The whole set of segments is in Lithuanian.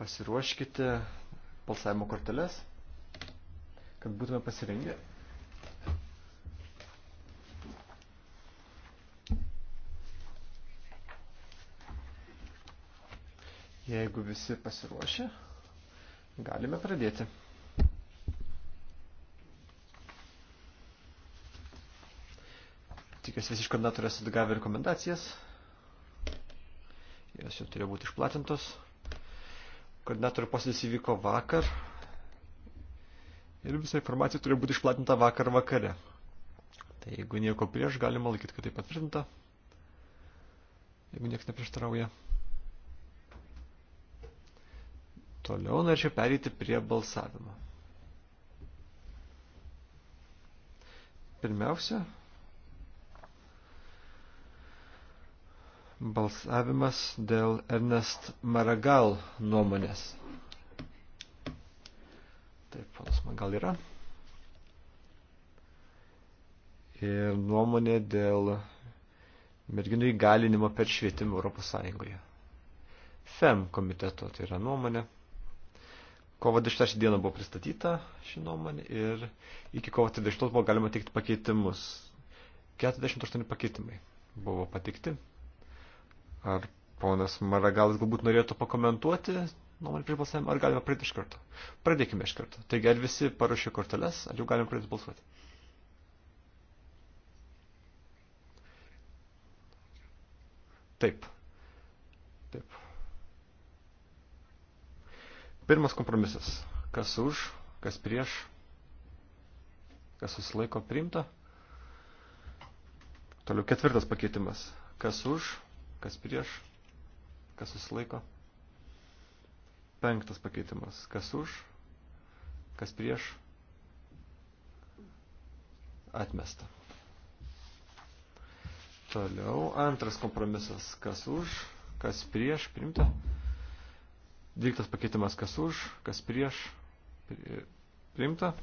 Pasiruoškite balsavimo korteles, kad būtume pasirengę. Jeigu visi pasiruošę, galime pradėti. Tikiuosi visi iš koordinatorės atgavę rekomendacijas. Jos jau turėjo būti išplatintos. Koordinatorių posėdis įvyko vakar ir visa informacija turi būti išplatinta vakar vakare. Tai jeigu nieko prieš, galima laikyti, kad tai patvirtinta. Jeigu niekas neprieštarauja. Toliau norėčiau pereiti prie balsavimo. Pirmiausia, balsavimas dėl Ernest Maragal nuomonės. Taip, ponas Maragal yra. Ir nuomonė dėl merginų įgalinimo per švietimą Europos Sąjungoje. FEM komiteto tai yra nuomonė. Kovo 26 dieną buvo pristatyta ši nuomonė ir iki kovo 30 buvo galima teikti pakeitimus. 48 pakeitimai buvo pateikti. Ar ponas Maragalas galbūt norėtų pakomentuoti nuomonę prieš balsavimą, ar galime pradėti iš karto? Pradėkime iš karto. Taigi, ar visi paruošė korteles, ar jau galime pradėti balsuoti? Taip. Taip. Pirmas kompromisas. Kas už, kas prieš, kas susilaiko priimta. Toliau ketvirtas pakeitimas. Kas už, kas prieš, kas susilaiko. Penktas pakeitimas, kas už, kas prieš, atmesta. Toliau antras kompromisas, kas už, kas prieš, primta. Dvyktas pakeitimas, kas už, kas prieš, primta.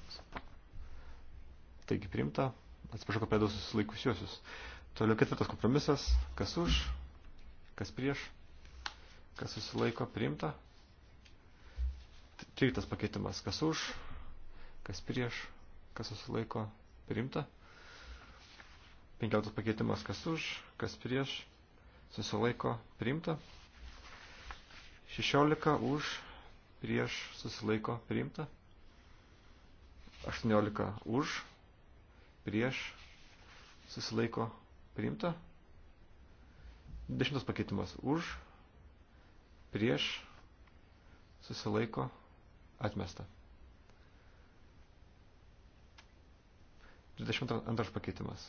Taigi primta. Atsiprašau, kad pradėjau susilaikusiuosius. Toliau ketvirtas kompromisas, kas už, kas prieš, kas susilaiko priimta. Trytas pakeitimas, kas už, kas prieš, kas susilaiko priimta. Penkiotas pakeitimas, kas už, kas prieš, susilaiko priimta. Šešiolika už, prieš, susilaiko priimta. Aštuoniolika už, prieš, susilaiko priimta. Dešimtas pakeitimas už, prieš, susilaiko, atmesta. 22 pakeitimas.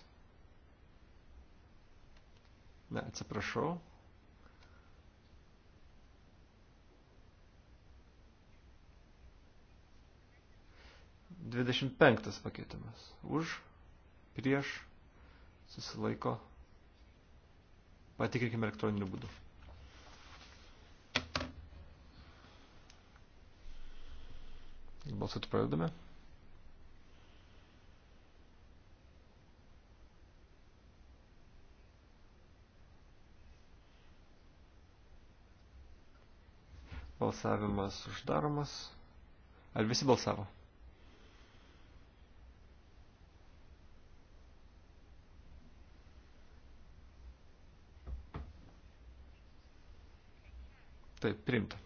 Ne, atsiprašau. Dvidešimt penktas pakeitimas. Už, prieš, susilaiko, Patikrinkime elektroniniu būdu. Balsuoti pradedame. Balsavimas uždaromas. Ar visi balsavo? taip, priimta.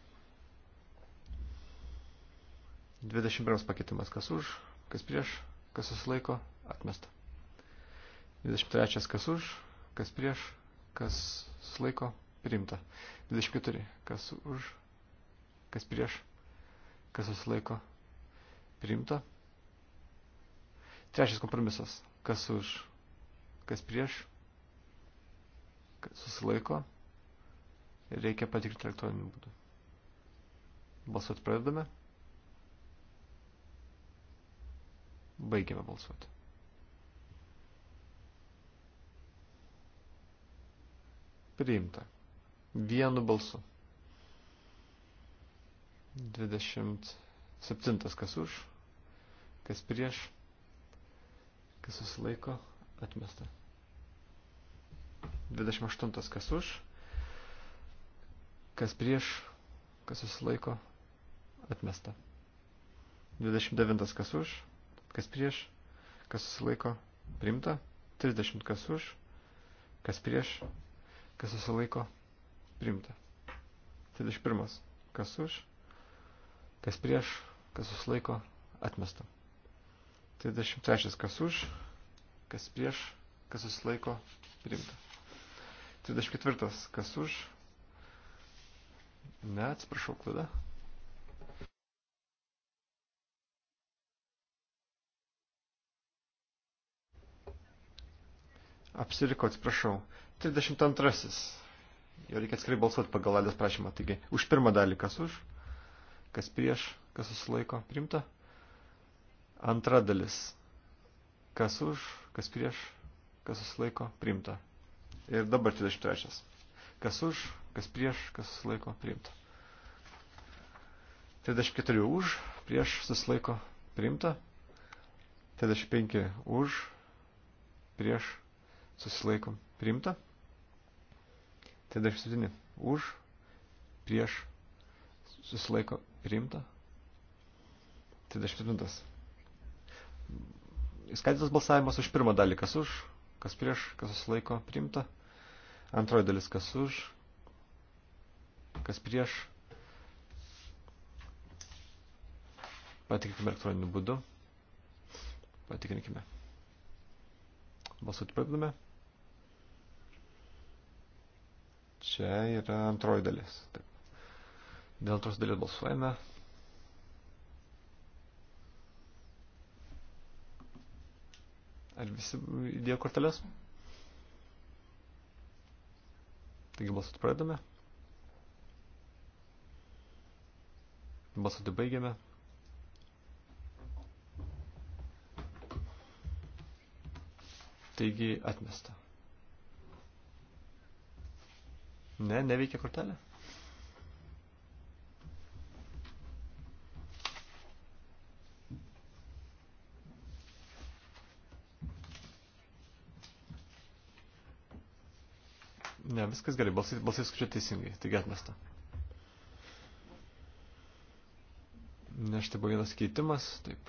21 pakeitimas, kas už, kas prieš, kas susilaiko, atmesta. 23 kas už, kas prieš, kas susilaiko, priimta. 24 kas už, kas prieš, kas susilaiko, priimta. Trečias kompromisas, kas už, kas prieš, kas susilaiko, priimta reikia patikrinti elektroniniu būdu. Balsuoti pradedame. Baigiame balsuoti. Priimta. Vienu balsu. 27. Kas už, kas prieš, kas susilaiko, atmesta. 28. Kas už, Kas prieš, kas susilaiko, atmesta. 29. Kas už, kas prieš, kas susilaiko, primta. 30. Kas už, kas prieš, kas susilaiko, primta. 31. Kas už, kas prieš, kas susilaiko, atmesta. 33. Kas už, kas prieš, kas susilaiko, primta. 34. Kas už, Ne, atsiprašau, klaida. Apsiliko, atsiprašau. 32. Jo reikia atskirai balsuoti pagal Aldės prašymą. Taigi, už pirmą dalį, kas už, kas prieš, kas susilaiko, primta. Antra dalis, kas už, kas prieš, kas susilaiko, primta. Ir dabar 33. Kas už, kas prieš, kas laiko priimta. 34 už, prieš susilaiko priimta. 35 už, prieš susilaiko priimta. 37 už, prieš susilaiko priimta. 37. Įskaitytas balsavimas už pirmą dalį, kas už, kas prieš, kas susilaiko priimta. Antroji dalis, kas už, kas prieš. Patikrinkime elektroniniu būdu. Patikrinkime. Balsuoti pradedame. Čia yra antroji dalis. Taip. Dėl antros dalies balsuojame. Ar visi įdėjo korteles? Taigi balsuoti pradedame. Balsuoti baigiame. Taigi atmesta. Ne, neveikia kortelė. Ne, viskas gerai, balsai, balsai skaičia teisingai, taigi atmesta. Neštai buvo vienas keitimas, taip.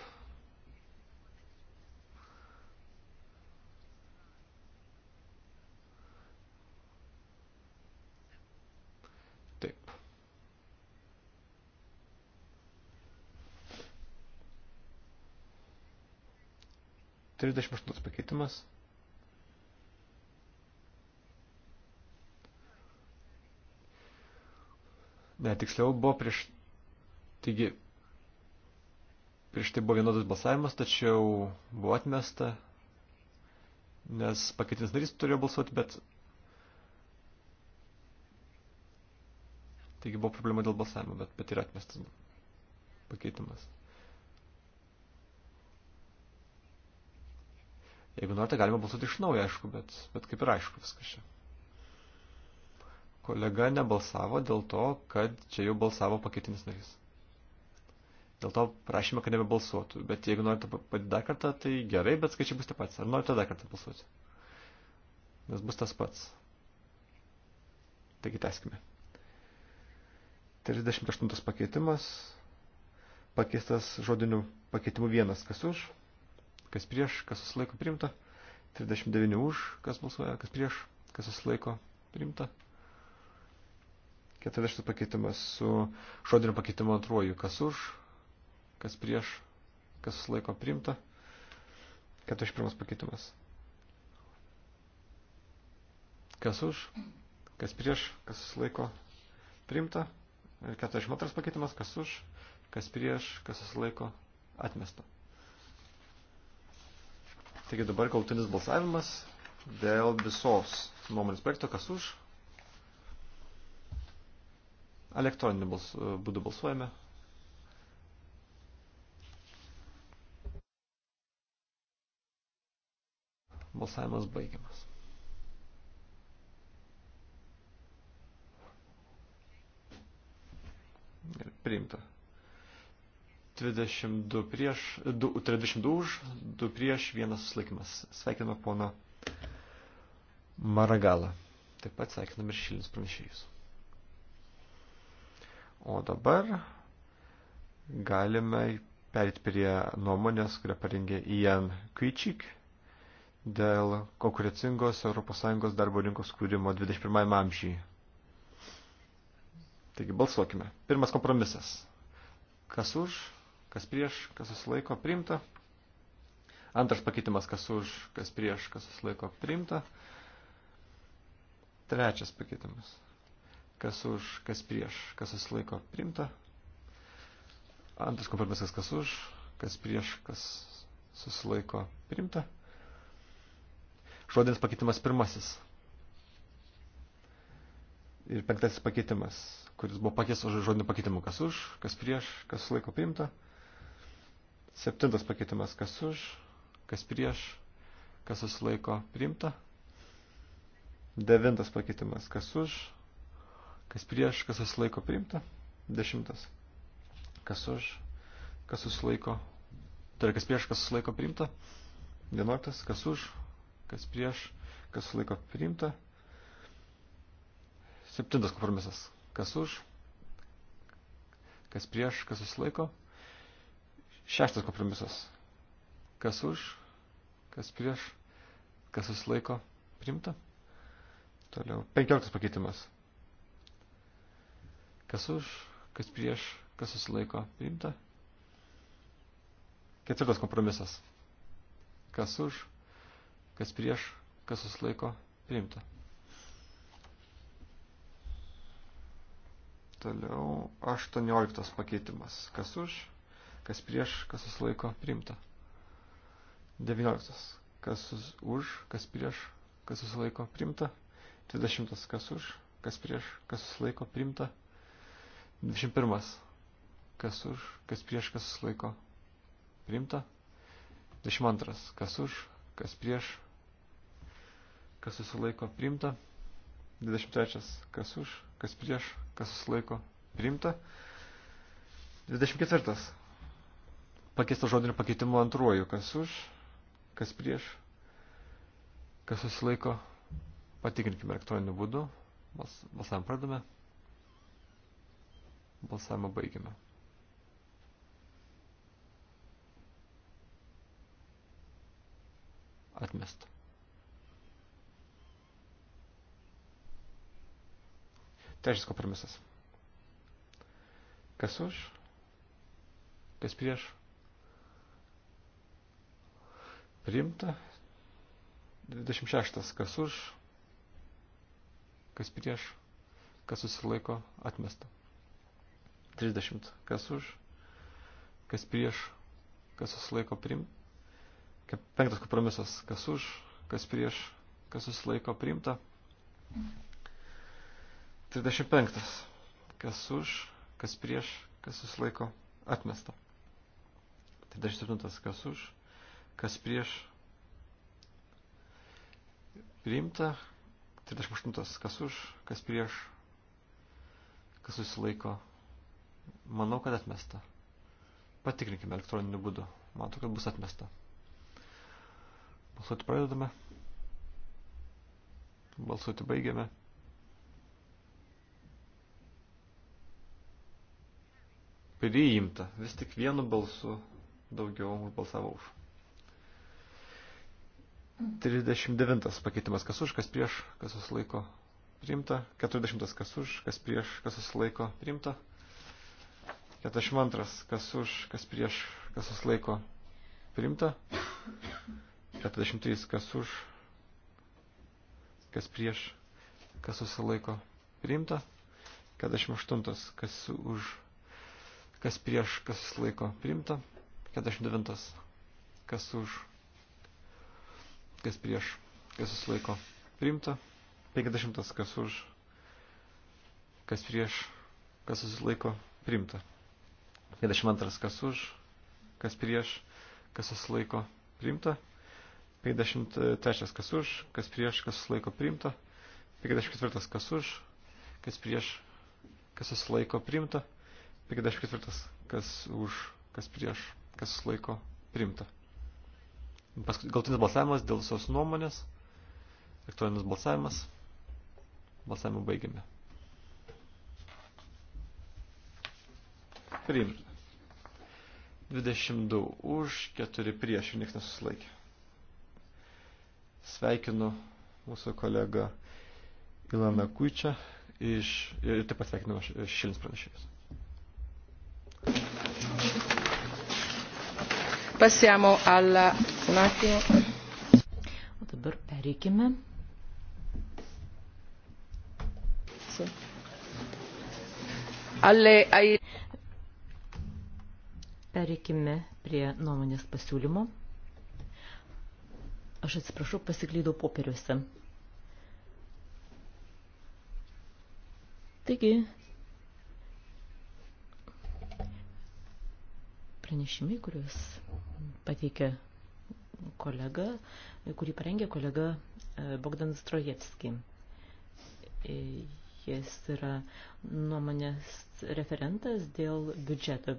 Taip. Trisdešimt aštuntas pakeitimas. Ne, tiksliau buvo prieš. Taigi, prieš tai buvo vienodas balsavimas, tačiau buvo atmesta, nes pakeitinis narys turėjo balsuoti, bet... Taigi buvo problema dėl balsavimo, bet, bet yra atmestas pakeitimas. Jeigu norite, galima balsuoti iš naujo, aišku, bet, bet kaip ir aišku viskas čia. Kolega nebalsavo dėl to, kad čia jau balsavo pakeitinis narys. Dėl to prašymą, kad nebebalsuotų. Bet jeigu norite padėti dar kartą, tai gerai, bet skaičiai bus tie patys. Ar norite dar kartą balsuoti? Nes bus tas pats. Taigi teskime. 38 pakeitimas. Pakeistas žodiniu pakeitimu vienas. Kas už? Kas prieš? Kas susilaiko priimta? 39 už. Kas balsuoja? Kas prieš? Kas susilaiko priimta? 40 pakeitimas su žodiniu pakeitimu antruoju. Kas už? kas prieš, kas laiko primta, 41 pakeitimas. Kas už, kas prieš, kas laiko primta, 42 pakeitimas, kas už, kas prieš, kas laiko atmesta. Taigi dabar galutinis balsavimas dėl visos nuomonės projekto, kas už. Elektroniniu bals, būdu balsuojame. Balsavimas baigiamas. Ir priimta. 22 prieš, 2, 32 už, 2 prieš, 1 susilaikimas. Sveikiname pono Maragalą. Taip pat sveikiname ir šilins pranešėjus. O dabar galime perėti prie nuomonės, kurią parengė Ian Kvičik dėl konkurencingos ES darbo rinkos kūrimo 21 amžiai. Taigi balsuokime. Pirmas kompromisas. Kas už, kas prieš, kas susilaiko, priimta. Antras pakeitimas, kas už, kas prieš, kas susilaiko, priimta. Trečias pakeitimas. Kas už, kas prieš, kas susilaiko, priimta. Antras kompromisas, kas už, kas prieš, kas susilaiko, priimta. Žodinis pakeitimas pirmasis. Ir penktasis pakeitimas, kuris buvo pakeistas žodiniu pakeitimu. Kas už, kas prieš, kas laiko priimta. Septintas pakeitimas, kas už, kas prieš, kas susilaiko priimta. Devintas pakeitimas, kas už, kas prieš, kas susilaiko priimta. Dešimtas, kas už, kas susilaiko, tai yra kas prieš, kas susilaiko priimta. Vienuoliktas, kas už, kas prieš, kas laiko priimta. Septintas kompromisas. Kas už, kas prieš, kas susilaiko. Šeštas kompromisas. Kas už, kas prieš, kas susilaiko. Primta. Toliau. Penkioliktas pakeitimas. Kas už, kas prieš, kas susilaiko. Primta. Ketvirtas kompromisas. Kas už, kas prieš, kas susilaiko, priimta. Toliau 18 pakeitimas. Kas už, kas prieš, kas susilaiko, priimta. 19. Kas už, kas prieš, kas susilaiko, priimta. 20. Kas už, kas prieš, kas susilaiko, priimta. 21. Kas už, kas prieš, kas susilaiko, priimta. 22. Kas už, kas prieš, kas susilaiko priimta. 23. Kas už, kas prieš, kas susilaiko priimta. 24. Pakeista žodiniu pakeitimu antruoju. Kas už, kas prieš, kas susilaiko. Patikrinkime elektroniniu būdu. Bals, balsavimą pradame. Balsavimą baigime. Atmesta. Trečias kompromisas. Kas už? Kas prieš? Priimta. 26. Kas už? Kas prieš? Kas susilaiko? Atmesta. 30. Kas už? Kas prieš? Kas susilaiko? Priimta. Penktas kompromisas. Kas už? Kas prieš? Kas susilaiko? Priimta. Mm. 35. Kas už, kas prieš, kas susilaiko, atmesta. 37. Kas už, kas prieš, priimta. 38. Kas už, kas prieš, kas susilaiko, manau, kad atmesta. Patikrinkime elektroniniu būdu. Matau, kad bus atmesta. Balsuoti pradedame. Balsuoti baigiame. priimta. Vis tik vienu balsu daugiau balsavo už. 39 pakeitimas kas už, kas prieš, kas susilaiko priimta. 40 kas už, kas prieš, kas susilaiko priimta. 42 kas už, kas prieš, kas susilaiko priimta. 43 kas už, kas prieš, kas susilaiko priimta. 48 kas už, Kas prieš, kas laiko priimta. 49. Kas už. Kas prieš, kas laiko priimta. 50. Kas už. Kas prieš, kas laiko priimta. 52. Kas už. Kas prieš, kas laiko priimta. 53 kas už, kas prieš, kas susilaiko priimta. 54 kas už, kas prieš, kas susilaiko priimta. 54. Kas už, kas prieš, kas susilaiko primta. Galtinis balsavimas dėl visos nuomonės. Elektroninis balsavimas. Balsavimą baigiame. Priimta. 22 už, 4 prieš, niekas nesusilaikė. Sveikinu mūsų kolegą Ilaną Kuičią iš, ir taip pat sveikinu Šilins pranešėjus. Passiamo alla... Un attimo. O dabar pereikime. Alle, ai... Pereikime prie nuomonės pasiūlymo. Aš atsiprašau, pasiklydau popieriuose. Taigi, pranešimai, kuriuos pateikė kolega, kurį parengė kolega e, Bogdanas Trojevski. E, jis yra nuomonės referentas dėl biudžeto.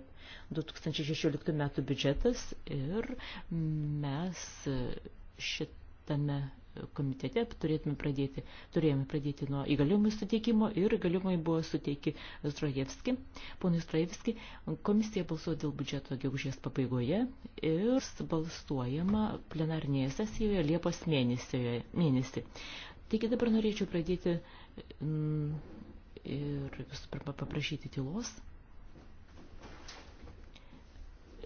2016 metų biudžetas ir mes šitame komitete turėtume pradėti, turėjome pradėti nuo įgaliojimų suteikimo ir įgaliojimai buvo suteiki Zdrojevski. Ponai Zdrojevski, komisija balsuoja dėl biudžeto gegužės pabaigoje ir balsuojama plenarnėje sesijoje Liepos mėnesį. Taigi dabar norėčiau pradėti mm, ir visų pirma paprašyti tylos.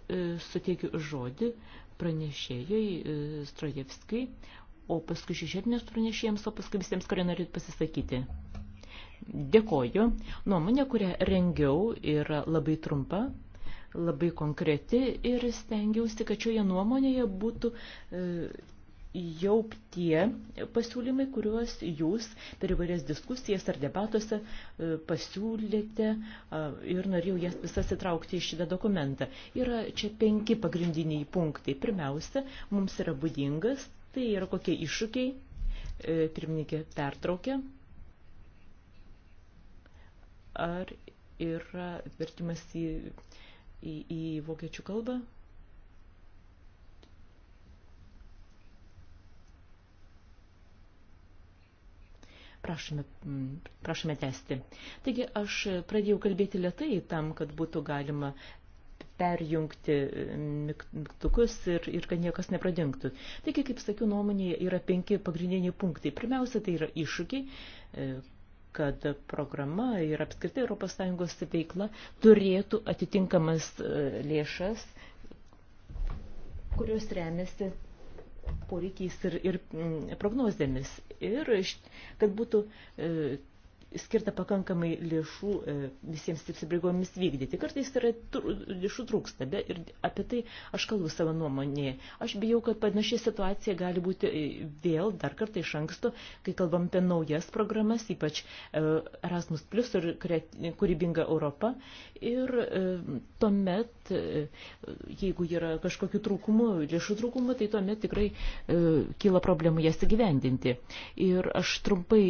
E, suteikiu žodį pranešėjai Strojevskai, e, o paskui šešėtinės pranešėjams, o paskui visiems, kurie norėtų pasisakyti. Dėkoju. Nuomonė, kurią rengiau, yra labai trumpa, labai konkreti ir stengiausi, kad šioje nuomonėje būtų e, jau tie pasiūlymai, kuriuos jūs per įvairias diskusijas ar debatuose e, pasiūlėte ir norėjau jas visas įtraukti į šitą dokumentą. Yra čia penki pagrindiniai punktai. Pirmiausia, mums yra būdingas Tai yra kokie iššūkiai. E, pirmininkė pertraukė. Ar yra vertimas į, į, į vokiečių kalbą? prašome, prašome tęsti. Taigi aš pradėjau kalbėti lietai tam, kad būtų galima perjungti e, mygtukus ir, ir kad niekas nepradingtų. Taigi, kaip sakiau, nuomonėje yra penki pagrindiniai punktai. Pirmiausia, tai yra iššūkiai, e, kad programa ir apskritai ES veikla turėtų atitinkamas e, lėšas, kurios remiasi poreikiais ir, ir prognozėmis. Ir kad būtų skirta pakankamai lėšų e, visiems įsipareigojimus vykdyti. Kartais tai yra lėšų trūksta, bet ir apie tai aš kalbu savo nuomonėje. Aš bijau, kad panaši situacija gali būti e, vėl dar kartą iš anksto, kai kalbam apie naujas programas, ypač e, Erasmus Plus ir kūrybinga Europa. Ir tuomet, jeigu yra kažkokių trūkumų, lėšų trūkumų, tai tuomet tikrai kyla problemų jas įgyvendinti. Ir aš trumpai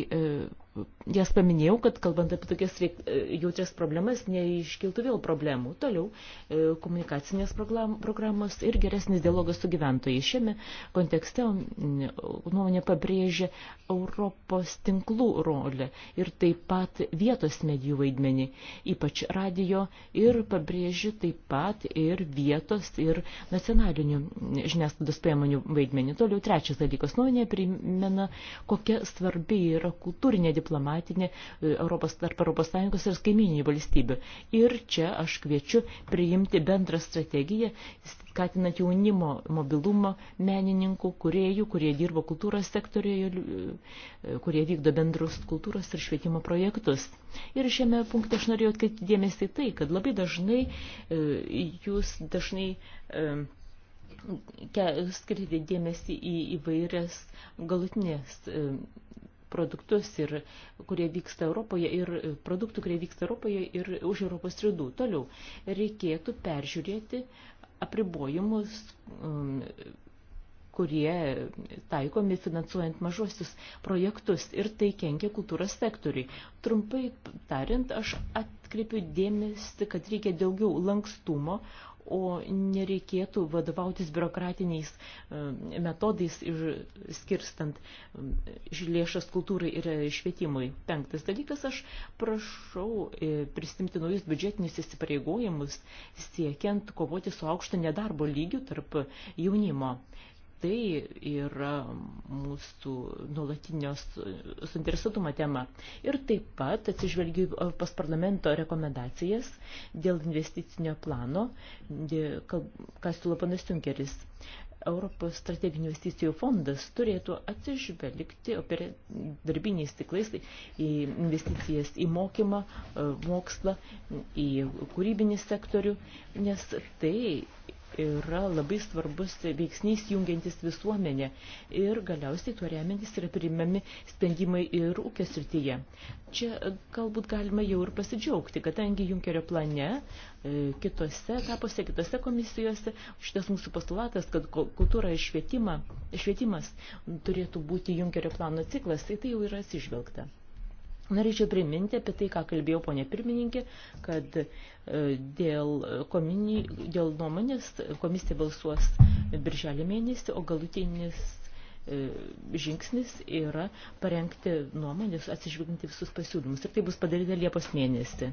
jas paminėjau, kad kalbant apie tokias reik, e, jautrias problemas, neiškiltų vėl problemų. Toliau e, komunikacinės programos ir geresnis dialogas su gyventojai. Šiame kontekste nuomonė pabrėžia Europos tinklų rolę ir taip pat vietos medijų vaidmenį, ypač radio ir pabrėžia taip pat ir vietos ir nacionalinių žiniasklaidos priemonių vaidmenį. Toliau trečias dalykas. Nuomonė primena, kokia svarbi yra kultūrinė diplomatinė e, Europos, tarp Europos Sąjungos ir kaimininių valstybių. Ir čia aš kviečiu priimti bendrą strategiją, skatinant jaunimo mobilumo menininkų, kuriejų, kurie dirbo kultūros sektorijoje, e, kurie vykdo bendrus kultūros ir švietimo projektus. Ir šiame punkte aš norėjau atkreipti dėmesį tai, kad labai dažnai e, jūs dažnai skirti dėmesį į įvairias galutinės produktus, ir, kurie vyksta Europoje, ir e, produktų, kurie vyksta Europoje ir už Europos ribų. Toliau, reikėtų peržiūrėti apribojimus, um, kurie taikomi finansuojant mažuosius projektus ir tai kenkia kultūros sektoriui. Trumpai tariant, aš atkreipiu dėmesį, kad reikia daugiau lankstumo, o nereikėtų vadovautis biurokratiniais e, metodais ir skirstant e, lėšas kultūrai ir e, švietimui. Penktas dalykas, aš prašau prisimti naujus biudžetinius įsipareigojimus siekiant kovoti su aukšto nedarbo lygiu tarp jaunimo tai yra mūsų nuolatinios e, suinteresuotumo tema. Ir taip pat atsižvelgiu e, pas parlamento rekomendacijas dėl investicinio plano, ką siūlo panas Junkeris. Europos strateginių investicijų fondas turėtų atsižvelgti darbiniais tiklais į investicijas į mokymą, e, mokslą, į kūrybinį sektorių, nes tai yra labai svarbus veiksnys jungiantis visuomenę ir galiausiai tuo remiantis yra priimami sprendimai ir ūkio srityje. Čia e, galbūt galima jau ir pasidžiaugti, kadangi Junkerio plane e, kitose etapuose, kitose komisijose šitas mūsų postulatas, kad kultūra ir švietimą, švietimas turėtų būti Junkerio plano ciklas, tai tai jau yra atsižvelgta. Norėčiau priminti apie tai, ką kalbėjau ponė pirmininkė, kad e, dėl, komini, dėl nuomonės komisija balsuos birželio mėnesį, o galutinis e, žingsnis yra parengti nuomonės atsižvelginti visus pasiūlymus. Ir tai bus padaryta Liepos mėnesį.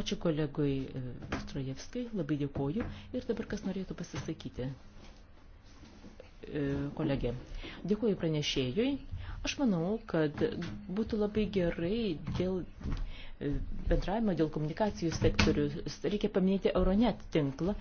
Ačiū kolegui e, Strojevskai, labai dėkoju. Ir dabar kas norėtų pasisakyti? kolegė. Dėkuoju pranešėjui. Aš manau, kad būtų labai gerai dėl e, bendravimo, dėl komunikacijų sektorių. Reikia paminėti Euronet tinklą,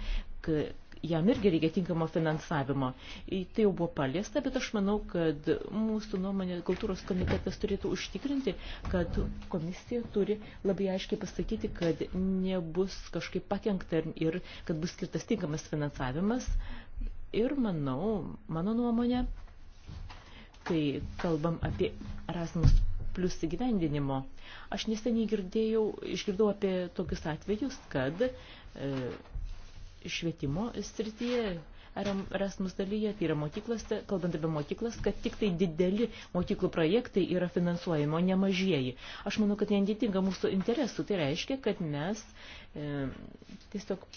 jam irgi reikia tinkamo finansavimo. Tai jau buvo paliesta, bet aš manau, kad mūsų nuomonė kultūros komitetas turėtų užtikrinti, kad komisija turi labai aiškiai pasakyti, kad nebus kažkaip pakengta ir, ir kad bus skirtas tinkamas finansavimas. Ir manau, mano nuomonė, kai kalbam apie Erasmus plus įgyvendinimo. Aš neseniai girdėjau, išgirdau apie tokius atvejus, kad e, švietimo srityje Erasmus dalyje, tai yra mokyklose, kalbant apie mokyklas, kad tik tai dideli mokyklų projektai yra finansuojami, o ne mažieji. Aš manau, kad tai netitinka mūsų interesų. Tai reiškia, kad mes e, tiesiog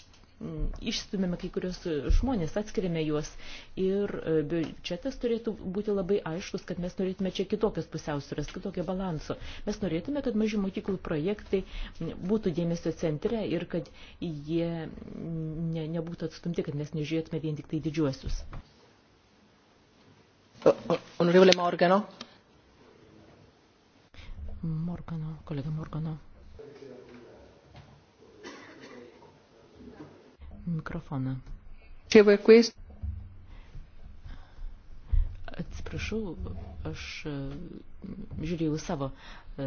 išstumėme kai kurios žmonės, atskiriame juos ir e, biudžetas turėtų būti labai aiškus, kad mes norėtume čia kitokios pusiausvėros, kitokio balanso. Mes norėtume, kad maži mokyklų projektai būtų dėmesio centre ir kad jie ne, nebūtų atstumti, kad mes nežiūrėtume vien tik tai didžiuosius. Honorable Morgano. Morgano, kolega Morgano. mikrofoną. Čia vaikais. Atsiprašau, aš e, žiūrėjau savo e,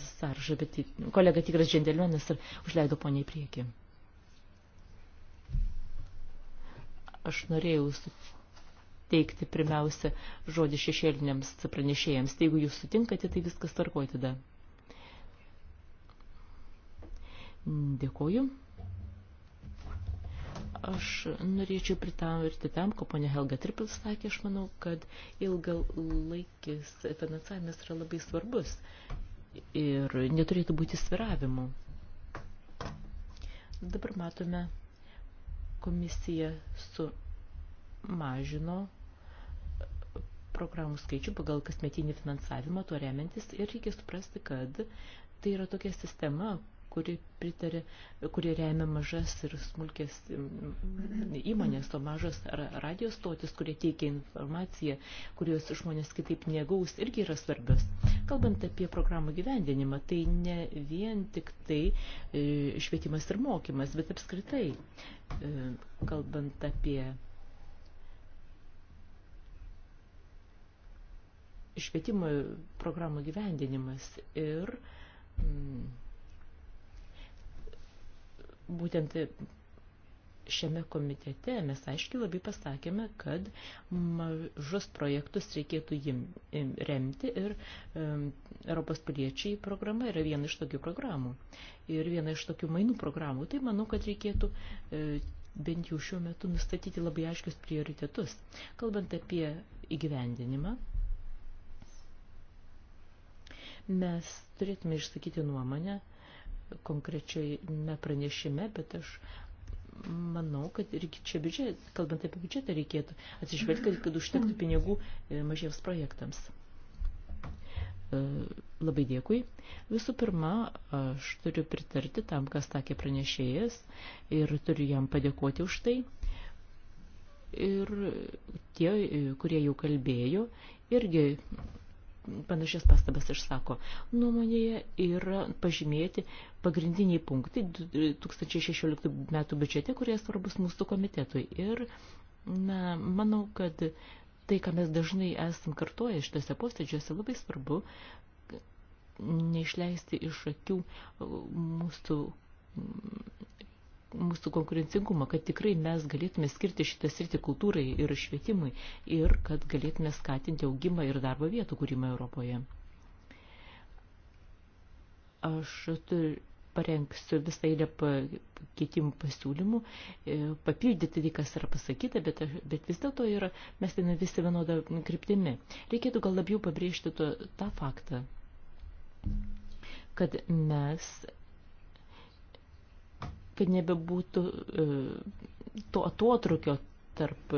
sąrašą, bet kolega tikras džendelmenas ir užleido poniai priekį. Aš norėjau suteikti pirmiausia žodį šešėliniams pranešėjams. Tai jeigu jūs sutinkate, tai viskas tvarkoj tada. Dėkuoju. Aš norėčiau pritarti tam, ko ponia Helga Tripil sakė, aš manau, kad ilgalaikis finansavimas yra labai svarbus ir neturėtų būti sviravimo. Dabar matome, komisija sumažino programų skaičių pagal kasmetinį finansavimą tuo remiantis ir reikia suprasti, kad tai yra tokia sistema, kuri pritarė, kuri remia mažas ir smulkės įmonės, o mažas radijos stotis, kurie teikia informaciją, kurios žmonės kitaip negaus, irgi yra svarbios. Kalbant apie programų gyvendinimą, tai ne vien tik tai e, švietimas ir mokymas, bet apskritai, e, kalbant apie švietimo programų gyvendinimas ir mm, būtent šiame komitete mes aiškiai labai pasakėme, kad mažus projektus reikėtų jim remti ir um, Europos piliečiai programa yra viena iš tokių programų ir viena iš tokių mainų programų. Tai manau, kad reikėtų uh, bent jau šiuo metu nustatyti labai aiškius prioritetus. Kalbant apie įgyvendinimą, mes turėtume išsakyti nuomonę, konkrečioje pranešime, bet aš manau, kad ir čia biudžet, kalbant apie biudžetą, reikėtų atsižvelgti, kad, kad užtektų pinigų e, mažiems projektams. E, labai dėkui. Visų pirma, aš turiu pritarti tam, kas sakė pranešėjas ir turiu jam padėkoti už tai. Ir tie, e, kurie jau kalbėjo, irgi panašias pastabas išsako. Nuomonėje yra pažymėti pagrindiniai punktai 2016 e, metų biudžete, kurie svarbus mūsų komitetui. Ir na, manau, kad tai, ką mes dažnai esam kartuoję šitose posėdžiuose, labai svarbu neišleisti iš akių mūsų mūsų konkurencingumą, kad tikrai mes galėtume skirti šitą sritį kultūrai ir švietimui ir kad galėtume skatinti augimą ir darbo vietų kūrimą Europoje. Aš parengsiu visą eilę pakeitimų pasiūlymų, e, papildyti tai, kas yra pasakyta, bet, bet vis dėlto yra, mes ten visi vienodą kryptimi. Reikėtų gal labiau pabrėžti to, tą faktą, kad mes kad nebebūtų e, to atotrukio tarp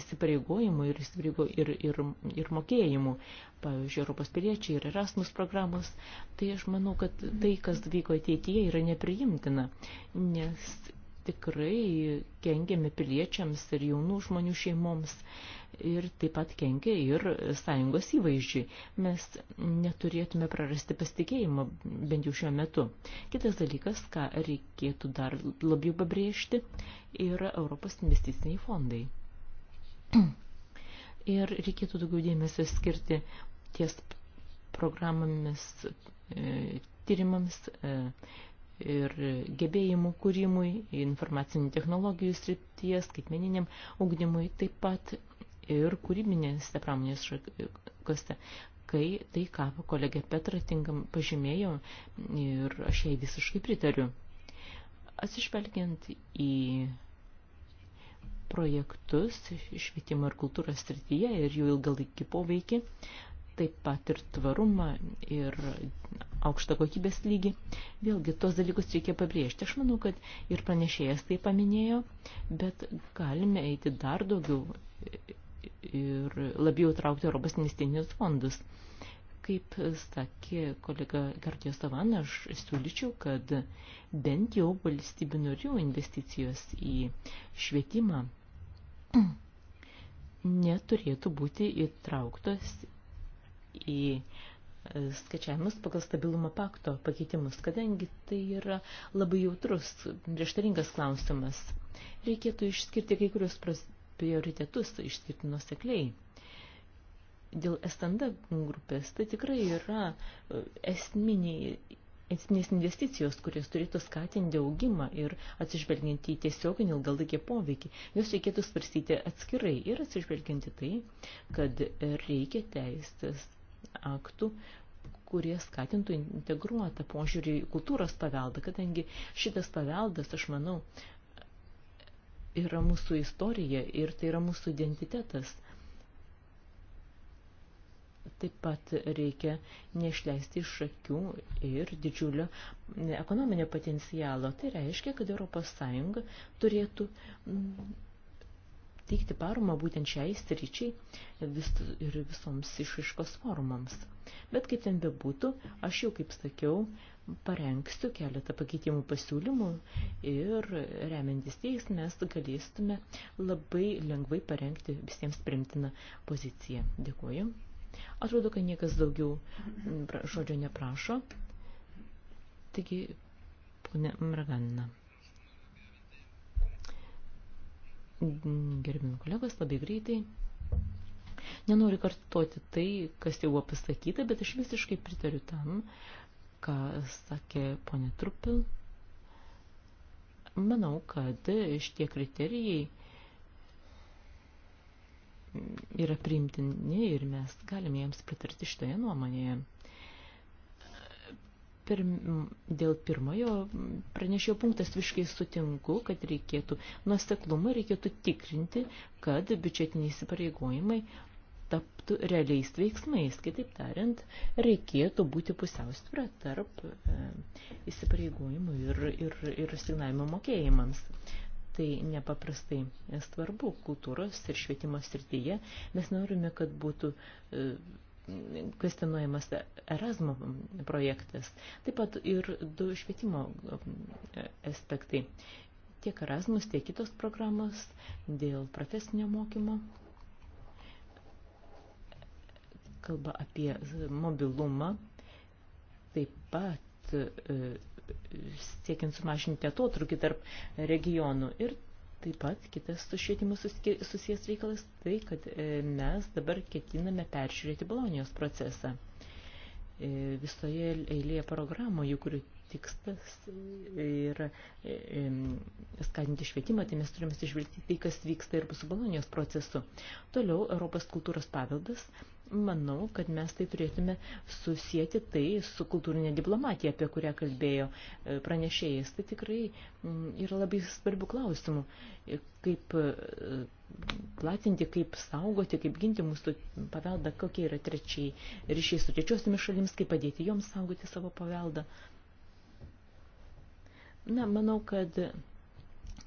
įsipareigojimų ir, įsipareigo, ir, ir, ir mokėjimų. Pavyzdžiui, Europos piliečiai ir Erasmus programos. Tai aš manau, kad tai, kas vyko ateityje, yra nepriimtina, nes tikrai kengiame piliečiams ir jaunų žmonių šeimoms. Uh, ir taip pat kenkia ir sąjungos įvaizdžiui. Mes neturėtume prarasti pasitikėjimo, bent jau šiuo metu. Kitas dalykas, ką reikėtų dar labiau pabrėžti, yra Europos investiciniai fondai. Ir reikėtų daugiau dėmesio skirti ties programomis, e, tyrimams e, ir gebėjimų kūrimui, informacinių technologijų srityje, skaitmeniniam ugdymui, taip pat ir kūrybinėse pramonės šakose, kai tai, ką kolegė Petra tinkam pažymėjo ir aš jai visiškai pritariu. Atsižvelgiant į projektus švietimo ir kultūros srityje ir jų ilgalaikį poveikį, taip pat ir tvarumą ir aukštą kokybės lygį. Vėlgi, tos dalykus reikia pabrėžti. Aš manau, kad ir pranešėjas tai paminėjo, bet galime eiti dar daugiau ir labiau traukti Europos investicinius fondus. Kaip sakė kolega Gardijos Savan, aš siūlyčiau, kad bent jau valstybių narių investicijos į švietimą neturėtų būti įtrauktos į skaičiavimus pagal stabilumo pakto pakeitimus, kadangi tai yra labai jautrus, prieštaringas klausimas. Reikėtų išskirti kai kurios prioritetus išskirti nusekliai. Dėl SND grupės tai tikrai yra e, esminiai esminės investicijos, kurios turėtų skatinti augimą ir atsižvelgiant į tiesioginį ilgalaikį poveikį, jos reikėtų svarstyti atskirai ir atsižvelgianti tai, kad reikia teisės aktų, kurie skatintų integruotą požiūrį į kultūros paveldą, kadangi šitas paveldas, aš manau, yra mūsų istorija ir tai yra mūsų identitetas. Taip pat reikia neišleisti iš akių ir didžiulio ekonominio potencialo. Tai reiškia, kad ES turėtų mm, teikti paramą būtent šiai sričiai vis, ir visoms išaiškos formoms. Bet kaip ten bebūtų, aš jau kaip sakiau, parengsiu keletą pakeitimų pasiūlymų ir remiantis jais mes galėsime labai lengvai parengti visiems primtiną poziciją. Dėkuoju. Atrodo, kad niekas daugiau žodžio neprašo. Taigi, ponė Mraganina. Gerbimi kolegos, labai greitai. Nenoriu kartuoti tai, kas jau buvo pasakyta, bet aš visiškai pritariu tam, uh, ką sakė ponė Trupil. Manau, kad šitie kriterijai yra priimtini ir mes galime jiems pritarti šitoje nuomonėje. Pir, dėl pirmojo pranešėjo punktas viškai sutinku, kad reikėtų nuoseklumą, reikėtų tikrinti, kad biudžetiniai įsipareigojimai taptų realiais veiksmais. Kitaip tariant, reikėtų būti pusiausvyrą tarp e, įsipareigojimų ir, ir, ir signavimo mokėjimams. Tai nepaprastai svarbu kultūros ir švietimo srityje. Mes norime, kad būtų e, kvestionuojamas Erasmo projektas. Taip pat ir du švietimo e, aspektai. Tiek Erasmus, tiek kitos programos dėl profesinio mokymo kalba apie mobilumą, taip pat e, siekiant sumažinti atotrukį tarp regionų. Ir taip pat kitas su švietimu susijęs reikalas tai, kad e, mes dabar ketiname peržiūrėti Bolonijos procesą. E, visoje eilėje programoje, kurių tikslas yra skatinti švietimą, tai mes turime atsižvelgti tai, kas vyksta ir su Bolonijos procesu. Toliau Europos kultūros paveldas manau, kad mes tai turėtume susijęti tai su kultūrinė diplomatija, apie kurią kalbėjo e, pranešėjas. Tai tikrai mm, yra labai svarbių klausimų, e, kaip e, platinti, kaip saugoti, kaip ginti mūsų paveldą, kokie yra trečiai ryšiai su trečiosiomis šalims, kaip padėti joms saugoti savo paveldą. Na, manau, kad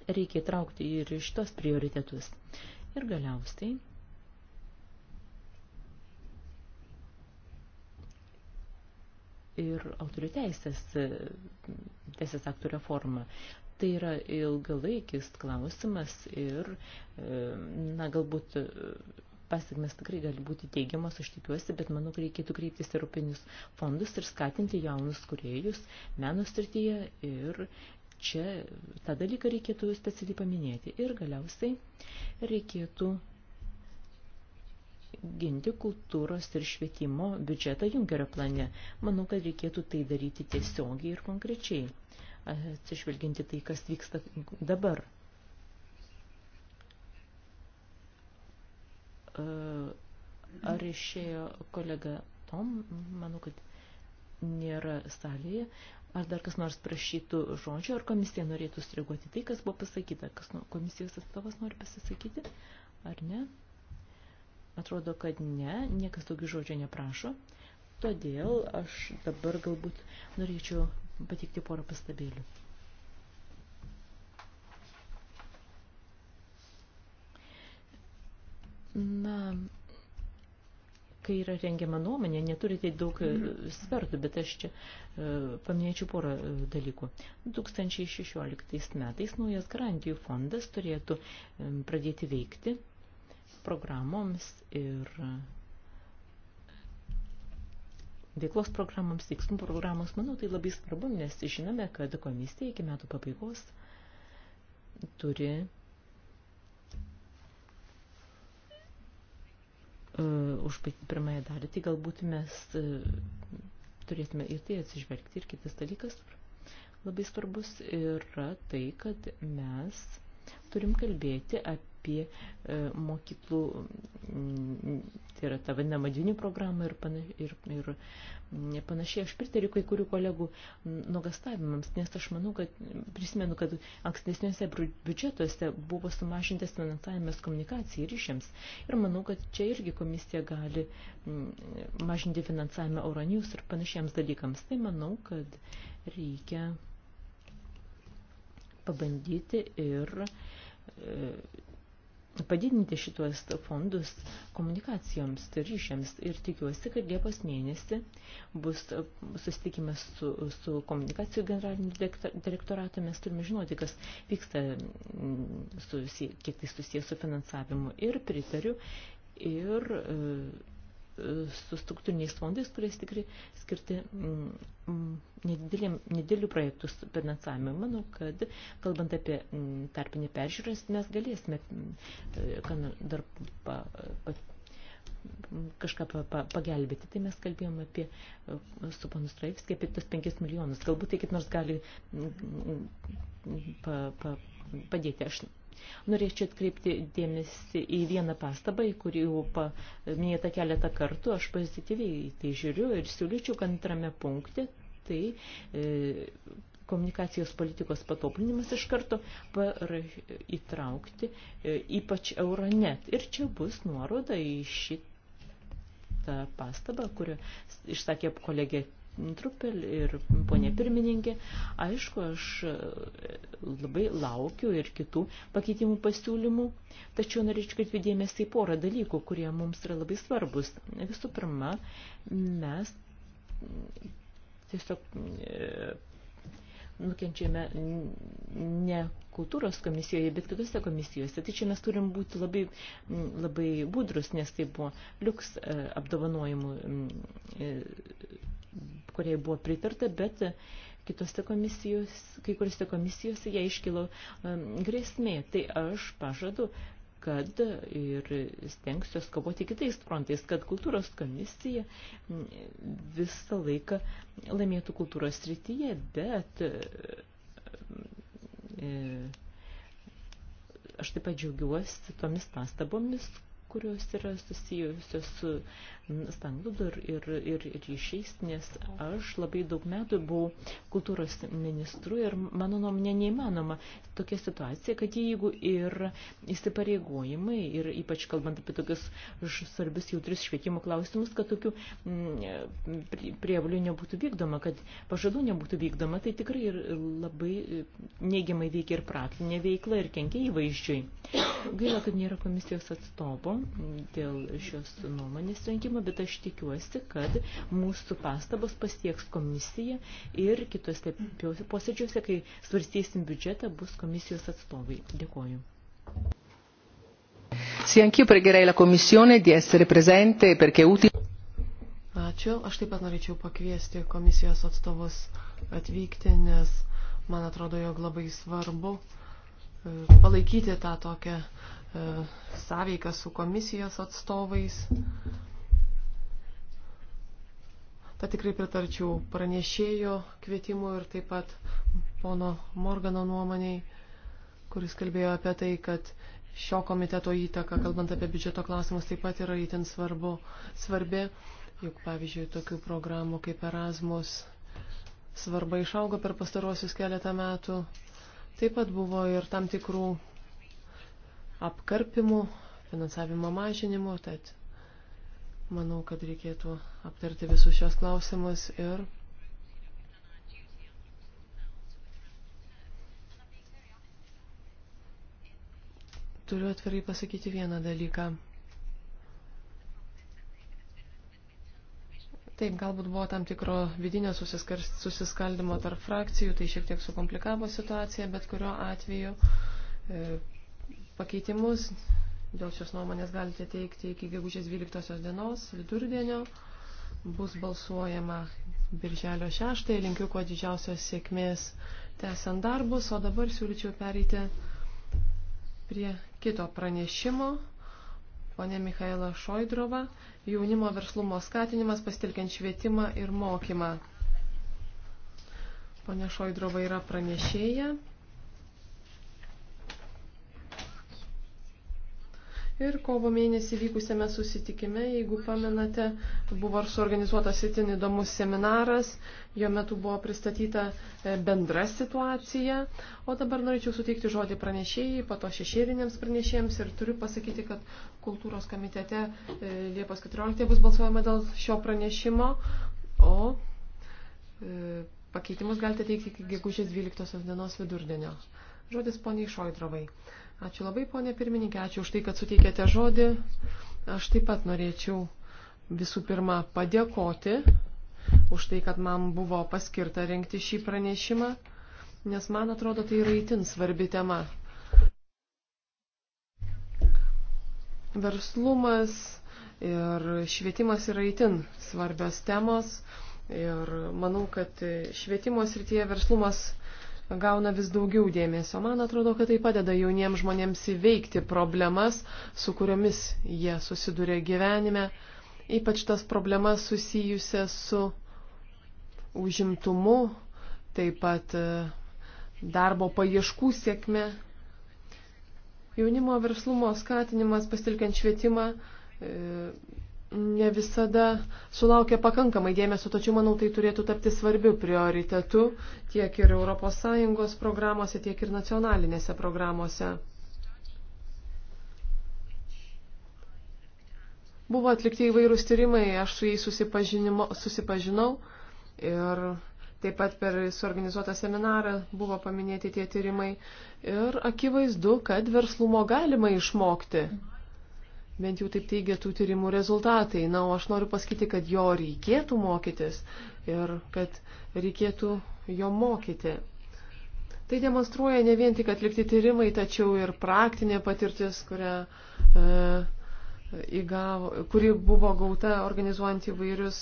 reikia įtraukti ir šitos prioritetus. Ir galiausiai ir autorių teisės, teisės aktų reforma. Tai yra ilgalaikis klausimas ir, na, galbūt pasiekmes tikrai gali būti teigiamas, aš tikiuosi, bet manau, reikėtų kreiptis į Europinius fondus ir skatinti jaunus kuriejus meno srityje ir čia tą dalyką reikėtų specialiai paminėti. Ir galiausiai reikėtų ginti kultūros ir švietimo biudžetą Junkerio plane. Manau, kad reikėtų tai daryti tiesiogiai ir konkrečiai, atsižvelginti tai, kas vyksta dabar. Ar išėjo kolega Tom, manau, kad nėra salėje. Ar dar kas nors prašytų žodžio, ar komisija norėtų sureaguoti tai, kas buvo pasakyta? Kas nu, komisijos atstovas nori pasisakyti, ar ne? Atrodo, kad ne, niekas daugiau žodžio neprašo. Todėl aš dabar galbūt norėčiau patikti porą pastabėlių. Na, kai yra rengiama nuomonė, neturite daug e, mhm. svertų, bet aš čia e, paminėčiau porą e, dalykų. 2016 metais naujas garantijų fondas turėtų pradėti veikti programoms ir veiklos programoms, veiksmų programos, manau, tai labai svarbu, nes žinome, kad komisija iki metų pabaigos turi uh, e, užbaigti pirmąją dalį, tai galbūt mes uh, turėtume ir tai atsižvelgti. Ir kitas dalykas labai svarbus yra tai, kad mes turim kalbėti apie apie e, mokyklų, tai yra ta vadinama dvinių programa ir, pana, ir, ir panašiai. Aš pritariu kai kurių kolegų nuogastavimams, nes aš manau, kad prisimenu, kad ankstesniuose biudžetuose buvo sumažintas finansavimas komunikacijai ryšiams. Ir manau, kad čia irgi komisija gali mažinti finansavimą Euronius ir panašiems dalykams. Tai manau, kad reikia pabandyti ir e, padidinti šituos fondus komunikacijoms, ryšiams ir tikiuosi, kad Liepos mėnesį bus susitikimas su, su komunikacijų generaliniu direktoratu. Mes turime žinoti, kas vyksta, mm, su, kiek tai susijęs su finansavimu ir pritariu. Ir, e, su struktūriniais fondais, kurie tikrai skirti mm, mm, nedidelių projektų finansavimui. Manau, kad kalbant apie mm, tarpinį peržiūrą, mes galėsime e, nu, dar pa, pa, kažką pa, pa, pagelbėti. Tai mes kalbėjom apie e, su panu Straivskį apie tas 5 milijonus. Galbūt tai kaip nors gali pa, pa, padėti. Aš Norėčiau atkreipti dėmesį į vieną pastabą, į kurį jau paminėta keletą kartų, aš pozityviai tai žiūriu ir siūlyčiau, kad antrame punkte tai e, komunikacijos politikos patoplinimas iš karto įtraukti, e, ypač Euronet. Ir čia bus nuoroda į šitą pastabą, kurią išsakė kolegė Trupel ir ponė pirmininkė. Aišku, aš e, labai laukiu ir kitų pakeitimų pasiūlymų, tačiau norėčiau, kad vidėmės į porą dalykų, kurie mums yra labai svarbus. Visų pirma, mes tiesiog e, nukenčiame ne kultūros komisijoje, bet kitose komisijose. Tai čia mes turim būti labai, labai budrus, nes tai buvo liuks e, apdovanojimų kuriai buvo pritarta, bet kitose komisijos, kai kuriuose komisijose jai iškilo um, grėsmė. Tai aš pažadu, kad ir stengsiuos kovoti kitais frontais, kad kultūros komisija visą laiką laimėtų kultūros srityje, bet e, aš taip pat džiaugiuosi tomis pastabomis, kurios yra susijusios su sanglūdų ir, ir, ir, ir ryšiais, nes aš labai daug metų buvau kultūros ministru ir mano nuomonė neįmanoma tokia situacija, kad jeigu ir įsipareigojimai ir ypač kalbant apie tokius svarbius jautrius švietimo klausimus, kad tokių mm, prievalių nebūtų vykdoma, kad pažadų nebūtų vykdoma, tai tikrai ir labai neigiamai veikia ir praktinė veikla ir kenkia įvaizdžiui. Gaila, kad nėra komisijos atstovo dėl šios nuomonės rinkimų pasiūlymą, bet aš tikiuosi, kad mūsų pastabos pasieks komisiją ir kitose posėdžiuose, kai svarstysim biudžetą, bus komisijos atstovai. Dėkuoju. Sì, anch'io pregherei la Commissione di essere presente perché è utile. Ačiū. Aš taip pat norėčiau pakviesti komisijos atstovus atvykti, nes man atrodo, jog labai svarbu e, palaikyti tą tokią e, sąveiką su komisijos atstovais. Tad tikrai pritarčiau pranešėjo kvietimu ir taip pat pono Morgano nuomoniai, kuris kalbėjo apie tai, kad šio komiteto įtaka, kalbant apie biudžeto klausimus, taip pat yra įtin svarbu, svarbi. Juk, pavyzdžiui, tokių programų kaip Erasmus svarba išaugo per pastarosius keletą metų. Taip pat buvo ir tam tikrų apkarpimų, finansavimo mažinimų, tad Manau, kad reikėtų aptarti visus šios klausimus ir turiu atvirai pasakyti vieną dalyką. Taip, galbūt buvo tam tikro vidinio susiskaldimo tarp frakcijų, tai šiek tiek sukomplikavo situaciją, bet kurio atveju e, pakeitimus Dėl šios nuomonės galite teikti iki gegužės 12 dienos vidurdienio. Bus balsuojama birželio 6. Linkiu kuo didžiausios sėkmės tęsiant darbus, o dabar siūlyčiau pereiti prie kito pranešimo. Pone Mikhaila Šoidrova, jaunimo verslumo skatinimas pasitelkiant švietimą ir mokymą. Pone Šoidrova yra pranešėja. Ir kovo mėnesį vykusiame susitikime, jeigu pamenate, buvo suorganizuotas itin įdomus seminaras, jo metu buvo pristatyta e, bendra situacija. O dabar norėčiau suteikti žodį pranešėjai, pato šešėliniams pranešėjams ir turiu pasakyti, kad kultūros komitete e, Liepos 14 bus balsuojama dėl šio pranešimo, o e, pakeitimus galite teikti iki gegužės 12 dienos vidurdienio. Žodis poniai Šoidrovai. Ačiū labai, ponė pirmininkė, ačiū už tai, kad suteikėte žodį. Aš taip pat norėčiau visų pirma padėkoti už tai, kad man buvo paskirta renkti šį pranešimą, nes man atrodo, tai yra įtin svarbi tema. Verslumas ir švietimas yra įtin svarbios temos ir manau, kad švietimo srityje verslumas gauna vis daugiau dėmesio. Man atrodo, kad tai padeda jauniems žmonėms įveikti problemas, su kuriomis jie susiduria gyvenime, ypač tas problemas susijusias su užimtumu, taip pat e, darbo paieškų sėkme. Jaunimo verslumo skatinimas pasitelkiant švietimą e, ne visada sulaukia pakankamai dėmesio, tačiau manau tai turėtų tapti svarbiu prioritetu tiek ir ES programuose, tiek ir nacionalinėse programuose. Buvo atlikti įvairūs tyrimai, aš su jais susipažinau ir taip pat per suorganizuotą seminarą buvo paminėti tie tyrimai ir akivaizdu, kad verslumo galima išmokti. Mhm. Bent jau taip teigia tų tyrimų rezultatai. Na, o aš noriu pasakyti, kad jo reikėtų mokytis ir kad reikėtų jo mokyti. Tai demonstruoja ne vien tik atlikti tyrimai, tačiau ir praktinė patirtis, kurią, e, įgavo, kuri buvo gauta organizuojant įvairius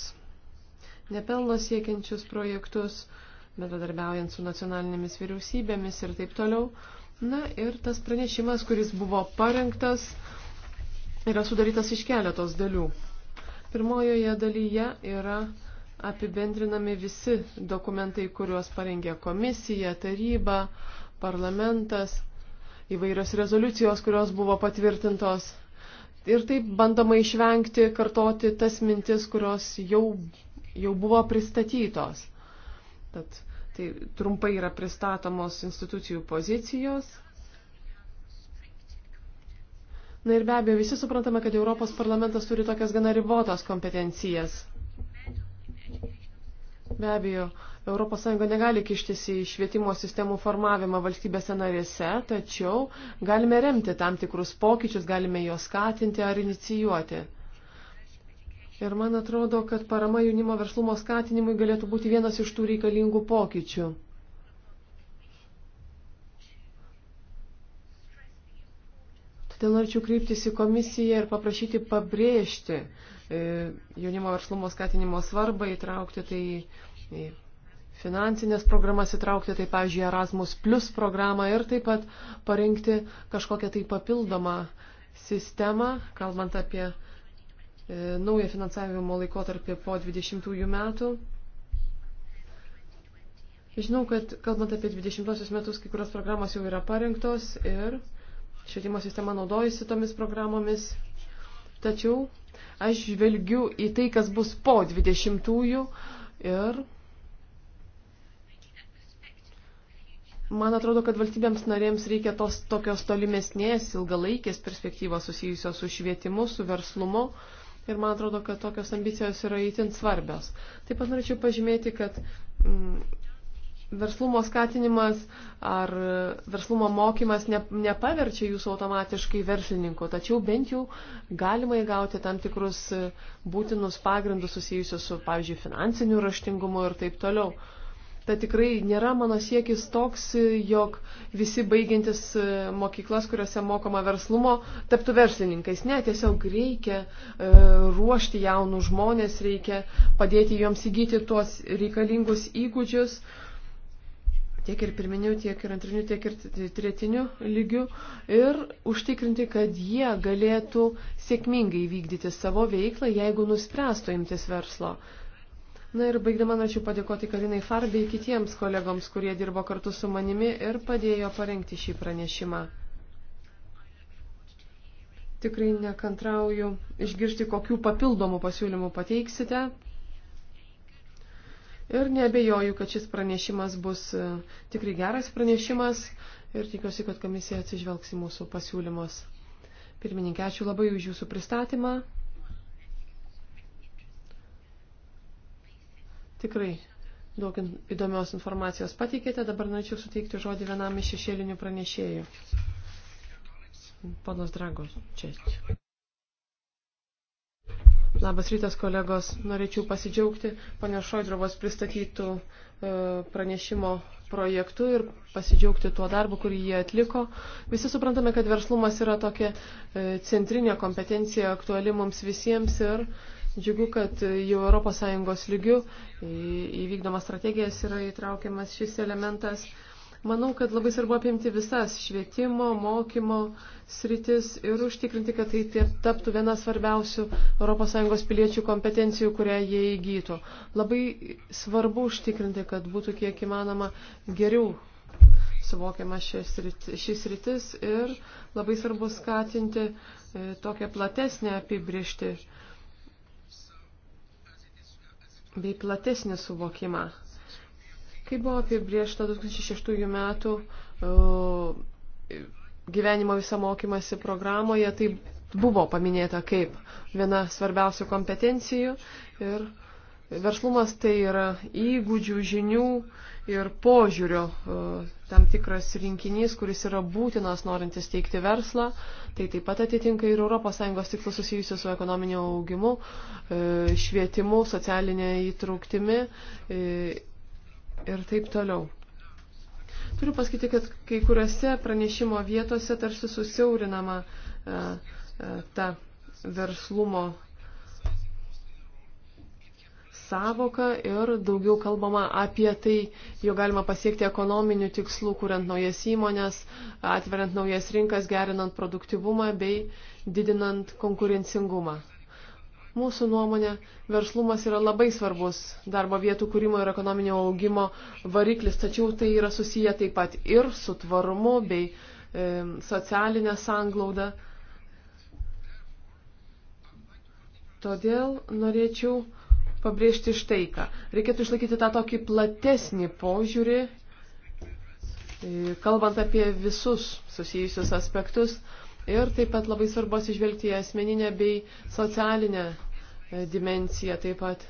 nepelno siekiančius projektus, bendradarbiaujant su nacionalinėmis vyriausybėmis ir taip toliau. Na ir tas pranešimas, kuris buvo parengtas, yra sudarytas iš keletos dalių. Pirmojoje dalyje yra apibendrinami visi dokumentai, kuriuos parengė komisija, taryba, parlamentas, įvairios rezoliucijos, kurios buvo patvirtintos. Ir taip bandoma išvengti, kartoti tas mintis, kurios jau, jau buvo pristatytos. Tad, tai trumpai yra pristatomos institucijų pozicijos. Na ir be abejo, visi suprantame, kad Europos parlamentas turi tokias gana ribotas kompetencijas. Be abejo, ES negali kištis į švietimo sistemų formavimą valstybėse narėse, tačiau galime remti tam tikrus pokyčius, galime juos skatinti ar inicijuoti. Ir man atrodo, kad parama jaunimo verslumo skatinimui galėtų būti vienas iš tų reikalingų pokyčių. Todėl norėčiau kreiptis į komisiją ir paprašyti pabrėžti e, jaunimo verslumo skatinimo svarbą, įtraukti tai į finansinės programas, įtraukti tai, pavyzdžiui, Erasmus Plus programą ir taip pat parinkti kažkokią tai papildomą sistemą, kalbant apie e, naują finansavimo laikotarpį po 20 metų. Žinau, kad kalbant apie 20 metus, kai kurios programos jau yra parinktos ir švietimo sistema naudojasi tomis programomis. Tačiau aš žvelgiu į tai, kas bus po 20-ųjų ir man atrodo, kad valstybėms narėms reikia tos tokios tolimesnės, ilgalaikės perspektyvos susijusios su švietimu, su verslumu. Ir man atrodo, kad tokios ambicijos yra įtin svarbios. Taip pat norėčiau pažymėti, kad mm, verslumo skatinimas ar verslumo mokymas ne, nepaverčia jūsų automatiškai verslininku, tačiau bent jau galima įgauti tam tikrus būtinus pagrindus susijusius su, pavyzdžiui, finansiniu raštingumu ir taip toliau. Tai tikrai nėra mano siekis toks, jog visi baigiantis mokyklas, kuriuose mokoma verslumo, taptų verslininkais. Ne, tiesiog reikia e, ruošti jaunų žmonės, reikia padėti joms įgyti tuos reikalingus įgūdžius, e, tiek ir pirminių, tiek ir antrinių, tiek ir tretinių lygių ir užtikrinti, kad jie galėtų sėkmingai vykdyti savo veiklą, jeigu nuspręstų imtis verslo. Na ir baigdama norėčiau padėkoti Karinai Farbiai kitiems kolegoms, kurie dirbo kartu su manimi ir padėjo parengti šį pranešimą. Tikrai nekantrauju išgirsti, kokių papildomų pasiūlymų pateiksite Ir nebejoju, kad šis pranešimas bus e, tikrai geras pranešimas ir tikiuosi, kad komisija atsižvelgs į mūsų pasiūlymus. Pirmininkė, ačiū labai už jūsų pristatymą. Tikrai daug įdomios informacijos pateikėte. Dabar norėčiau suteikti žodį vienam iš šešėlinių pranešėjų. Ponas Dragos, čia. Labas rytas, kolegos. Norėčiau pasidžiaugti ponio Šoidrovos pristatytų e, pranešimo projektu ir pasidžiaugti tuo darbu, kurį jie atliko. Visi suprantame, kad verslumas yra tokia e, centrinė kompetencija, aktuali mums visiems ir džiugu, kad jau ES lygių įvykdomas strategijas yra įtraukiamas šis elementas. Manau, kad labai svarbu apimti visas švietimo, mokymo sritis ir užtikrinti, kad tai taptų viena svarbiausių ES piliečių kompetencijų, kurią jie įgytų. Labai svarbu užtikrinti, kad būtų kiek įmanoma geriau suvokiama šis rytis ir labai svarbu skatinti e, tokią platesnę apibriežtį bei platesnį suvokimą. Kai buvo apibriešta 2006 metų e, gyvenimo visą mokymasi programoje, tai buvo paminėta kaip viena svarbiausių kompetencijų ir verslumas tai yra įgūdžių, žinių ir požiūrio e, tam tikras rinkinys, kuris yra būtinas norintis teikti verslą. Tai taip pat atitinka ir ES tikslus susijusius su ekonominio augimu, e, švietimu, socialinė įtrauktimi ir taip toliau. Turiu pasakyti, kad kai kuriuose pranešimo vietose tarsi susiaurinama e, e, ta verslumo savoka ir daugiau kalbama apie tai, jo galima pasiekti ekonominių tikslų, kuriant naujas įmonės, atveriant naujas rinkas, gerinant produktivumą bei didinant konkurencingumą. Mūsų nuomonė, verslumas yra labai svarbus darbo vietų kūrimo ir ekonominio augimo variklis, tačiau tai yra susiję taip pat ir su tvarumu bei e, socialinė sanglauda. Todėl norėčiau pabrėžti štai ką. Reikėtų išlaikyti tą tokį platesnį požiūrį, e, kalbant apie visus susijusius aspektus. Ir taip pat labai svarbu atsižvelgti į asmeninę bei socialinę e, dimenciją taip pat.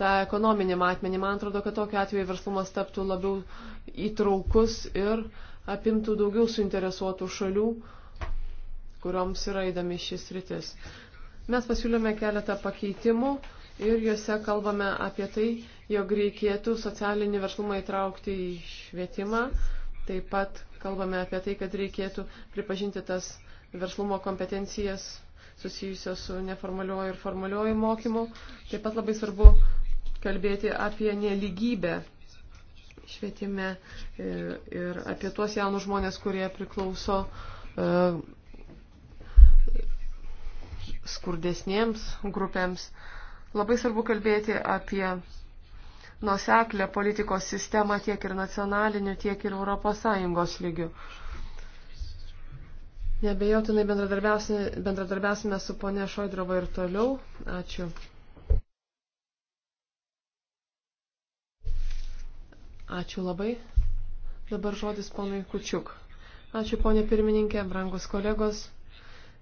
Ta ekonominė matmenė, man atrodo, kad tokiu atveju verslumas taptų labiau įtraukus ir apimtų daugiau suinteresuotų šalių, kurioms yra įdami šis rytis. Mes pasiūlėme keletą pakeitimų ir juose kalbame apie tai, jog reikėtų socialinį verslumą įtraukti į švietimą. Taip pat kalbame apie tai, kad reikėtų pripažinti tas verslumo kompetencijas susijusios su neformaliuoju ir formaliuoju mokymu. Taip pat labai svarbu kalbėti apie neligybę švietime ir, e, ir apie tuos jaunus žmonės, kurie priklauso uh, skurdesniems grupėms. Labai svarbu kalbėti apie nuseklę politikos sistemą tiek ir nacionaliniu, tiek ir ES lygiu. Uh, Nebejotinai bendradarbiausime, bendradarbiausime su ponė Šoidrova ir toliau. Ačiū. Ačiū labai. Dabar žodis ponui Kučiuk. Ačiū ponė pirmininkė, brangus kolegos.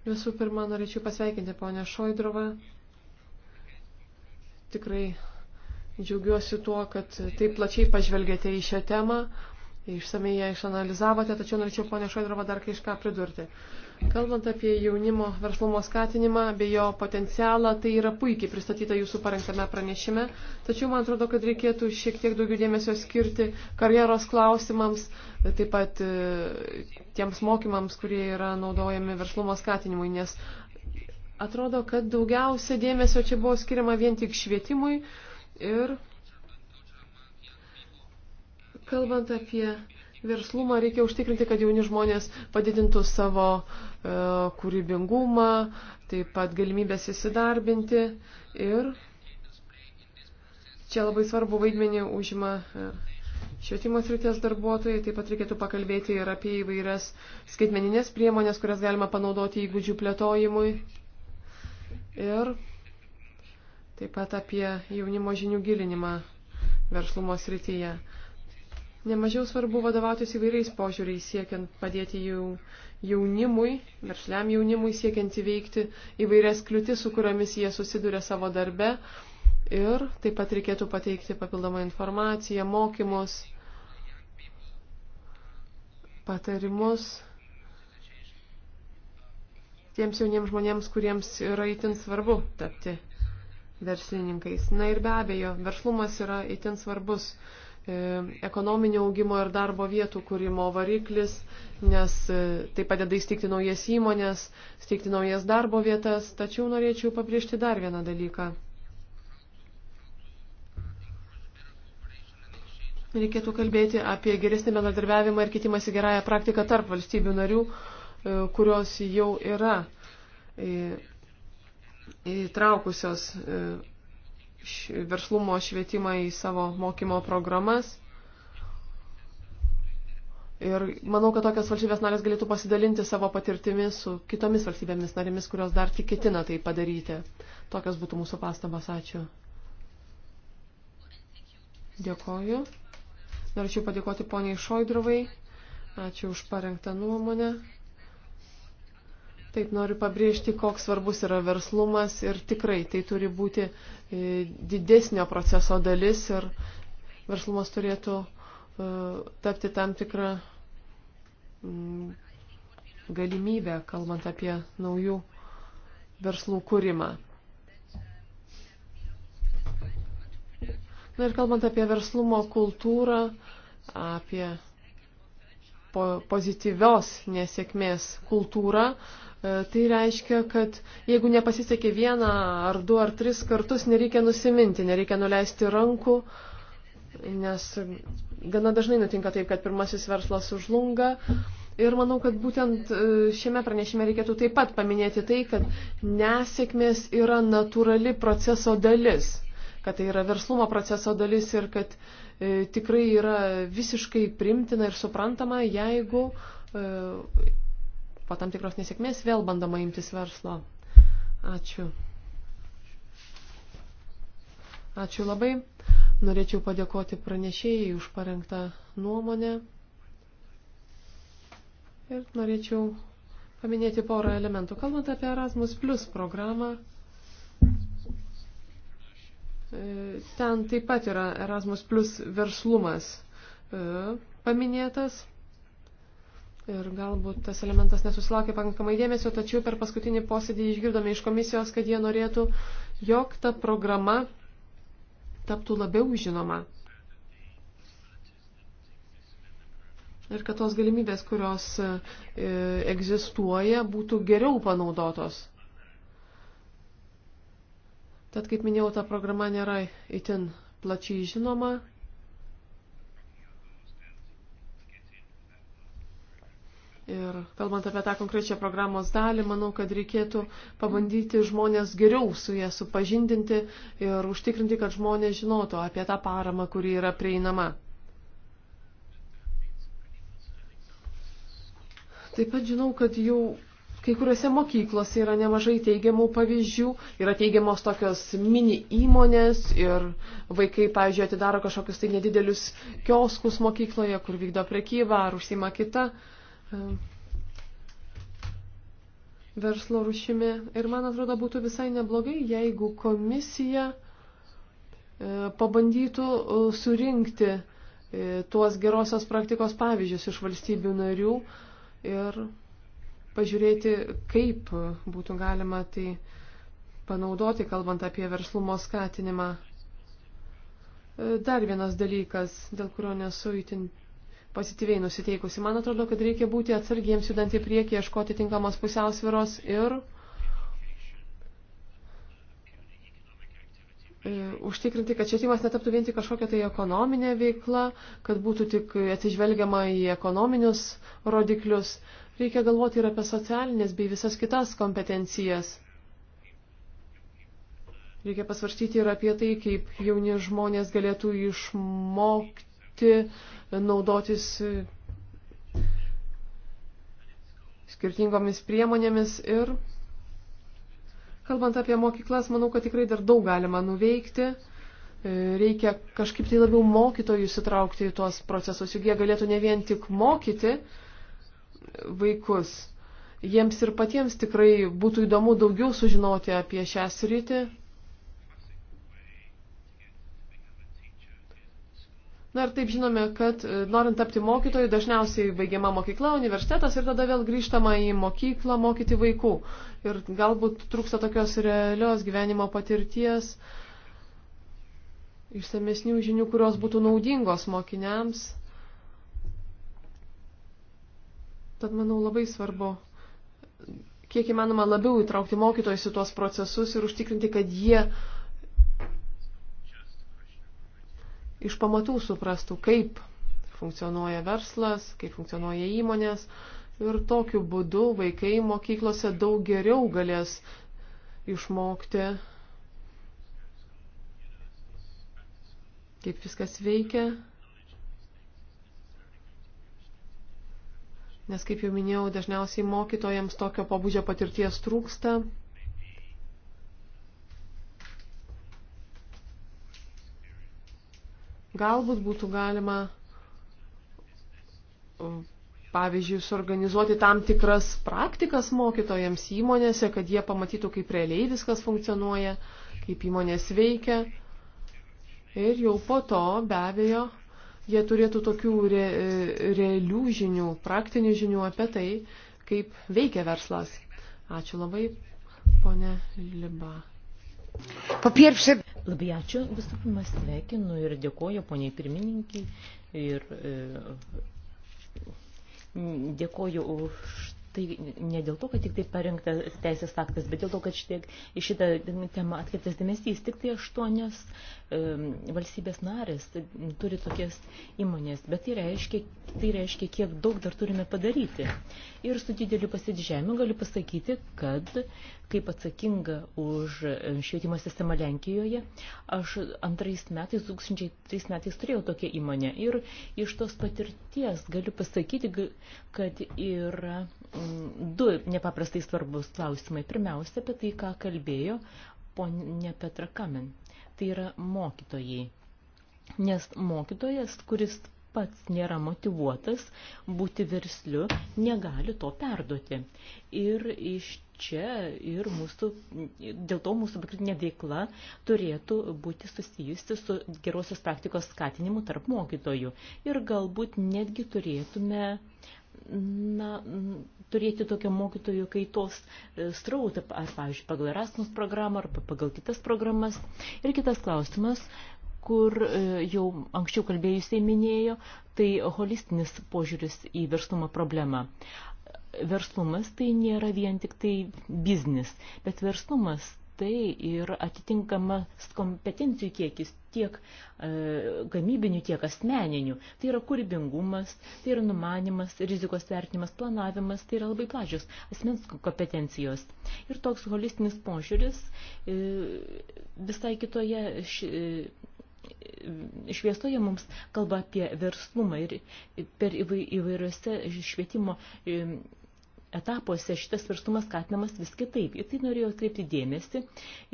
Visų pirma, norėčiau pasveikinti ponę Šoidrovą. Tikrai džiaugiuosi tuo, kad taip plačiai pažvelgėte į šią temą, išsamei ją išanalizavote, tačiau norėčiau, ponė Šoidrova, dar kažką pridurti. Kalbant apie jaunimo verslumo skatinimą bei jo potencialą, tai yra puikiai pristatyta jūsų parengtame pranešime, tačiau man atrodo, kad reikėtų šiek tiek daugiau dėmesio skirti karjeros klausimams, taip pat e, tiems mokymams, kurie yra naudojami verslumo skatinimui, nes atrodo, kad daugiausia dėmesio čia buvo skiriama vien tik švietimui ir Kalbant apie verslumą, reikia užtikrinti, kad jauni žmonės padidintų savo e, kūrybingumą, taip pat galimybės įsidarbinti ir čia labai svarbu vaidmenį užima e, švietimo srities darbuotojai, taip pat reikėtų pakalbėti ir apie įvairias skaitmeninės priemonės, kurias galima panaudoti įgūdžių plėtojimui ir taip pat apie jaunimo žinių gilinimą verslumo srityje. Nemažiau svarbu vadovautis įvairiais požiūriais, siekiant padėti jau, jaunimui, versliam jaunimui, siekiant įveikti įvairias kliūtis, su kuriamis jie susiduria savo darbe. Ir taip pat reikėtų pateikti papildomą informaciją, mokymus, patarimus tiems jauniems žmonėms, kuriems yra itin svarbu tapti verslininkais. Na ir be abejo, verslumas yra itin svarbus E, ekonominio augimo ir darbo vietų kūrimo variklis, nes e, tai padeda įsteigti naujas įmonės, steigti naujas darbo vietas. Tačiau norėčiau pabrėžti dar vieną dalyką. Reikėtų kalbėti apie geresnį bendradarbiavimą ir kitimąsi gerąją praktiką tarp valstybių narių, e, kurios jau yra įtraukusios verslumo švietimą į savo mokymo programas. Ir manau, kad tokios valstybės narės galėtų pasidalinti savo patirtimi su kitomis valstybėmis narėmis, kurios dar tik ketina tai padaryti. Tokios būtų mūsų pastabas. Ačiū. Dėkoju. Norėčiau padėkoti poniai Šoidrovai. Ačiū už parengtą nuomonę. Taip noriu pabrėžti, koks svarbus yra verslumas ir tikrai tai turi būti e, didesnio proceso dalis ir verslumas turėtų e, tapti tam tikrą mm, galimybę, kalbant apie naujų verslų kūrimą. Na ir kalbant apie verslumo kultūrą, apie pozityvios nesėkmės kultūrą, E, tai reiškia, kad jeigu nepasisekė vieną ar du ar tris kartus, nereikia nusiminti, nereikia nuleisti rankų, nes gana dažnai nutinka taip, kad pirmasis verslas užlunga. Ir manau, kad būtent e, šiame pranešime reikėtų taip pat paminėti tai, kad nesėkmės yra natūrali proceso dalis, kad tai yra verslumo proceso dalis ir kad e, tikrai yra visiškai primtina ir suprantama, jeigu po tam tikros nesėkmės vėl bandoma imtis verslo. Ačiū. Ačiū labai. Norėčiau padėkoti pranešėjai už parengtą nuomonę. Ir norėčiau paminėti porą elementų. Kalbant apie Erasmus Plus programą, e, ten taip pat yra Erasmus Plus verslumas e, paminėtas ir galbūt tas elementas nesusilaukė pakankamai dėmesio, tačiau per paskutinį posėdį išgirdome iš komisijos, kad jie norėtų, jog ta programa taptų labiau žinoma. Ir kad tos galimybės, kurios e, egzistuoja, būtų geriau panaudotos. Tad, kaip minėjau, ta programa nėra itin plačiai žinoma, Ir kalbant apie tą konkrečią programos dalį, manau, kad reikėtų pabandyti žmonės geriau su jie supažindinti ir užtikrinti, kad žmonės žinotų apie tą paramą, kuri yra prieinama. Taip pat žinau, kad jau kai kuriuose mokyklose yra nemažai teigiamų pavyzdžių, yra teigiamos tokios mini įmonės ir vaikai, pavyzdžiui, atidaro kažkokius tai nedidelius kioskus mokykloje, kur vykdo prekybą ar užsima kitą uh, E, verslo rušimi. Ir man atrodo būtų visai neblogai, jeigu komisija e, pabandytų e, surinkti tuos gerosios praktikos pavyzdžius iš valstybių narių ir pažiūrėti, kaip būtų galima tai panaudoti, kalbant apie verslumo skatinimą. Dar vienas dalykas, dėl kurio nesu įtin pozityviai nusiteikusi. Man atrodo, kad reikia būti atsargiems judant į priekį, ieškoti tinkamos pusiausviros ir e, užtikrinti, kad švietimas netaptų vien tik kažkokia tai ekonominė veikla, kad būtų tik atsižvelgiama į ekonominius rodiklius. Reikia galvoti ir apie socialinės bei visas kitas kompetencijas. Reikia pasvarstyti ir apie tai, kaip jauni žmonės galėtų išmokti dirbti, naudotis skirtingomis priemonėmis ir kalbant apie mokyklas, manau, kad tikrai dar daug galima nuveikti. Reikia kažkaip tai labiau mokytojų įsitraukti į tuos procesus, juk jie galėtų ne vien tik mokyti vaikus. Jiems ir patiems tikrai būtų įdomu daugiau sužinoti apie šią sritį. Na ir taip žinome, kad e, norint tapti mokytoju, dažniausiai baigiama mokykla, universitetas ir tada vėl grįžtama į mokyklą mokyti vaikų. Ir galbūt trūksta tokios realios gyvenimo patirties, išsamesnių žinių, kurios būtų naudingos mokiniams. Tad manau labai svarbu kiek įmanoma labiau įtraukti mokytojus į tuos procesus ir užtikrinti, kad jie uh, iš pamatų suprastų, kaip funkcionuoja verslas, kaip funkcionuoja įmonės. Ir tokiu būdu vaikai mokyklose daug geriau galės išmokti, kaip viskas veikia. Nes, kaip jau minėjau, dažniausiai mokytojams tokio pabudžio patirties trūksta. Galbūt būtų galima, pavyzdžiui, suorganizuoti tam tikras praktikas mokytojams įmonėse, kad jie pamatytų, kaip realiai viskas funkcionuoja, kaip įmonės veikia. Ir jau po to, be abejo, jie turėtų tokių re, realių žinių, praktinių žinių apie tai, kaip veikia verslas. Ačiū labai, ponė Liba. Po pierwsze, Labai ačiū. Visų pirma, sveikinu ir dėkoju poniai pirmininkiai ir e, dėkoju už tai ne dėl to, kad tik tai parengtas teisės aktas, bet dėl to, kad šitiek į šitą temą atkreiptas dėmesys. Tik tai aštuonios valstybės narės turi tokias įmonės, bet tai reiškia, tai reiškia, kiek daug dar turime padaryti. Ir su dideliu pasidžiamiu galiu pasakyti, kad kaip atsakinga už švietimo sistemą Lenkijoje, aš antrais metais, 2003 metais turėjau tokią įmonę ir iš tos patirties galiu pasakyti, kad yra mm, du nepaprastai svarbus klausimai. Pirmiausia, apie tai, ką kalbėjo ponė Petra Kamen tai yra mokytojai. Nes mokytojas, kuris pats nėra motivuotas būti versliu, negali to perduoti. Ir iš čia ir mūsų, dėl to mūsų pagrindinė veikla turėtų būti susijusi su gerosios praktikos skatinimu tarp mokytojų. Ir galbūt netgi turėtume na, turėti tokią mokytojų kaitos e, strautą, ar, pavyzdžiui, pagal Erasmus programą, ar pagal kitas programas. Ir kitas klausimas, kur e, jau anksčiau kalbėjusiai minėjo, tai holistinis požiūris į verslumo problemą. Verslumas tai nėra vien tik tai biznis, bet verslumas tai ir atitinkamas kompetencijų kiekis tiek e, gamybinių, tiek asmeninių. Tai yra kūrybingumas, tai yra numanimas, rizikos vertinimas, planavimas, tai yra labai plačios asmens kompetencijos. Ir toks holistinis požiūris e, visai kitoje ši, e, šviesoje mums kalba apie verslumą ir per įvairiose švietimo e, etapuose šitas svarstumas skatinamas vis kitaip. Ir tai norėjau atkreipti dėmesį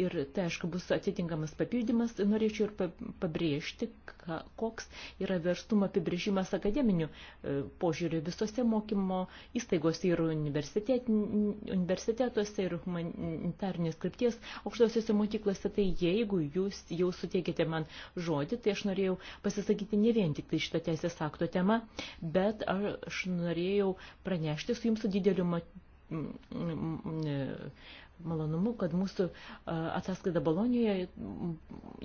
ir tai, aišku, bus atitinkamas papildymas. Norėčiau ir pabrėžti, ka, koks yra verslumo apibrėžimas akademinių e, požiūrių visose mokymo įstaigose ir universitetuose ir humanitarnės krypties aukštosiuose mokyklose. Tai jeigu jūs jau suteikite man žodį, tai aš norėjau pasisakyti ne vien tik tai šitą teisės akto temą, bet aš norėjau pranešti su jums su dideliu malonumu, kad mūsų ataskaita Bolonijoje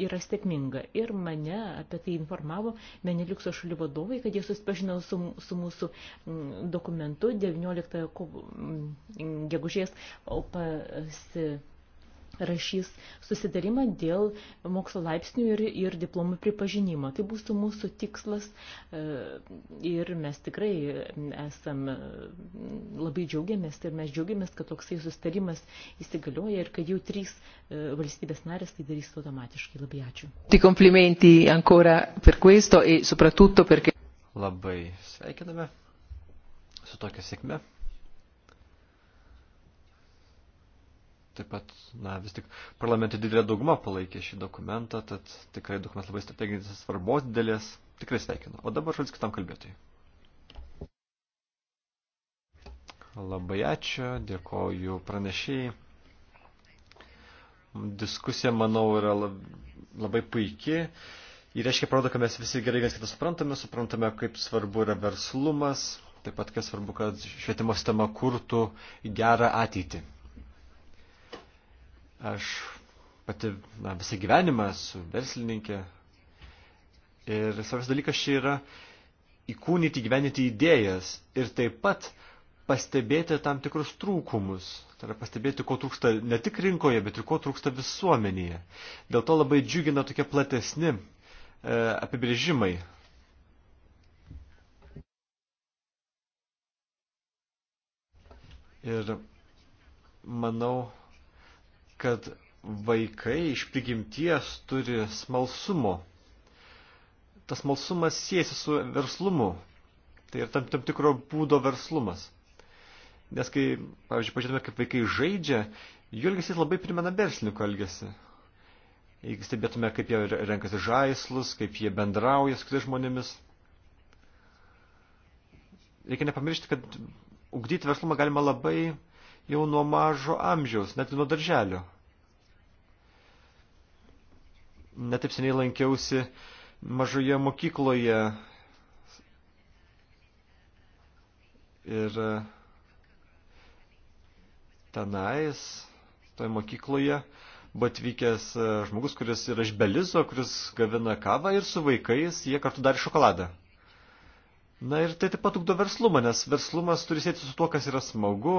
yra sėkminga. Ir mane apie tai informavo Meneliukso šalių vadovai, kad jie susipažino su, su mūsų dokumentu 19 gegužės pasi rašys susitarimą dėl mokslo laipsnių ir, ir diplomų pripažinimo. Tai būtų mūsų tikslas e, ir mes tikrai esam e, labai džiaugiamės ir mes džiaugiamės, kad toksai susitarimas įsigalioja ir kad jau trys e, valstybės narės tai darys automatiškai. Labai ačiū. Ti komplimenti ancora per questo e soprattutto perché. Labai sveikiname su tokia sėkme. Taip pat, na, vis tik parlamente didelė dauguma palaikė šį dokumentą, tad tikrai dokumentas labai strateginis svarbos didelės. Tikrai sveikinu. O dabar žodis kitam kalbėtojui. Labai ačiū, dėkoju pranešėjai. Diskusija, manau, yra labai puiki. Ir reiškia, parodo, kad mes visi gerai vienas kitą suprantame, suprantame, kaip svarbu yra verslumas, taip pat, kas svarbu, kad švietimo sistema kurtų gerą ateitį. Aš pati na, visą gyvenimą esu verslininkė. Ir svarbiausias dalykas čia yra įkūnyti, gyveninti idėjas ir taip pat pastebėti tam tikrus trūkumus. Tai yra pastebėti, ko trūksta ne tik rinkoje, bet ir ko trūksta visuomenėje. Dėl to labai džiugina tokie platesni e, apibrėžimai. Ir manau, kad vaikai iš prigimties turi smalsumo. Tas smalsumas siejasi su verslumu. Tai yra tam, tam tikro būdo verslumas. Nes kai, pavyzdžiui, pažiūrėtume, kaip vaikai žaidžia, jų elgesys labai primena verslininko elgesį. Jeigu stebėtume, kaip jie renkasi žaislus, kaip jie bendrauja su kitais žmonėmis. Reikia nepamiršti, kad ugdyti verslumą galima labai jau nuo mažo amžiaus, net nuo darželio. Netaip seniai lankiausi mažoje mokykloje ir tenais, toje mokykloje, buvo atvykęs e, žmogus, kuris yra iš Belizo, kuris gavina kavą ir su vaikais jie kartu darė šokoladą. Na ir tai taip pat ugdo verslumą, nes verslumas turi sėti su tuo, kas yra smagu,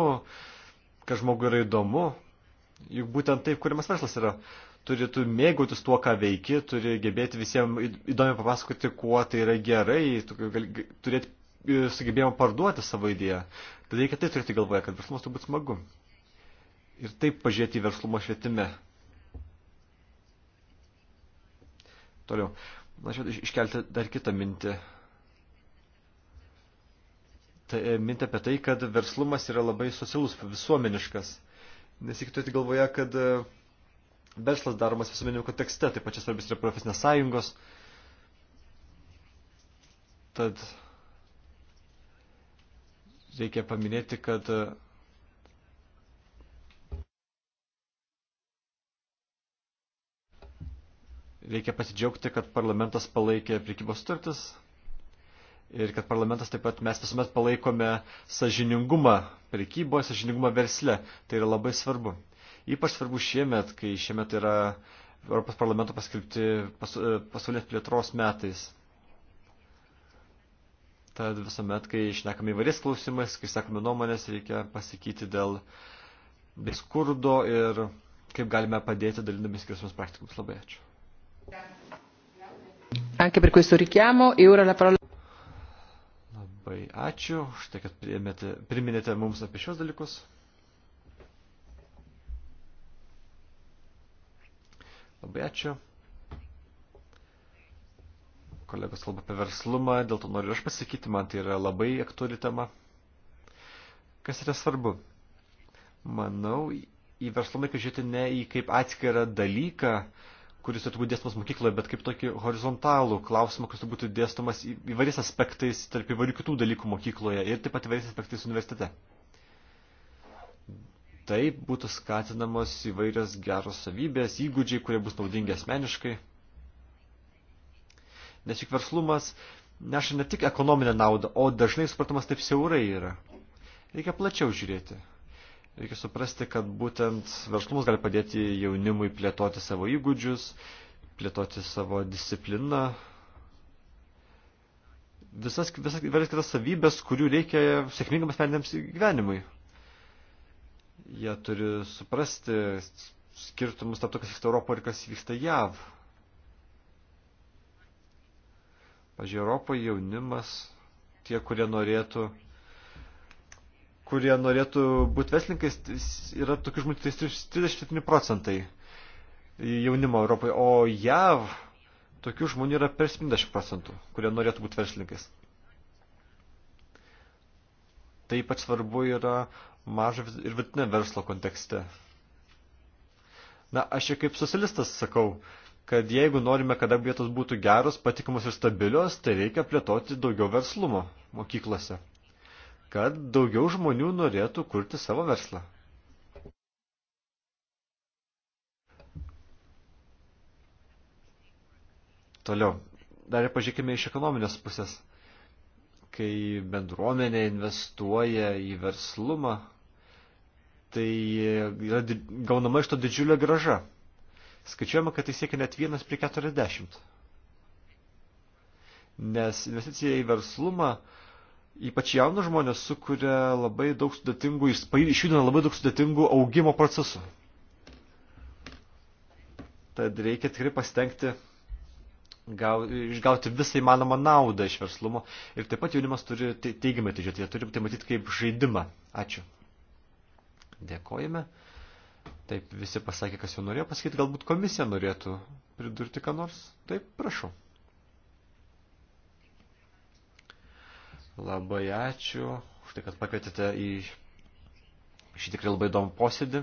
kad žmogui yra įdomu, juk būtent taip kuriamas verslas yra. Turi tu mėgautis tuo, ką veiki, turi gebėti visiems įdomiai papasakoti, kuo tai yra gerai, turėti e, sugebėjimą parduoti savo idėją. Tad reikia tai turėti galvoje, kad verslumas turi būti smagu. Ir taip pažiūrėti į verslumo švietime. Toliau. Na, aš iškelti dar kitą mintį tai, e, mintę apie tai, kad verslumas yra labai socialus, visuomeniškas. Nes reikia turėti galvoje, kad e, verslas daromas visuomeninių kontekste, taip pačias svarbis yra profesinės sąjungos. Tad reikia paminėti, kad e, reikia pasidžiaugti, kad parlamentas palaikė prikybos sutartis ir kad parlamentas taip pat mes visuomet palaikome sažiningumą prekyboje, sažiningumą versle. Tai yra labai svarbu. Ypač svarbu šiemet, kai šiemet yra Europos parlamento paskelbti pas, pasaulės plėtros metais. Tad visuomet, kai išnekame įvairiais klausimais, kai sakome nuomonės, reikia pasakyti dėl skurdo ir kaip galime padėti dalindami skirsimus praktikumus. Labai ačiū. Anche per questo richiamo e ora la parola Labai ačiū už tai, kad primėte, priminėte mums apie šios dalykus. Labai ačiū. Kolegos kalba apie verslumą, dėl to noriu aš pasakyti, man tai yra labai aktuali tema. Kas yra svarbu? Manau, į verslumą reikia žiūrėti ne į kaip atskirą dalyką, kuris turėtų būti dėstomas mokykloje, bet kaip tokį horizontalų klausimą, kuris būtų dėstomas įvairiais aspektais tarp įvairių kitų dalykų mokykloje ir taip pat įvairiais aspektais universitete. Taip būtų skatinamos įvairios geros savybės, įgūdžiai, kurie bus naudingi asmeniškai. Nes juk verslumas neša ne tik ekonominę naudą, o dažnai supratamas taip siaurai yra. Reikia plačiau žiūrėti. Reikia suprasti, kad būtent verslumas gali padėti jaunimui plėtoti savo įgūdžius, plėtoti savo discipliną, visas, visas, visas kitas savybės, kurių reikia sėkmingam asmeniniams gyvenimui. Jie turi suprasti skirtumus tarp to, kas vyksta Europoje ir kas vyksta JAV. Pavyzdžiui, Europoje jaunimas, tie, kurie norėtų kurie norėtų būti verslininkais, yra tokių žmonių tai 37 procentai jaunimo Europoje, o JAV tokių žmonių yra per 70 procentų, kurie norėtų būti verslininkais. Tai ypač svarbu yra mažo ir vidutinio verslo kontekste. Na, aš jau kaip socialistas sakau, kad jeigu norime, kad vietos būtų geros, patikimos ir stabilios, tai reikia plėtoti daugiau verslumo mokyklose kad daugiau žmonių norėtų kurti savo verslą. Toliau, dar ir pažiūrėkime iš ekonominės pusės. Kai bendruomenė investuoja į verslumą, tai yra gaunama iš to didžiulio graža. Skaičiuojama, kad tai siekia net 1 prie 40. Nes investicija į verslumą ypač jaunus žmonės, sukuria labai daug sudėtingų, išjudina labai daug sudėtingų augimo procesų. Tad reikia tikrai pastengti gau, išgauti visą įmanomą naudą iš verslumo. Ir taip pat jaunimas turi teigiamai tai žiūrėti, jie turi tai matyti kaip žaidimą. Ačiū. Dėkojame. Taip, visi pasakė, kas jau norėjo pasakyti, galbūt komisija norėtų pridurti ką nors. Taip, prašau. Labai ačiū už tai, kad pakvietėte į šį tikrai labai įdomų posėdį.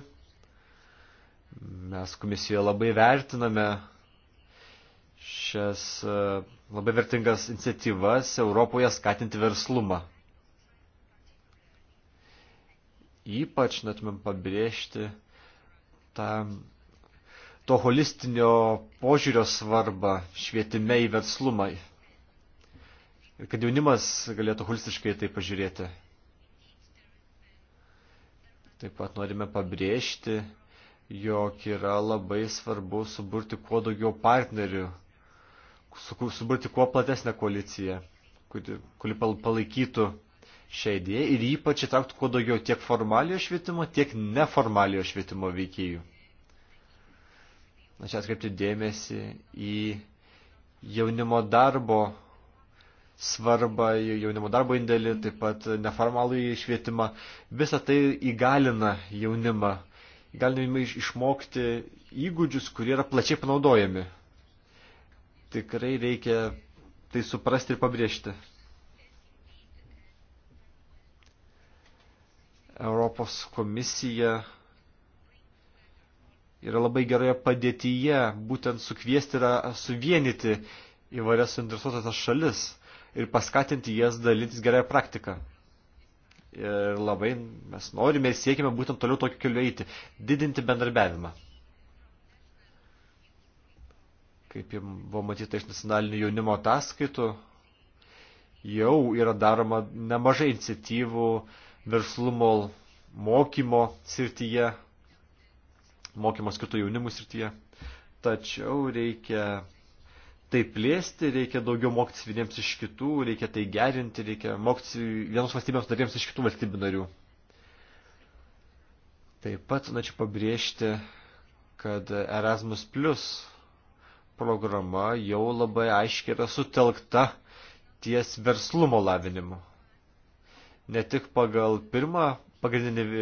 Mes komisijoje labai vertiname šias e, labai vertingas iniciatyvas Europoje skatinti verslumą. Ypač norėtumėm pabrėžti tą, to holistinio požiūrio svarbą švietime į verslumą, ir kad jaunimas galėtų holstiškai tai pažiūrėti. Taip pat norime pabrėžti, jog yra labai svarbu suburti kuo daugiau partnerių, suburti kuo platesnę koaliciją, kuri, kuri palaikytų šią idėją ir ypač įtrauktų kuo daugiau tiek formaliojo švietimo, tiek neformaliojo švietimo veikėjų. Na čia atkreipti dėmesį į jaunimo darbo svarbą, jaunimo darbo indėlį, taip pat neformalų švietimą. Visą tai įgalina jaunimą. Įgalina išmokti įgūdžius, kurie yra plačiai panaudojami. Tikrai reikia tai suprasti ir pabrėžti. Europos komisija yra labai geroje padėtyje būtent sukviesti ir suvienyti įvairias suinteresuotas šalis ir paskatinti jas dalintis gerąją praktiką. Ir labai mes norime ir siekime būtent toliau tokiu keliu eiti, didinti bendarbiavimą. Kaip jau buvo matyta iš nacionalinių jaunimo ataskaitų, jau yra daroma nemažai iniciatyvų verslumo mokymo srityje, mokymo skirtų jaunimų srityje. Tačiau reikia tai plėsti, reikia daugiau mokytis vieniems iš kitų, reikia tai gerinti, reikia mokytis vienos valstybėms narėms iš kitų valstybių narių. Taip pat norėčiau pabrėžti, kad Erasmus Plus programa jau labai aiškiai yra sutelkta ties verslumo lavinimu. Ne tik pagal pirmą pagrindinį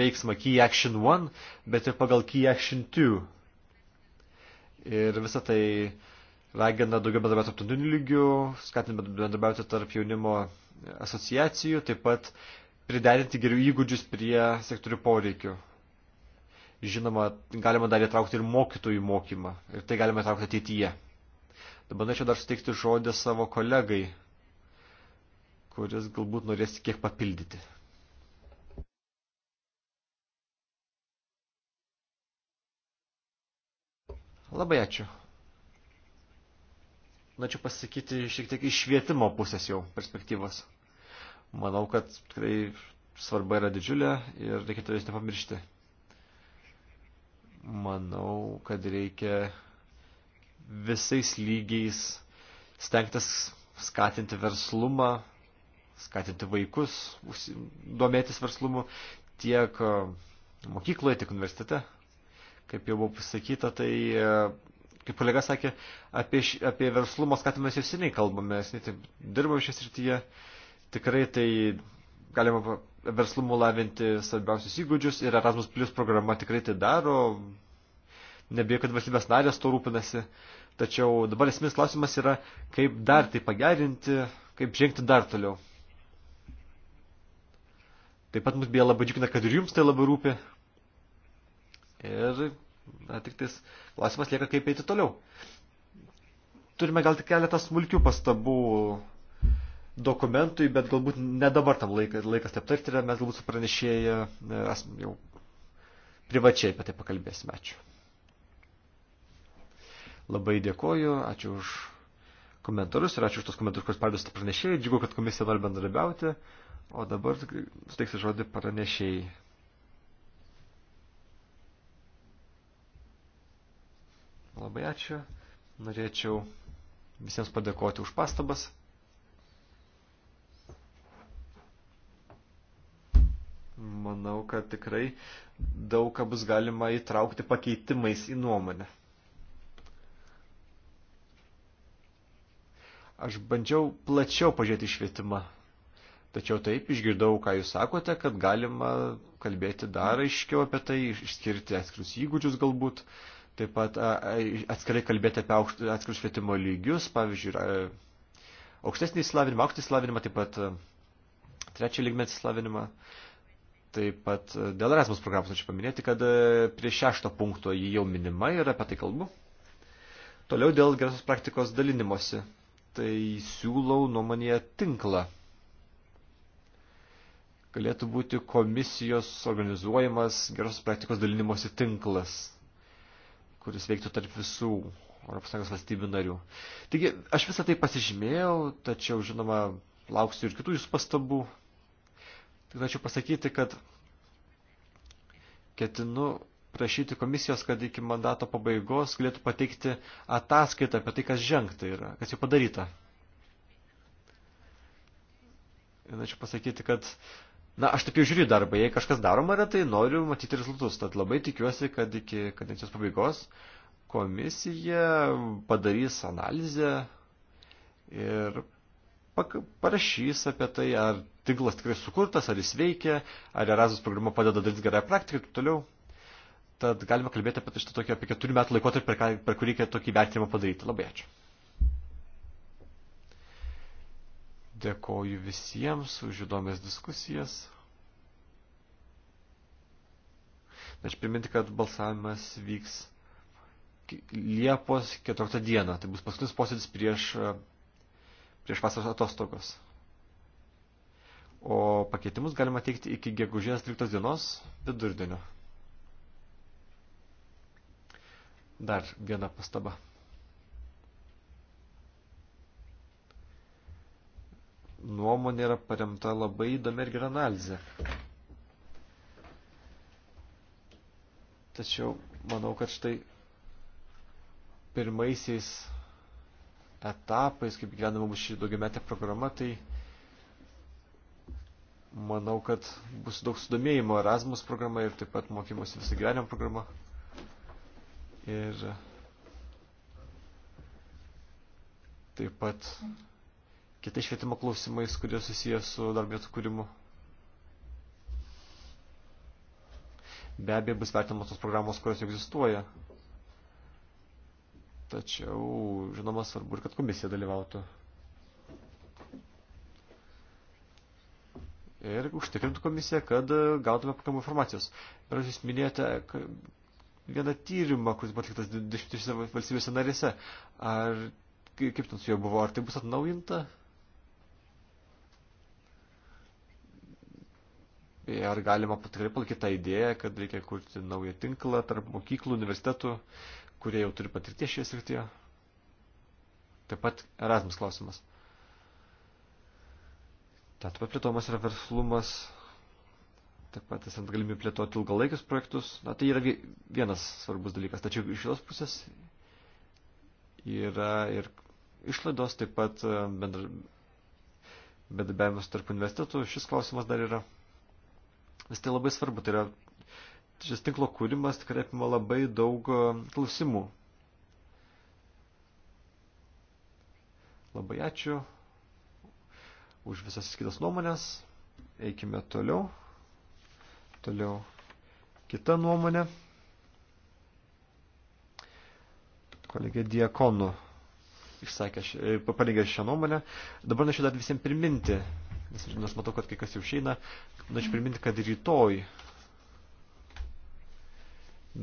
veiksmą Key Action 1, bet ir pagal Key Action 2. Ir visą tai ragina daugiau bendrabiauti aptundinių lygių, skatina bendrabiauti tarp jaunimo asociacijų, taip pat priderinti gerių įgūdžius prie sektorių poreikių. Žinoma, galima dar įtraukti ir mokytojų mokymą ir tai galima įtraukti ateityje. Dabar norėčiau dar suteikti žodį savo kolegai, kuris galbūt norės kiek papildyti. Labai ačiū norėčiau pasakyti šiek tiek iš švietimo pusės jau perspektyvos. Manau, kad tikrai svarba yra didžiulė ir reikėtų jos nepamiršti. Manau, kad reikia visais lygiais stengtis skatinti verslumą, skatinti vaikus, domėtis verslumu tiek mokykloje, tiek universitete. Kaip jau buvo pasakyta, tai kaip kolega sakė, apie, apie verslumo skatimą mes jau seniai kalbame, mes taip dirbame šią srityje, tikrai tai galima verslumo lavinti svarbiausius įgūdžius ir Erasmus Plus programa tikrai tai daro, nebijau, kad valstybės narės to rūpinasi, tačiau dabar esminis klausimas yra, kaip dar tai pagerinti, kaip žengti dar toliau. Taip pat mus beje labai džiugina, kad ir jums tai labai rūpi. Ir Na, tik tais klausimas lieka, kaip eiti toliau. Turime gal tik keletą smulkių pastabų dokumentui, bet galbūt ne dabar tam laikas, laikas taip tarti, mes galbūt su pranešėja e, jau privačiai apie tai pakalbėsime. Ačiū. Labai dėkoju, ačiū už komentarus ir ačiū už tos komentarus, kuriuos perdusite pranešėjai. Džiugu, kad komisija nori bendradarbiauti. O dabar suteiksiu žodį pranešėjai. Labai ačiū. Norėčiau visiems padėkoti už pastabas. Manau, kad tikrai daug ką bus galima įtraukti pakeitimais į nuomonę. Aš bandžiau plačiau pažiūrėti švietimą. Tačiau taip išgirdau, ką jūs sakote, kad galima kalbėti dar aiškiau apie tai, išskirti atskirius įgūdžius galbūt. Uh, Taip pat atskirai kalbėti apie atskirus švietimo lygius, pavyzdžiui, e, aukštesnį įsilavinimą, aukštį įsilavinimą, taip pat e, trečią lygmenį įsilavinimą. Taip pat e, dėl Erasmus programos norėčiau paminėti, kad prie šešto punkto jį jau minima ir apie tai kalbu. Toliau dėl gerosios praktikos dalinimosi. Tai siūlau nuomonėje tinklą. Galėtų būti komisijos organizuojamas gerosios praktikos dalinimosi tinklas kuris veiktų tarp visų ES valstybių narių. Taigi, aš visą tai pasižymėjau, tačiau, žinoma, lauksiu ir kitų jūsų pastabų. Tik norėčiau pasakyti, kad ketinu prašyti komisijos, kad iki mandato pabaigos galėtų pateikti ataskaitą apie tai, kas žengta yra, kas jau padaryta. Ir norėčiau pasakyti, kad Na, aš taip jau žiūriu darbą, jei kažkas daroma yra, tai noriu matyti rezultatus. Tad labai tikiuosi, kad iki kadencijos pabaigos komisija padarys analizę ir parašys apie tai, ar tinklas tikrai sukurtas, ar jis veikia, ar Erasmus programa padeda daryti gerąją praktiką ir taip toliau. Tad galima kalbėti apie tai šitą tokį apie keturių metų laikotarpį, per, per kurį reikia tokį vertinimą padaryti. Labai ačiū. Dėkoju visiems už įdomias diskusijas. Aš priminti, kad balsavimas vyks Liepos 14 dieną. Tai bus paskutinis posėdis prieš, prieš vasaros atostogos. O pakeitimus galima teikti iki gegužės 12 dienos vidurdienio. Dar viena pastaba. nuomonė yra paremta labai įdomi ir gera analizė. Tačiau manau, kad štai pirmaisiais etapais, kaip gyvenama mums šį daugiametę programą, tai manau, kad bus daug sudomėjimo Erasmus programa ir taip pat mokymosi visą gyvenimą programa. Ir taip pat kitais švietimo klausimais, kurie susijęs su darbėtų kūrimu. Be abejo, bus vertinamos tos programos, kurios egzistuoja. Tačiau, žinoma, svarbu ir kad komisija dalyvautų. Ir užtikrintų komisiją, kad gautume pakamų informacijos. Ir jūs minėjote vieną tyrimą, kuris buvo atliktas 23 valstybėse narėse. Ar kaip ten su juo buvo, ar tai bus atnaujinta? ar galima tikrai palaikyti tą idėją, kad reikia kurti naują tinklą tarp mokyklų, universitetų, kurie jau turi patirties šioje srityje. Taip pat Erasmus klausimas. Taip pat plėtomas yra verslumas, taip pat esant galimybė plėtoti ilgalaikius projektus. Na, tai yra vienas svarbus dalykas. Tačiau iš jos pusės yra ir išlaidos, taip pat e, bendra, bendrabiavimas tarp universitetų. Šis klausimas dar yra nes tai labai svarbu. Tai yra, šis tinklo kūrimas tikrai apima labai daug e, klausimų. Labai ačiū už visas kitas nuomonės. Eikime toliau. Toliau kita nuomonė. Kolegė Diakonų išsakė, e, parengė šią nuomonę. Dabar norėčiau dar visiems priminti, Nes aš matau, kad kai kas jau išeina. Norėčiau priminti, kad rytoj,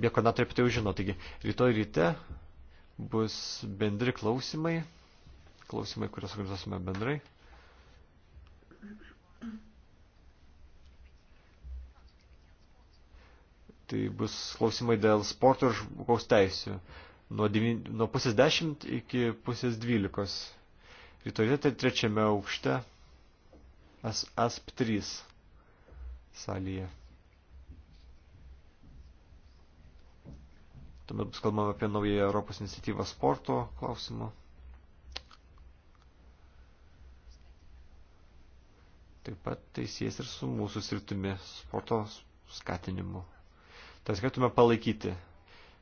be koordinatoriai apie tai jau žino, taigi rytoj ryte bus bendri klausimai, klausimai, kuriuos organizuosime bendrai. Tai bus klausimai dėl sporto ir žmogaus teisių. Nuo, devin, nuo pusės dešimt iki pusės dvylikos. Rytoj vietą trečiame aukšte AS, ASP3 salėje. Tuomet bus kalbama apie naują Europos iniciatyvą sporto klausimą. Taip pat tai sies ir su mūsų sritimi sporto skatinimu. Tai skaitume palaikyti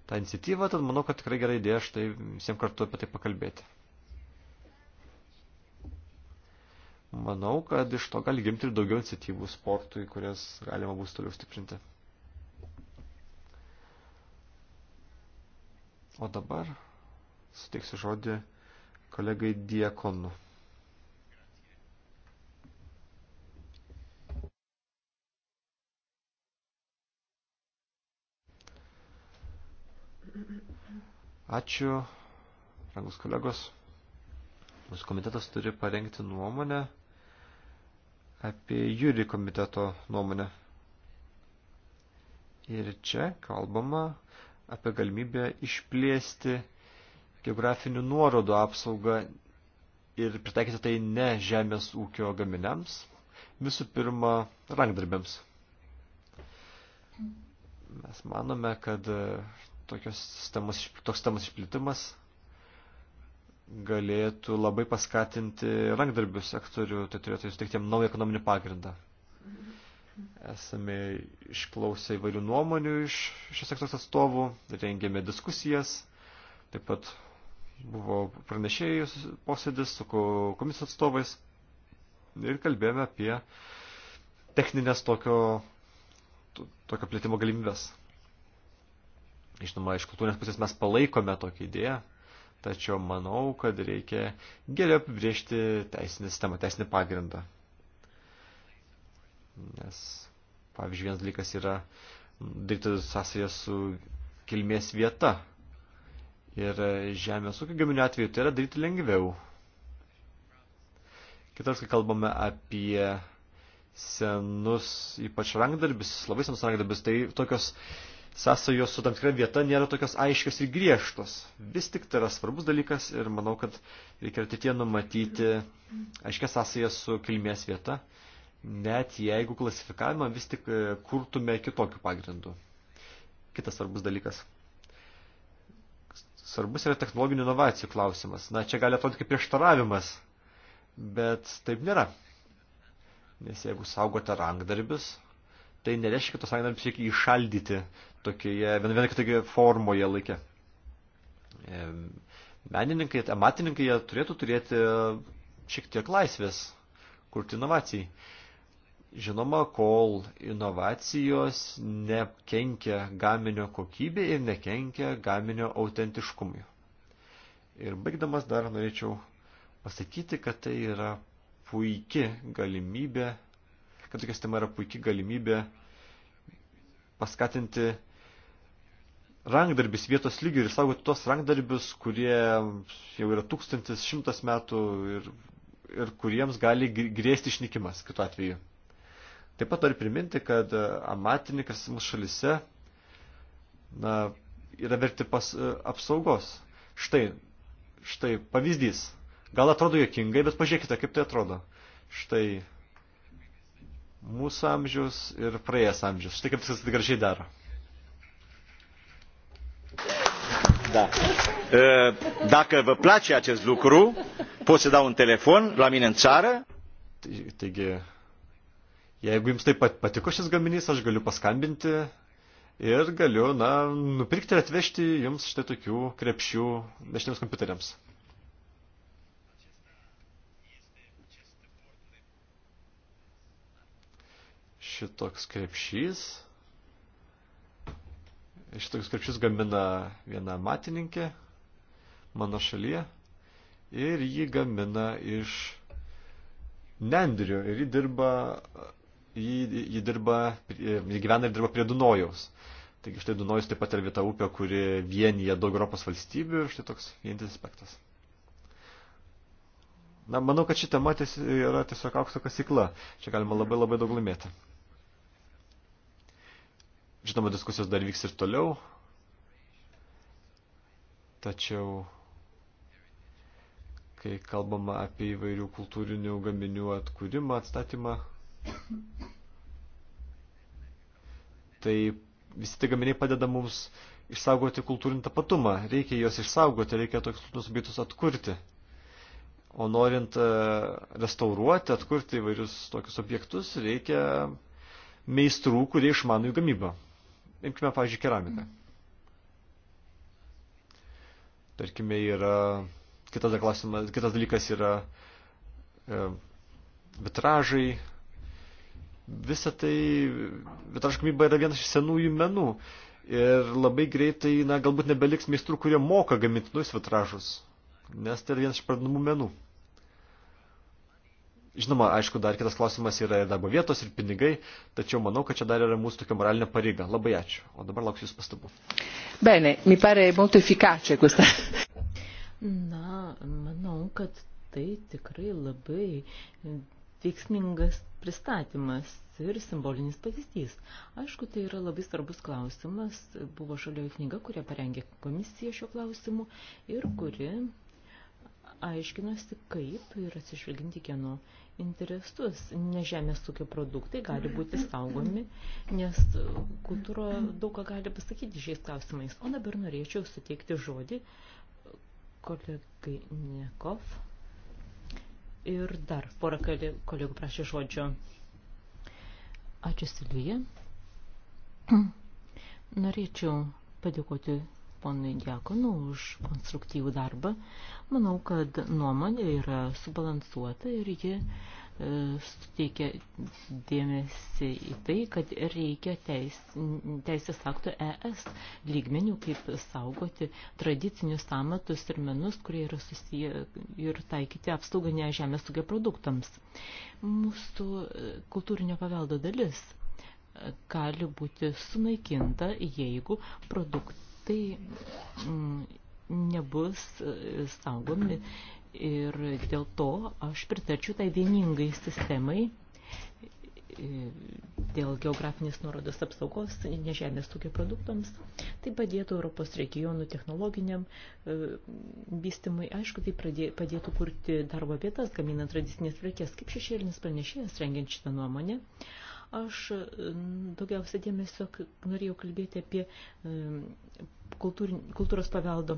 tą iniciatyvą, tad manau, kad tikrai gerai idėja štai visiems kartu apie tai pakalbėti. manau, kad iš to gali gimti ir daugiau iniciatyvų sportui, kurias galima bus toliau stiprinti. O dabar suteiksiu žodį kolegai Diekonu. Ačiū, rangus kolegos. Mūsų komitetas turi parengti nuomonę apie jūri komiteto nuomonę. Ir čia kalbama apie galimybę išplėsti geografinių nuorodų apsaugą ir pritaikyti tai ne žemės ūkio gaminiams, visų pirma, rankdarbėms. Mes manome, kad tokios sistemos, toks sistemos išplitimas galėtų labai paskatinti rankdarbių sektorių, tai turėtų suteikti jam naują ekonominį pagrindą. Esame išklausę įvairių nuomonių iš šios sektoriaus atstovų, rengėme diskusijas, taip pat buvo pranešėjų posėdis su komisijos atstovais ir kalbėjome apie techninės tokio, tokio plėtimo galimybės. Žinoma, iš kultūrinės pusės mes palaikome tokią idėją, tačiau manau, kad reikia geriau apibriežti teisinę sistemą, teisinį pagrindą. Nes, pavyzdžiui, vienas dalykas yra daryti sąsąją su kilmės vieta. Ir žemės ūkio gaminių atveju tai yra daryti lengviau. Kitas, kai kalbame apie senus, ypač rankdarbius, labai senus rankdarbius, tai tokios sąsajos su tam tikra vieta nėra tokios aiškios ir griežtos. Vis tik tai yra svarbus dalykas ir manau, kad reikia ateitie numatyti aiškias sąsajas su kilmės vieta, net jeigu klasifikavimą vis tik e, kurtume kitokiu pagrindu. Kitas svarbus dalykas. Svarbus yra technologinių inovacijų klausimas. Na, čia gali atrodyti kaip prieštaravimas, bet taip nėra. Nes jeigu saugote rankdarbius, tai nereiškia, kad tos sąjungas reikia išaldyti tokioje, vienoje vien, kitokioje formoje laikė. Menininkai, amatininkai jie turėtų turėti šiek tiek laisvės kurti inovacijai. Žinoma, kol inovacijos nekenkia gaminio kokybė ir nekenkia gaminio autentiškumui. Ir baigdamas dar norėčiau pasakyti, kad tai yra puiki galimybė kad tokia sistema yra puikia galimybė paskatinti rankdarbis vietos lygių ir saugoti tos rankdarbius, kurie jau yra tūkstantis šimtas metų ir, ir kuriems gali grėsti išnykimas kitu atveju. Taip pat noriu priminti, kad amatininkas mūsų šalise na, yra verti pas, e, apsaugos. Štai, štai pavyzdys. Gal atrodo jokingai, bet pažiūrėkite, kaip tai atrodo. Štai mūsų amžius ir praėjęs amžius. Štai kaip viskas gražiai daro. Da. E, dacă vă place acest lucru, pot să dau un telefon la mine în țară. Tai, taigi, jeigu jums taip pat patiko šis gaminys, aš galiu paskambinti ir galiu, na, nupirkti ir atvežti jums štai tokių krepšių dešiniams kompiuteriams. šitoks krepšys. Šitoks krepšys gamina viena matininkė mano šalyje ir jį gamina iš nendrių ir jį dirba, jį, jį dirba, jį gyvena ir dirba prie Dunojaus. Taigi štai Dunojus taip pat yra vieta upė, kuri vienyje daug Europos valstybių ir štai toks vienintelis aspektas. Na, manau, kad ši tema yra tiesiog aukso kasykla. Čia galima labai labai daug laimėti. Žinoma, diskusijos dar vyks ir toliau, tačiau kai kalbama apie įvairių kultūrinių gaminių atkūrimą, atstatymą, tai visi tie gaminiai padeda mums išsaugoti kultūrinį tapatumą. Reikia juos išsaugoti, reikia tokius kultūrinius objektus atkurti. O norint e, restauruoti, atkurti įvairius tokius objektus, reikia meistrų, kurie išmano jų gamybą. Imkime, pavyzdžiui, keramiką. Tarkime, yra kitas, klausimas, kitas dalykas yra e, vitražai. Visa tai, vitražų gamyba yra vienas iš senųjų menų. Ir labai greitai, na, galbūt nebeliks meistrų, kurie moka gaminti naujus vitražus. Nes tai yra vienas iš pradinamų menų. Žinoma, aišku, dar kitas klausimas yra ir darbo vietos, ir pinigai, tačiau manau, kad čia dar yra mūsų tokia moralinė pareiga. Labai ačiū. O dabar lauksiu Jūsų pastabų. Bene, mi pare molto efficace questa. Na, manau, kad tai tikrai labai veiksmingas pristatymas ir simbolinis pavyzdys. Aišku, tai yra labai svarbus klausimas. Buvo žalioji knyga, kurią parengė komisija šiuo klausimu ir kuri aiškinosi, kaip ir atsižvelginti kieno interesus. Nežemės ūkio produktai gali būti saugomi, nes kultūra daug ką gali pasakyti šiais klausimais. O dabar norėčiau suteikti žodį kolegai Nekov. Ir dar porą kolegų prašė žodžio. Ačiū Silvija. Norėčiau padėkoti ponui Diakonu už konstruktyvų darbą. Manau, kad nuomonė yra subalansuota ir ji e, suteikia dėmesį į tai, kad reikia teis, teisės aktų ES lygmenių, kaip saugoti tradicinius amatus ir menus, kurie yra susiję ir taikyti apsaugą ne žemės ūkio produktams. Mūsų e, kultūrinio paveldo dalis e, gali būti sunaikinta, jeigu produktai tai mm, nebus e, saugomi ir dėl to aš pritarčiau tai vieningai sistemai e, dėl geografinės nuorodos apsaugos nežemės ūkio produktams. Tai padėtų Europos regionų technologiniam e, vystimui. Aišku, tai pradė, padėtų kurti darbo vietas, gaminant tradicinės prekes, kaip šešėlinis pranešėjas rengiant šitą nuomonę. Uh, Aš daugiausia dėmesio norėjau kalbėti apie kultūros paveldo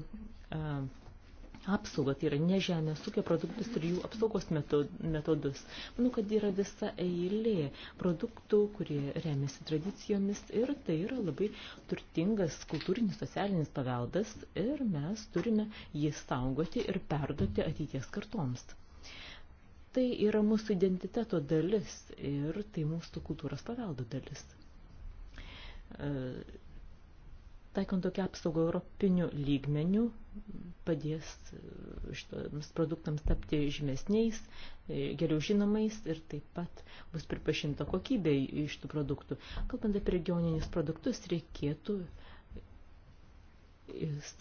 apsaugą, tai yra ne žemės ūkio produktus ir tai jų apsaugos metodus. Manau, kad yra visa eilė produktų, kurie remiasi tradicijomis ir tai yra labai turtingas kultūrinis, socialinis paveldas ir mes turime jį saugoti ir perduoti ateities kartoms tai yra mūsų identiteto dalis ir tai mūsų kultūros paveldo dalis. E, taikant tokią apsaugą europinių lygmenių padės e, šitams produktams tapti žymesniais, e, geriau žinomais ir taip pat bus pripažinta kokybė iš tų produktų. Kalbant apie regioninius produktus, reikėtų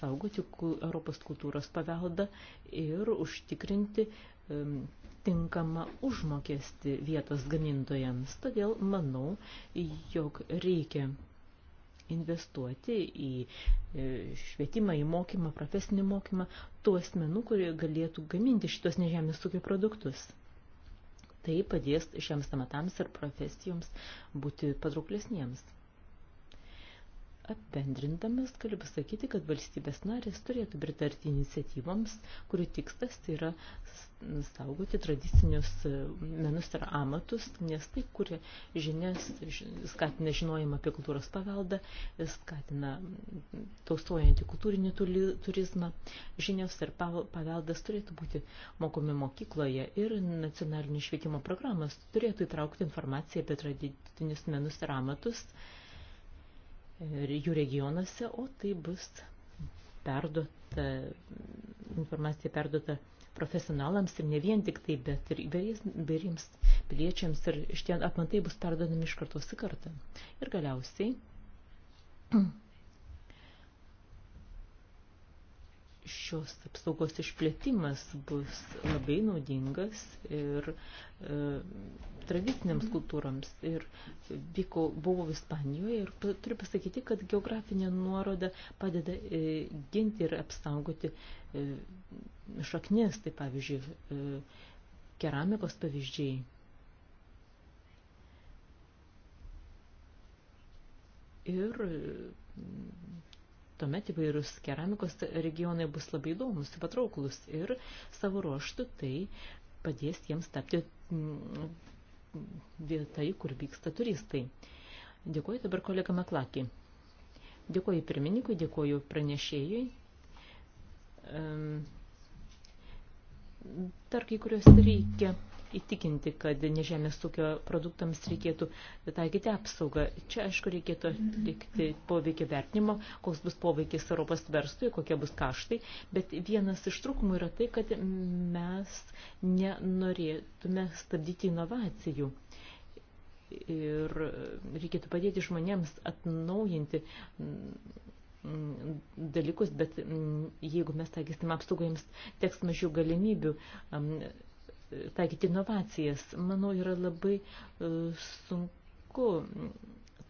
saugoti Europos kultūros paveldą ir užtikrinti tinkamą užmokestį vietos gamintojams. Todėl manau, jog reikia investuoti į e, švietimą, į mokymą, profesinį mokymą tų asmenų, kurie galėtų gaminti šitos nežemės ūkio produktus. Tai padės šiems amatams ir profesijoms būti patrauklesniems. Apendrindamas galiu pasakyti, kad valstybės narės turėtų pritarti iniciatyvams, kurių tikslas tai yra saugoti tradicinius e, menus ir amatus, nes tai kuria žinias, skatina žinojimą apie kultūros paveldą, skatina taustojantį kultūrinį turizmą. Žinios ir paveldas turėtų būti mokomi mokykloje ir nacionalinė švietimo programas turėtų įtraukti informaciją apie tradicinius menus ir amatus jų regionuose, o tai bus perduota, informacija perduota profesionalams ir ne vien tik tai, bet ir įvairiems piliečiams ir šitie apmatai bus perduodami iš kartos į kartą. Ir galiausiai šios apsaugos išplėtimas bus labai naudingas ir e, tradiciniams kultūrams. Ir vyko, buvau Ispanijoje ir turiu pasakyti, kad geografinė nuoroda padeda e, ginti ir apsaugoti e, šaknis, tai pavyzdžiui, e, keramikos pavyzdžiai. Ir e, tuomet įvairius keramikos regionai bus labai įdomus ir patrauklus ir savo ruoštų tai padės jiems tapti mm, vietai, kur vyksta turistai. Dėkuoju dabar kolega Maklakį. Dėkuoju pirmininkui, dėkuoju pranešėjui. Dar kai kurios reikia įtikinti, kad nežemės ūkio produktams reikėtų taikyti apsaugą. Čia, aišku, reikėtų atlikti poveikio vertinimo, koks bus poveikis Europos verslui, kokie bus kaštai, bet vienas iš trūkumų yra tai, kad mes nenorėtume stabdyti inovacijų ir reikėtų padėti žmonėms atnaujinti dalykus, bet jeigu mes taikysim apsaugą, jiems teks mažiau galimybių taikyti inovacijas. Manau, yra labai e, sunku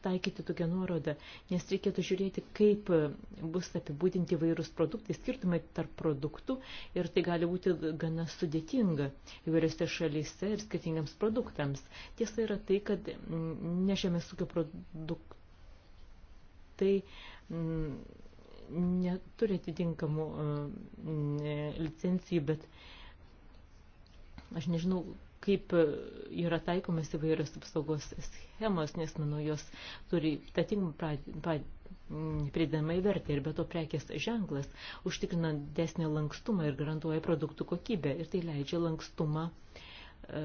taikyti tokią nuorodą, nes reikėtų žiūrėti, kaip bus apibūdinti vairūs produktai, skirtumai tarp produktų ir tai gali būti gana sudėtinga įvairiose šalyse ir skirtingiams produktams. Tiesa yra tai, kad nežemės ūkio produktai mm, neturi atitinkamų mm, licencijų, bet Aš nežinau, kaip yra taikomas įvairios apsaugos schemos, nes, manau, jos turi tatingą pridedamą įvertę ir be to prekės ženklas užtikrina desnį lankstumą ir garantuoja produktų kokybę ir tai leidžia lankstumą e,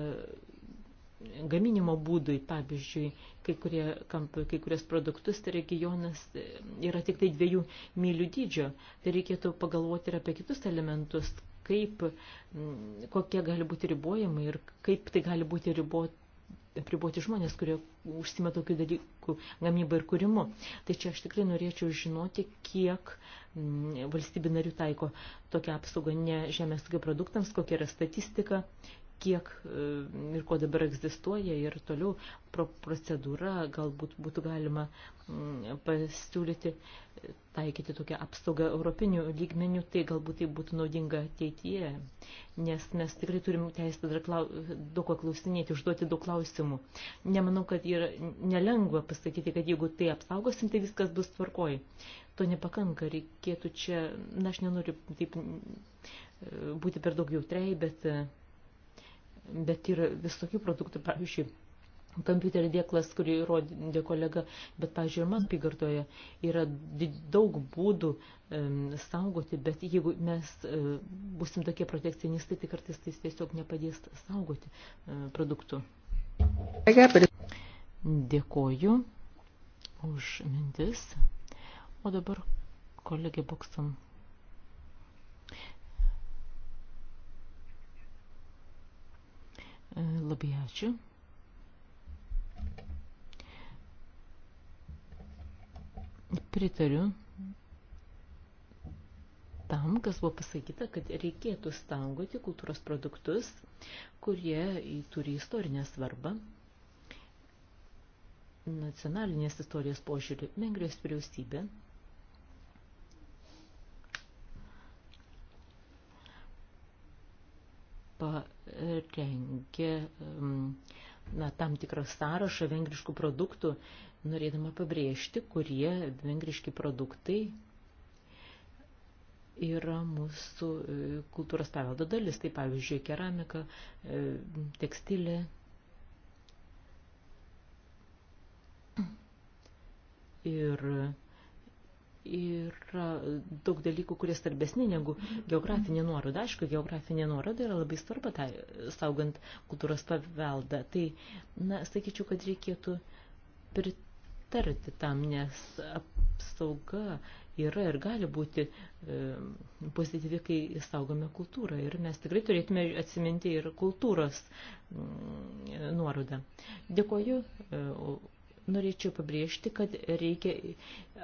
gaminimo būdui, pavyzdžiui, kai, kurie, kamp, kai kurias produktus tai regionas e, yra tik tai dviejų mylių dydžio, tai reikėtų pagalvoti ir apie kitus elementus, kaip, mm, kokie gali būti ribojimai ir kaip tai gali būti riboti apriboti žmonės, kurie užsima tokių dalykų gamybą ir kūrimu. Tai čia aš tikrai norėčiau žinoti, kiek mm, valstybių narių taiko tokią apsaugą ne žemės ūkio produktams, kokia yra statistika kiek e, ir ko dabar egzistuoja ir toliau pro procedūra galbūt būtų galima mm, pasiūlyti taikyti tokią apsaugą europinių lygmenių, tai galbūt tai būtų naudinga ateityje, nes mes tikrai turim teisę dar klau, daug ko klausinėti, užduoti daug klausimų. Nemanau, kad yra nelengva pasakyti, kad jeigu tai apsaugosim, tai viskas bus tvarkoj. To nepakanka, reikėtų čia, na aš nenoriu taip mm, būti per daug jautriai, bet bet yra visokių produktų, pavyzdžiui, kompiuterio dėklas, kurį rodė kolega, bet, pavyzdžiui, ir man pigartoje yra daug būdų um, saugoti, bet jeigu mes uh, e, busim tokie protekcionistai, tai kartais tai tiesiog nepadės saugoti uh, produktų. Dėkoju už mintis. O dabar kolegė Boksam Labai ačiū. Pritariu tam, kas buvo pasakyta, kad reikėtų stangoti kultūros produktus, kurie turi istorinę svarbą. Nacionalinės istorijos požiūrį Vengrijos vyriausybė parengė na, tam tikrą sąrašą vengriškų produktų, norėdama pabrėžti, kurie vengriški produktai yra mūsų e, kultūros paveldo dalis. Tai pavyzdžiui, keramika, e, tekstilė. Ir yra daug dalykų, kurie svarbesni negu geografinė nuoroda. Aišku, geografinė nuoroda yra labai svarba, tai, saugant kultūros paveldą. Tai, na, sakyčiau, kad reikėtų pritarti tam, nes apsauga yra ir gali būti e, pozityvi, kai saugome kultūrą. Ir mes tikrai turėtume atsiminti ir kultūros m, mm, nuorodą. Dėkoju. E, norėčiau pabrėžti, kad reikia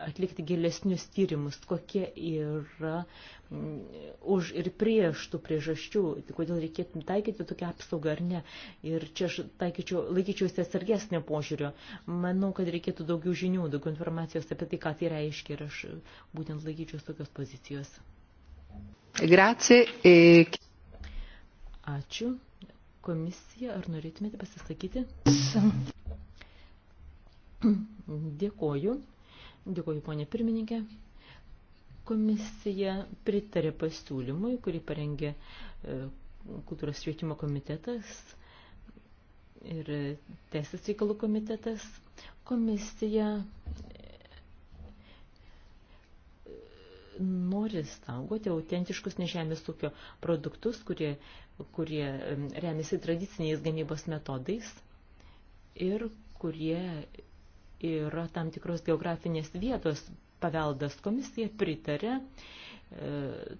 atlikti gilesnius tyrimus, kokie yra mm, už ir prieš tų priežasčių, tai kodėl reikėtų taikyti tokią apsaugą ar ne. Ir čia aš taikyčiau, laikyčiausi atsargesnio požiūrio. Manau, kad reikėtų daugiau žinių, daugiau informacijos apie tai, ką tai reiškia ir aš būtent laikyčiausi tokios pozicijos. Grazie. E Ačiū. Komisija, ar norėtumėte pasisakyti? Dėkoju. Dėkoju, ponė pirmininkė. Komisija pritarė pasiūlymui, kurį parengė e, kultūros švietimo komitetas ir teisės reikalų komitetas. Komisija e, nori saugoti autentiškus nežemės ūkio produktus, kurie, kurie e, remiasi tradiciniais gamybos metodais ir kurie yra tam tikros geografinės vietos paveldas. Komisija pritarė e,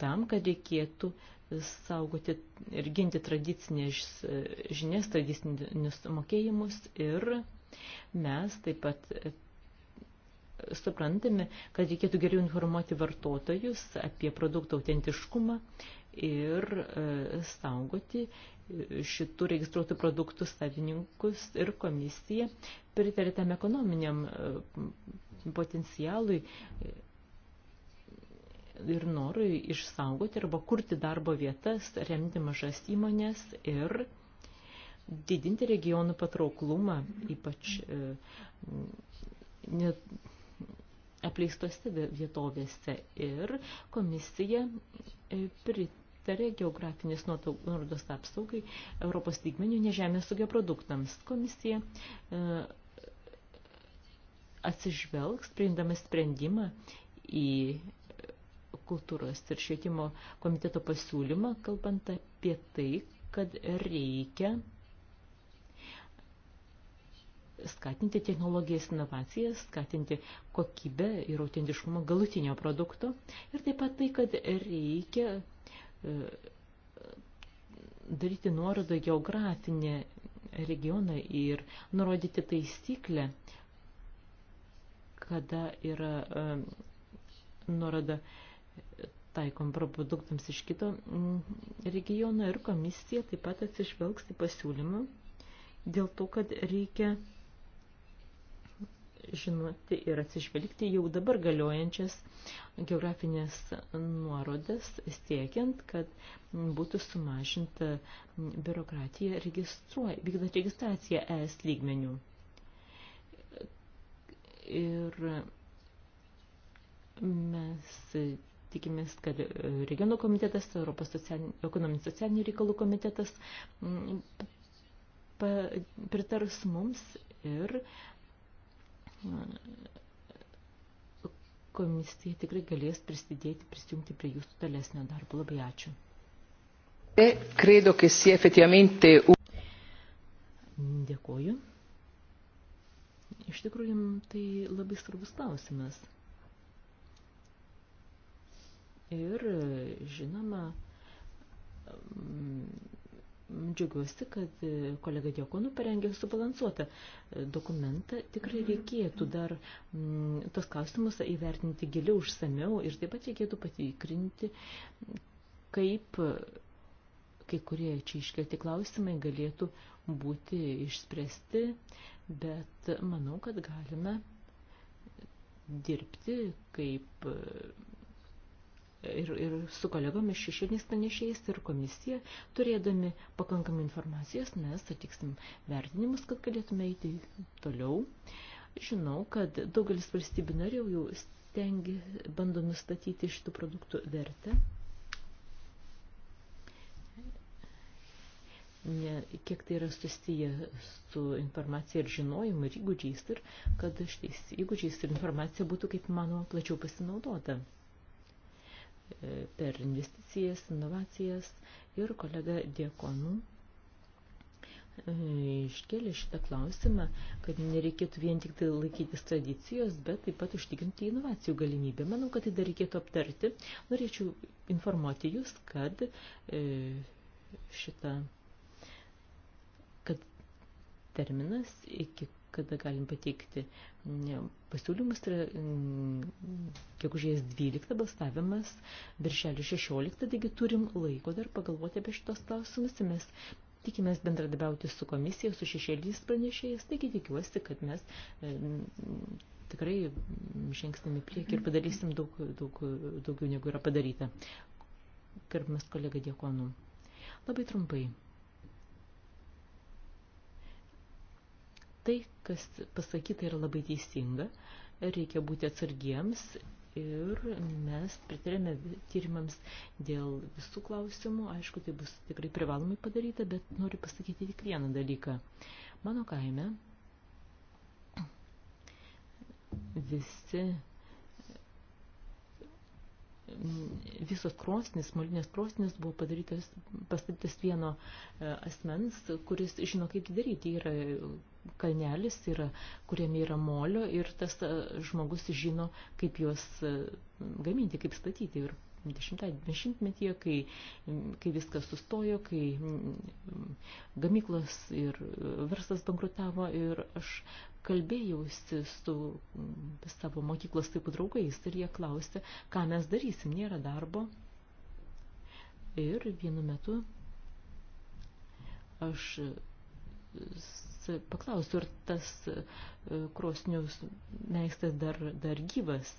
tam, kad reikėtų saugoti ir ginti tradicinės e, žinias, tradicinius mokėjimus ir mes taip pat e, suprantame, kad reikėtų geriau informuoti vartotojus apie produkto autentiškumą ir e, saugoti šitų registruotų produktų savininkus ir komisija pritarė tam ekonominiam e, potencialui ir norui išsaugoti arba kurti darbo vietas, remti mažas įmonės ir didinti regionų patrauklumą, ypač e, net apleistose vietovėse ir komisija e, pritarė aptarė geografinės nuorodos apsaugai Europos lygmenių nežemės ūkio produktams. Komisija e, atsižvelgs, priimdamas sprendimą į kultūros ir švietimo komiteto pasiūlymą, kalbant apie tai, kad reikia skatinti technologijas inovacijas, skatinti kokybę ir autentiškumą galutinio produkto ir taip pat tai, kad reikia E, daryti nuorodą geografinę regioną ir nurodyti taisyklę, kada yra e, nuoroda taikom produktams iš kito mm, regiono ir komisija taip pat atsižvelgs į pasiūlymą dėl to, kad reikia žinoti ir atsižvelgti jau dabar galiojančias geografinės nuorodas, siekiant, kad būtų sumažinta biurokratija vykdant registraciją ES lygmenių. Ir mes tikimės, kad regionų komitetas, Europos socialin, ekonominis socialinių reikalų komitetas mm, pa, pritars mums ir komisija tikrai galės prisidėti, prisijungti prie jūsų tolesnio darbo. Labai ačiū. E Dėkuoju. Iš tikrųjų, tai labai svarbus klausimas. Ir, žinoma, džiaugiuosi, kad e, kolega Diekonų parengė subalansuotą e, dokumentą. Tikrai mhm. reikėtų dar m, mm, tos klausimus įvertinti giliau, užsameu ir taip pat reikėtų patikrinti, kaip kai kurie čia iškelti klausimai galėtų būti išspręsti, bet manau, kad galime dirbti kaip ir, ir su kolegomis šešėliniais pranešėjais ir komisija, turėdami pakankamai informacijos, mes atiksim vertinimus, kad galėtume eiti toliau. Žinau, kad daugelis valstybių narių jau stengi, bando nustatyti šitų produktų vertę. Ne, kiek tai yra susiję su informacija ir žinojimu ir įgūdžiais ir kad šitais įgūdžiais ir informacija būtų kaip manoma plačiau pasinaudota. E, per investicijas, inovacijas ir kolega Diekonų e, iškėlė šitą klausimą, kad nereikėtų vien tik tai laikytis tradicijos, bet taip pat užtikrinti inovacijų galimybę. Manau, kad tai dar reikėtų aptarti. Norėčiau informuoti Jūs, kad e, šitą kad terminas, iki kada galim pateikti pasiūlymas yra mm, gegužės 12 balsavimas, birželio 16, taigi turim laiko dar pagalvoti apie šitos klausimus, mes tikimės bendradabiauti su komisija, su šešėliais pranešėjais, taigi tikiuosi, kad mes e, mm, tikrai žengsim į priekį ir padarysim daug, daug, daugiau negu yra padaryta. Gerbimas kolega Diekonu. Labai trumpai. tai, kas pasakyta, yra labai teisinga, reikia būti atsargiems ir mes pritarėme tyrimams dėl visų klausimų, aišku, tai bus tikrai privalomai padaryta, bet noriu pasakyti tik vieną dalyką. Mano kaime visi visos krosnis, molinės krosnis buvo padarytas, pastatytas vieno e, asmens, kuris žino, kaip tai daryti. Yra kalnelis, yra, kuriame yra molio ir tas žmogus žino, kaip juos gaminti, kaip statyti. Ir 10-metyje, kai, kai viskas sustojo, kai gamyklos ir verslas bankrutavo ir aš kalbėjausi su savo mokyklos taip draugais ir jie klausė, ką mes darysim, nėra darbo. Ir vienu metu aš paklausiu, ar tas e, krosnių meistras dar, dar gyvas.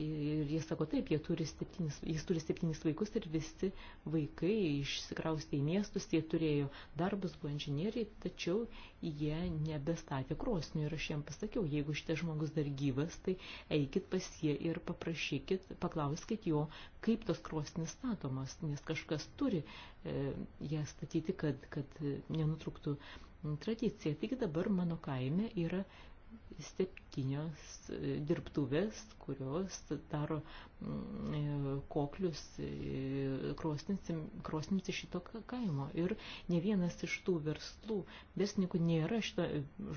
Ir jie sako, taip, jie turi septynis, jis turi septynis vaikus ir visi vaikai išsikraustė į miestus, jie turėjo darbus, buvo inžinieriai, tačiau jie nebestatė krosnių. Ir aš jam pasakiau, jeigu šitas žmogus dar gyvas, tai eikit pas jį ir paprašykit, paklauskit jo, kaip tos krosnis statomos, nes kažkas turi e, ją statyti, kad, kad nenutrūktų tradicija. Taigi dabar mano kaime yra septynios e, dirbtuvės, kurios daro mm, e, koklius e, krosnis iš šito kaimo. Ir ne vienas iš tų verslų, verslininkų nėra šito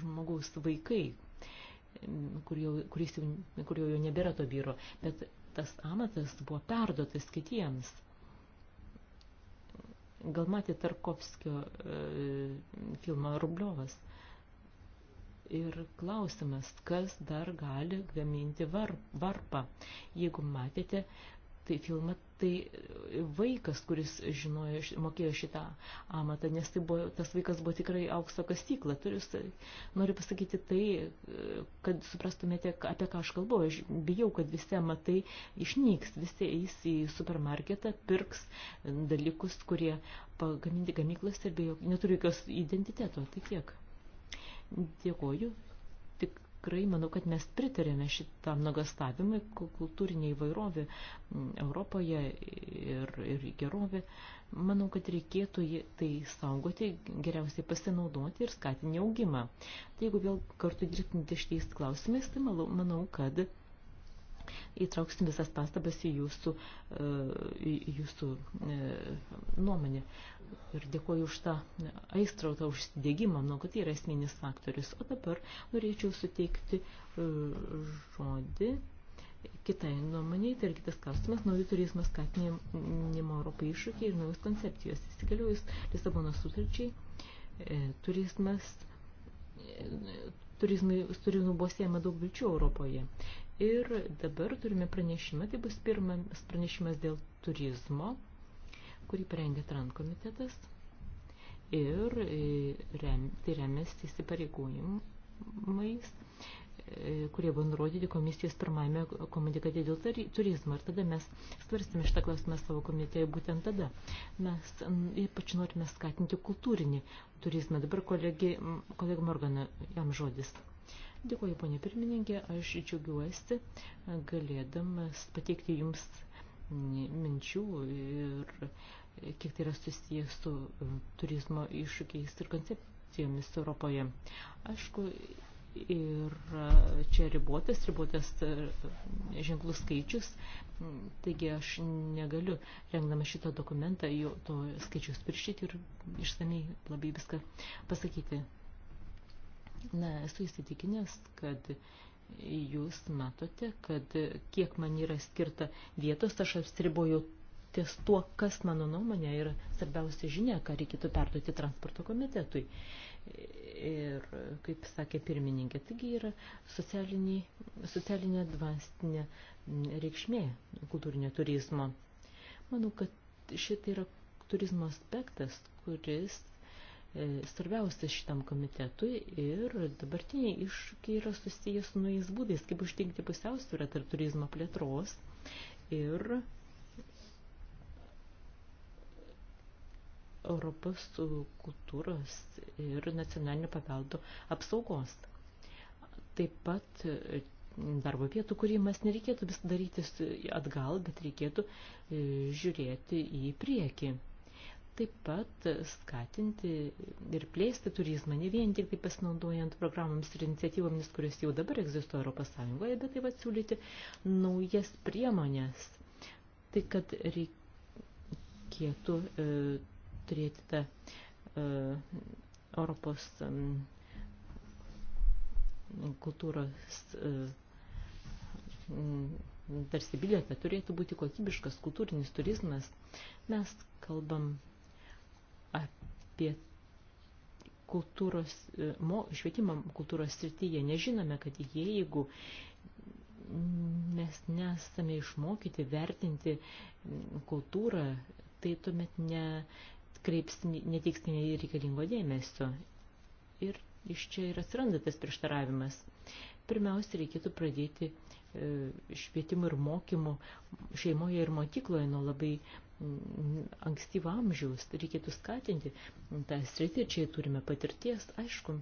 žmogaus vaikai, mm, kur jau, kuris, kur jau nebėra to vyro, bet tas amatas buvo perduotas kitiems. Gal matė Tarkovskio e, filmą Rubliovas. Ir klausimas, kas dar gali gaminti var, varpą. Jeigu matėte, tai filmą, tai vaikas, kuris žinojo, mokėjo šitą amatą, nes tai buvo, tas vaikas buvo tikrai aukso kastykla. Turiu, noriu pasakyti tai, kad suprastumėte, apie ką aš kalbu. Aš bijau, kad visi amatai išnyks, visi eis į supermarketą, pirks dalykus, kurie pagaminti gamyklas ir be jokio, neturi jokios identiteto. Tai tiek. Dėkoju tikrai manau, kad mes pritarėme šitam nuogastavimui, kultūrinė įvairovė Europoje ir, ir gerovė. Manau, kad reikėtų tai saugoti, geriausiai pasinaudoti ir skatinti augimą. Tai jeigu vėl kartu dirbtinti šiais klausimais, tai manau, kad įtrauksim visas pastabas į jūsų, e, jūsų e, nuomonę ir dėkoju už tą aistrą, tą užsidėgymą, manau, kad tai yra esminis faktorius. O dabar norėčiau suteikti e, žodį kitai nuomonė, tai yra kitas klausimas, naujų turizmo skatinimo Europai iššūkiai ir naujos koncepcijos. Įsigaliojus Lisabono sutarčiai, e, turizmas, e, turizmui, turizmui buvo siejama daug vilčių Europoje. Ir dabar turime pranešimą, tai bus pirmas pranešimas dėl turizmo kurį parengė TRAN komitetas ir e, rem, tai remiasi įsipareigojimais e, kurie buvo nurodyti komisijos pirmajame komunikate dėl turizmo. Ir tada mes svarstėme šitą klausimą savo komitete būtent tada. Mes ypač norime skatinti kultūrinį turizmą. Dabar kolegi, kolega Morgana, jam žodis. Dėkuoju, ponė pirmininkė, aš džiaugiuosi galėdamas pateikti jums minčių ir kiek tai yra susijęs su um, turizmo iššūkiais ir koncepcijomis Europoje. Aišku, ir čia ribotas, ribotas um, ženklų skaičius, taigi aš negaliu, rengdama šitą dokumentą, jo to skaičius piršyti ir išsamei labai viską pasakyti. Na, esu įsitikinęs, kad e, jūs matote, kad kiek man yra skirta vietos, aš apsiriboju ties tuo, kas mano nuomonė yra svarbiausia žinia, ką reikėtų perduoti transporto komitetui. Ir, kaip sakė pirmininkė, taigi yra socialinė, socialinė dvasinė reikšmė kultūrinio turizmo. Manau, kad šitai yra turizmo aspektas, kuris E, svarbiausias šitam komitetui ir dabartiniai iššūkiai yra susijęs su naujais būdais, kaip užtikti pusiausvyrą tarp turizmo plėtros ir Europos kultūros ir nacionalinio paveldo apsaugos. Taip pat e, darbo vietų kūrimas nereikėtų vis daryti atgal, bet reikėtų e, žiūrėti į priekį taip pat skatinti ir plėsti turizmą, ne vien tik tai pasinaudojant programams ir iniciatyvomis, kurios jau dabar egzistuoja Europos Sąjungoje, bet taip pat siūlyti naujas priemonės. Tai kad reikėtų e, turėti tą e, Europos e, kultūros e, tarsi bilietą turėtų būti kokybiškas kultūrinis turizmas. Mes kalbam apie kultūros, e, mo, švietimą kultūros srityje. Nežinome, kad jeigu mes nesame išmokyti vertinti kultūrą, tai tuomet ne, kreipsime, neteiksime į reikalingo dėmesio. Ir iš čia ir atsiranda tas prieštaravimas. Pirmiausia, reikėtų pradėti e, švietimu ir mokymu šeimoje ir mokykloje nuo labai ankstyvo amžiaus, reikėtų skatinti tą sritį, čia turime patirties, aišku,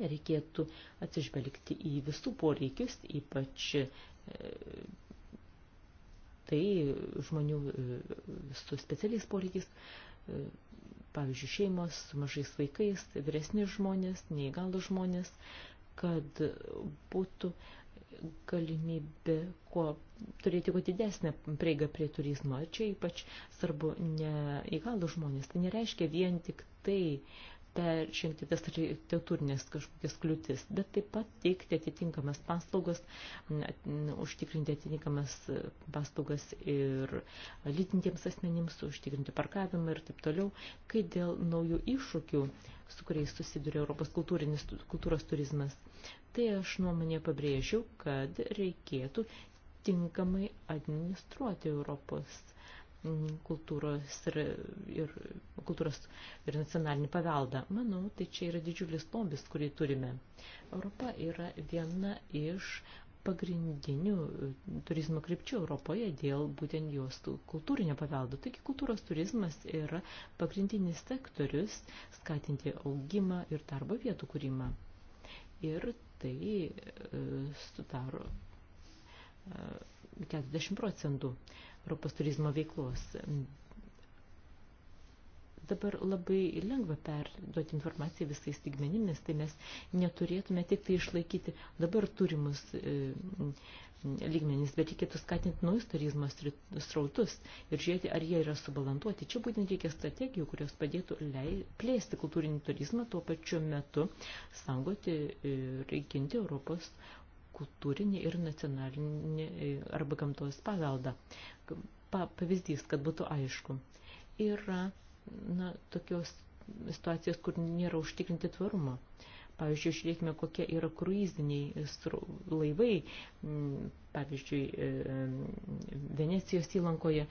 reikėtų atsižvelgti į visų poreikius, ypač e, tai žmonių e, su specialiais poreikiais, e, pavyzdžiui, šeimos su mažais vaikais, vyresni žmonės, neįgalų žmonės, kad būtų uh, galimybė kuo, turėti kuo didesnę prieigą prie turizmo. Ir čia ypač svarbu ne įgalų žmonės. Tai nereiškia vien tik tai peržengti tas architektūrinės kažkokias kliūtis, bet taip pat teikti atitinkamas paslaugas, užtikrinti atitinkamas paslaugas ir lytintiems asmenims, užtikrinti parkavimą ir taip toliau, kai dėl naujų iššūkių, su kuriais susiduria Europos kultūrinis, kultūros turizmas tai aš nuomonė pabrėžiu, kad reikėtų tinkamai administruoti Europos mm, kultūros ir, ir, kultūros ir nacionalinį paveldą. Manau, tai čia yra didžiulis lobis, kurį turime. Europa yra viena iš pagrindinių turizmo krypčių Europoje dėl būtent jos kultūrinio paveldo. Taigi kultūros turizmas yra pagrindinis sektorius skatinti augimą ir darbo vietų kūrimą. Ir tai e, sudaro 40 e, procentų Europos turizmo veiklos. Dabar labai lengva perduoti informaciją visais stigmenimis, tai mes neturėtume tik tai išlaikyti dabar turimus e, lygmenis, bet reikėtų skatinti naujus turizmo srautus ir žiūrėti, ar jie yra subalansuoti. Čia būtent reikia strategijų, kurios padėtų lei, plėsti kultūrinį turizmą, tuo pačiu metu sangoti ir reikinti Europos kultūrinį ir nacionalinį e, arba gamtos paveldą. Pa, pavyzdys, kad būtų aišku. Yra na, tokios situacijos, kur nėra užtikrinti tvarumo. Uh, Pavyzdžiui, žiūrėkime, kokie yra kruiziniai laivai, pavyzdžiui, e, Venecijos įlankoje,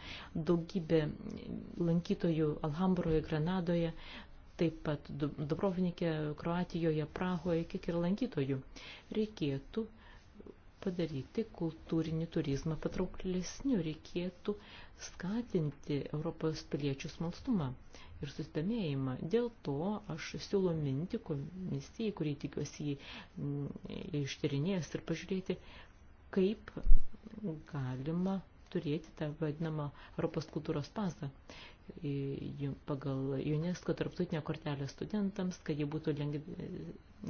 daugybė lankytojų Alhambroje, Granadoje, taip pat Dubrovnike, Kroatijoje, Prahoje, kiek ir lankytojų. Reikėtų padaryti kultūrinį turizmą patrauklesniu, reikėtų skatinti Europos piliečių smalstumą ir susidomėjimą. Dėl to aš siūlau minti komisijai, kurį tikiuosi jį mm, ištyrinės ir pažiūrėti, kaip galima turėti tą vadinamą Europos kultūros pasą pagal UNESCO tarptautinę kortelę studentams, kad jie būtų lengvi,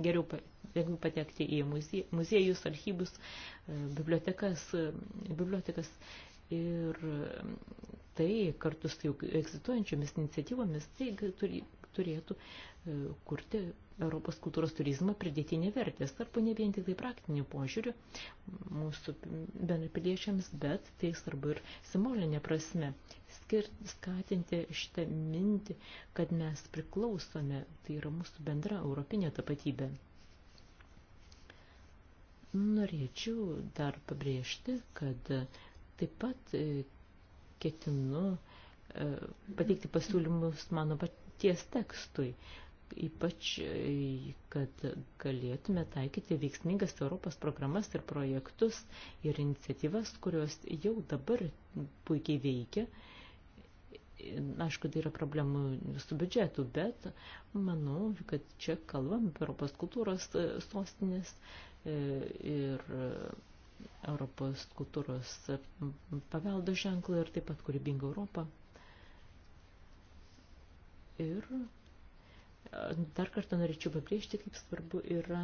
geriau lengviau patekti į muziejus, archyvus, e, bibliotekas, e, bibliotekas ir e, tai kartu su jau egzistuojančiomis iniciatyvomis tai turėtų kurti Europos kultūros turizmą pridėtinė vertė, svarbu ne vien tik tai praktinių požiūrių mūsų bendrapiliečiams, bet tai svarbu ir simbolinė prasme. Skirt, skatinti šitą mintį, kad mes priklausome, tai yra mūsų bendra europinė tapatybė. Norėčiau dar pabrėžti, kad taip pat e, ketinu e, pateikti pasiūlymus mano paties tekstui ypač e, kad galėtume taikyti veiksmingas Europos programas ir projektus ir iniciatyvas, kurios jau dabar puikiai veikia. Aišku, tai yra problemų su biudžetu, bet manau, kad čia kalbam Europos kultūros e, sostinės e, ir Europos kultūros paveldo ženklą ir taip pat kūrybingą Europą. Ir Dar kartą norėčiau pabrėžti, kaip svarbu yra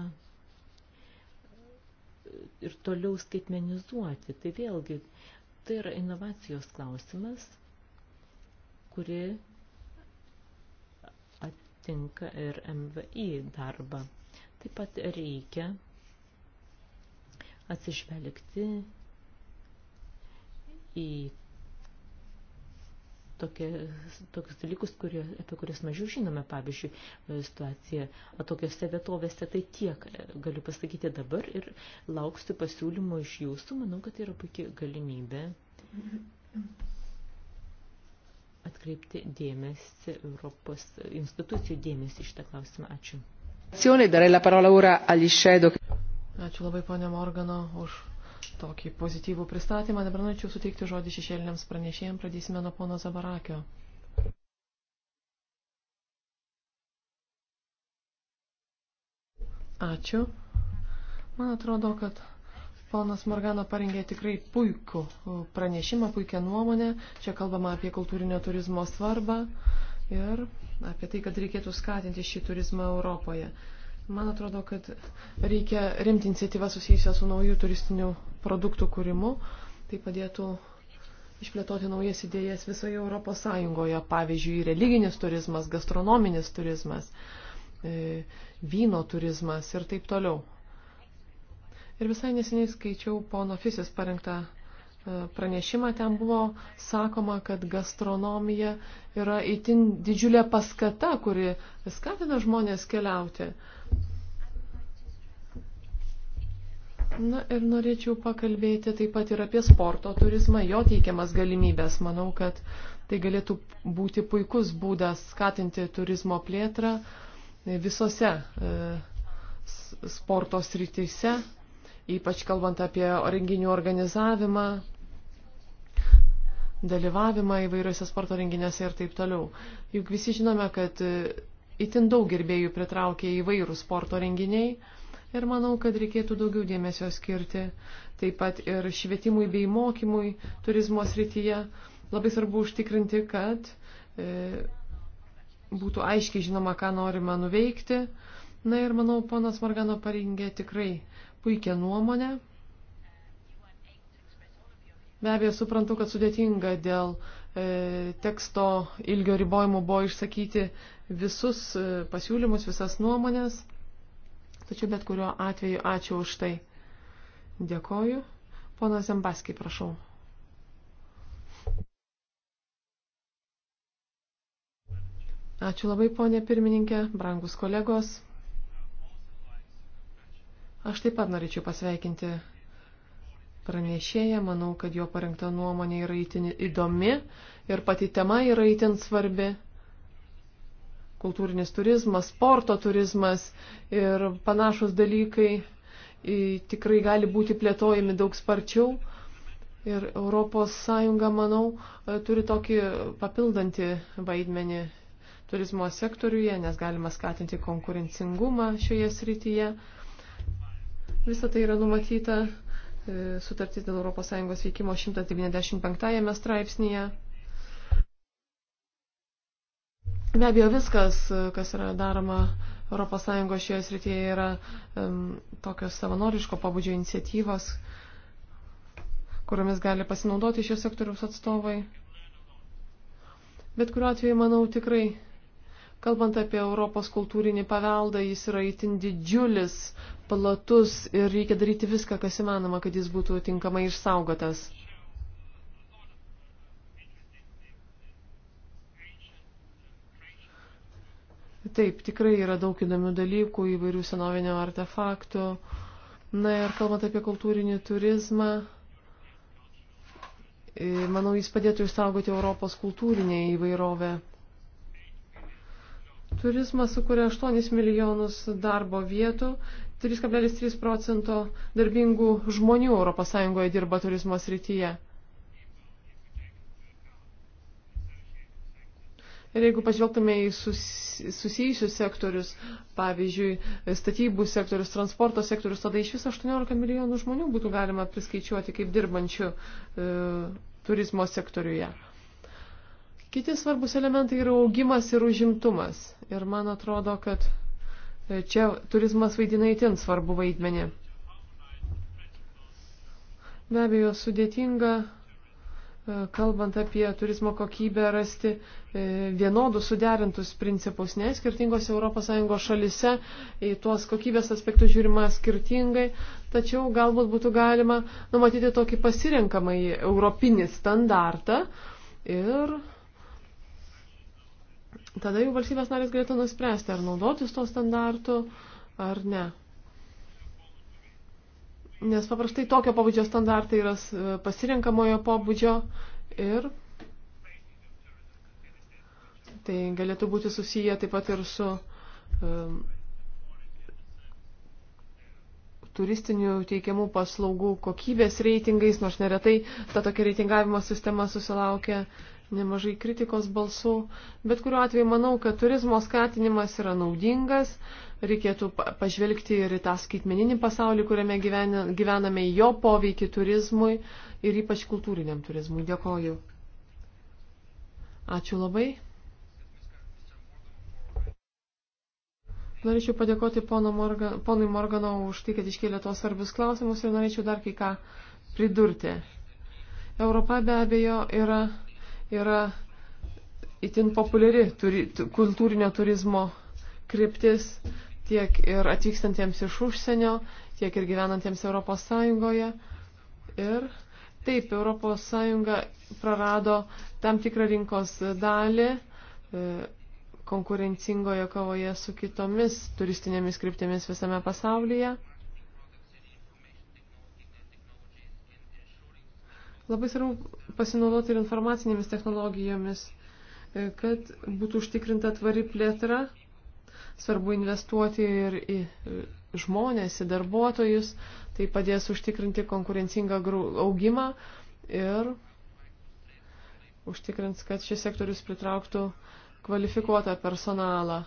ir toliau skaitmenizuoti. Tai vėlgi, tai yra inovacijos klausimas, kuri atitinka ir MVI darbą. Taip pat reikia atsižvelgti į tokius dalykus, kurie, apie kurias mažiau žinome, pavyzdžiui, situacija tokiuose vietovėse, tai tiek e, galiu pasakyti dabar ir lauksiu pasiūlymo iš jūsų, manau, kad tai yra puikia galimybė atkreipti dėmesį, Europos institucijų dėmesį šitą klausimą. Ačiū. Ačiū labai, ponė Morgano, už tokį pozityvų pristatymą. Dabar norėčiau suteikti žodį šešėliniams pranešėjams. Pradėsime nuo pono Zabarakio. Ačiū. Man atrodo, kad ponas Morgano parengė tikrai puikų pranešimą, puikią nuomonę. Čia kalbama apie kultūrinio turizmo svarbą ir apie tai, kad reikėtų skatinti šį turizmą Europoje. Man atrodo, kad reikia remti iniciatyvą susijusią su naujų turistinių produktų kūrimu. Tai padėtų išplėtoti naujas idėjas visoje Europos Sąjungoje. Pavyzdžiui, religinis turizmas, gastronominis turizmas, e, vyno turizmas ir taip toliau. Ir visai neseniai skaičiau pono Fisis parengtą pranešimą ten buvo sakoma, kad gastronomija yra itin didžiulė paskata, kuri skatina žmonės keliauti. Na ir norėčiau pakalbėti taip pat ir apie sporto turizmą, jo teikiamas galimybės. Manau, kad tai galėtų būti puikus būdas skatinti turizmo plėtrą visose e, sporto srityse, ypač kalbant apie renginių organizavimą, dalyvavimą įvairiuose sporto renginiuose ir taip toliau. Juk visi žinome, kad e, itin daug gerbėjų pritraukia įvairių sporto renginiai ir manau, kad reikėtų daugiau dėmesio skirti taip pat ir švietimui bei mokymui turizmo srityje. Labai svarbu užtikrinti, kad e, būtų aiškiai žinoma, ką norima nuveikti. Na ir manau, ponas Morgano parengė tikrai puikią nuomonę. Be abejo, suprantu, kad sudėtinga dėl e, teksto ilgio ribojimo buvo išsakyti visus e, pasiūlymus, visas nuomonės. Tačiau bet kuriuo atveju ačiū už tai. Dėkoju. Pona Zembaskiai, prašau. Ačiū labai, ponė pirmininkė, brangus kolegos. Aš taip pat norėčiau pasveikinti pranešėją. Manau, kad jo parengta nuomonė yra įtin įdomi ir pati tema yra įtin svarbi. Kultūrinis turizmas, sporto turizmas ir panašus dalykai tikrai gali būti plėtojami daug sparčiau. Ir ES, manau, e, turi tokį papildantį vaidmenį turizmo sektoriuje, nes galima skatinti konkurencingumą šioje srityje. Visą tai yra numatyta E, sutartis dėl ES veikimo 195 straipsnėje. Be abejo, viskas, e, kas yra daroma ES šioje srityje, yra um, tokios savanoriško pabudžio iniciatyvos, kuriomis gali pasinaudoti šios sektoriaus atstovai. Bet kuriuo atveju, manau, tikrai Kalbant apie Europos kultūrinį paveldą, jis yra itin didžiulis, platus ir reikia daryti viską, kas įmanoma, kad jis būtų tinkamai išsaugotas. Taip, tikrai yra daug įdomių dalykų, įvairių senovinio artefaktų. Na ir kalbant apie kultūrinį turizmą, e, manau, jis padėtų išsaugoti Europos kultūrinę įvairovę Turizmas sukuria 8 milijonus darbo vietų, 3,3 procento darbingų žmonių ES dirba turizmo srityje. Ir jeigu pažvelgtume į sus, susijusius sektorius, pavyzdžiui, statybų sektorius, transporto sektorius, tada iš viso 18 milijonų žmonių būtų galima priskaičiuoti kaip dirbančių e, turizmo sektoriuje. Kiti svarbus elementai yra augimas ir užimtumas. Ir man atrodo, kad e, čia turizmas vaidina įtin svarbu vaidmenį. Be abejo, sudėtinga, e, kalbant apie turizmo kokybę, rasti e, vienodus suderintus principus, nes skirtingose ES šalise į tuos kokybės aspektus žiūrima skirtingai, tačiau galbūt būtų galima numatyti tokį pasirinkamąjį europinį standartą ir tada jau valstybės narės galėtų nuspręsti, ar naudotis to standartu, ar ne. Nes paprastai tokio pobūdžio standartai yra pasirinkamojo pobūdžio ir tai galėtų būti susiję taip pat ir su um, turistinių teikiamų paslaugų kokybės reitingais, nors neretai ta tokia reitingavimo sistema susilaukia nemažai kritikos balsų, bet kuriuo atveju manau, kad turizmo skatinimas yra naudingas, reikėtų pažvelgti ir į tą skaitmeninį pasaulį, kuriame gyvename, jo poveikį turizmui ir ypač kultūriniam turizmui. Dėkoju. Ačiū labai. Norėčiau padėkoti Morgan, ponui Morgano už tai, kad iškėlė tos svarbius klausimus ir norėčiau dar kai ką pridurti. Europa be abejo yra yra itin populiari turi, kultūrinio turizmo kryptis tiek ir atvykstantiems iš užsienio, tiek ir gyvenantiems Europos Sąjungoje. Ir taip, Europos Sąjunga prarado tam tikrą rinkos dalį e, konkurencingoje kovoje su kitomis turistinėmis kryptimis visame pasaulyje. Labai svarbu pasinaudoti ir informacinėmis technologijomis, e, kad būtų užtikrinta tvari plėtra. Svarbu investuoti ir į e, žmonės, į darbuotojus, tai padės užtikrinti konkurencingą augimą ir užtikrins, kad šis sektorius pritrauktų kvalifikuotą personalą.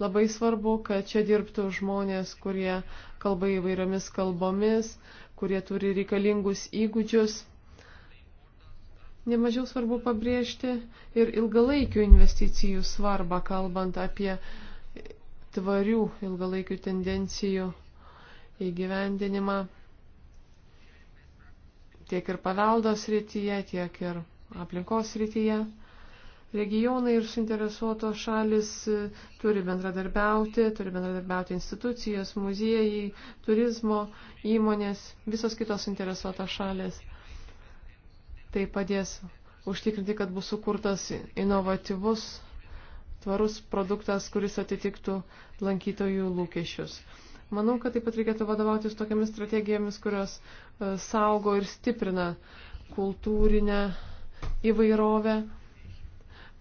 Labai svarbu, kad čia dirbtų žmonės, kurie kalba įvairiomis kalbomis, kurie turi reikalingus įgūdžius Nemažiau svarbu pabrėžti ir ilgalaikių investicijų svarbą, kalbant apie tvarių ilgalaikių tendencijų įgyvendinimą tiek ir paveldos rytyje, tiek ir aplinkos rytyje. Regionai ir suinteresuotos šalis e, turi bendradarbiauti, turi bendradarbiauti institucijos, muziejai, turizmo įmonės, visos kitos suinteresuotos šalis. Tai padės užtikrinti, kad bus sukurtas inovatyvus, tvarus produktas, kuris atitiktų lankytojų lūkesčius. Manau, kad taip pat reikėtų vadovautis tokiamis strategijomis, kurios e, saugo ir stiprina kultūrinę įvairovę.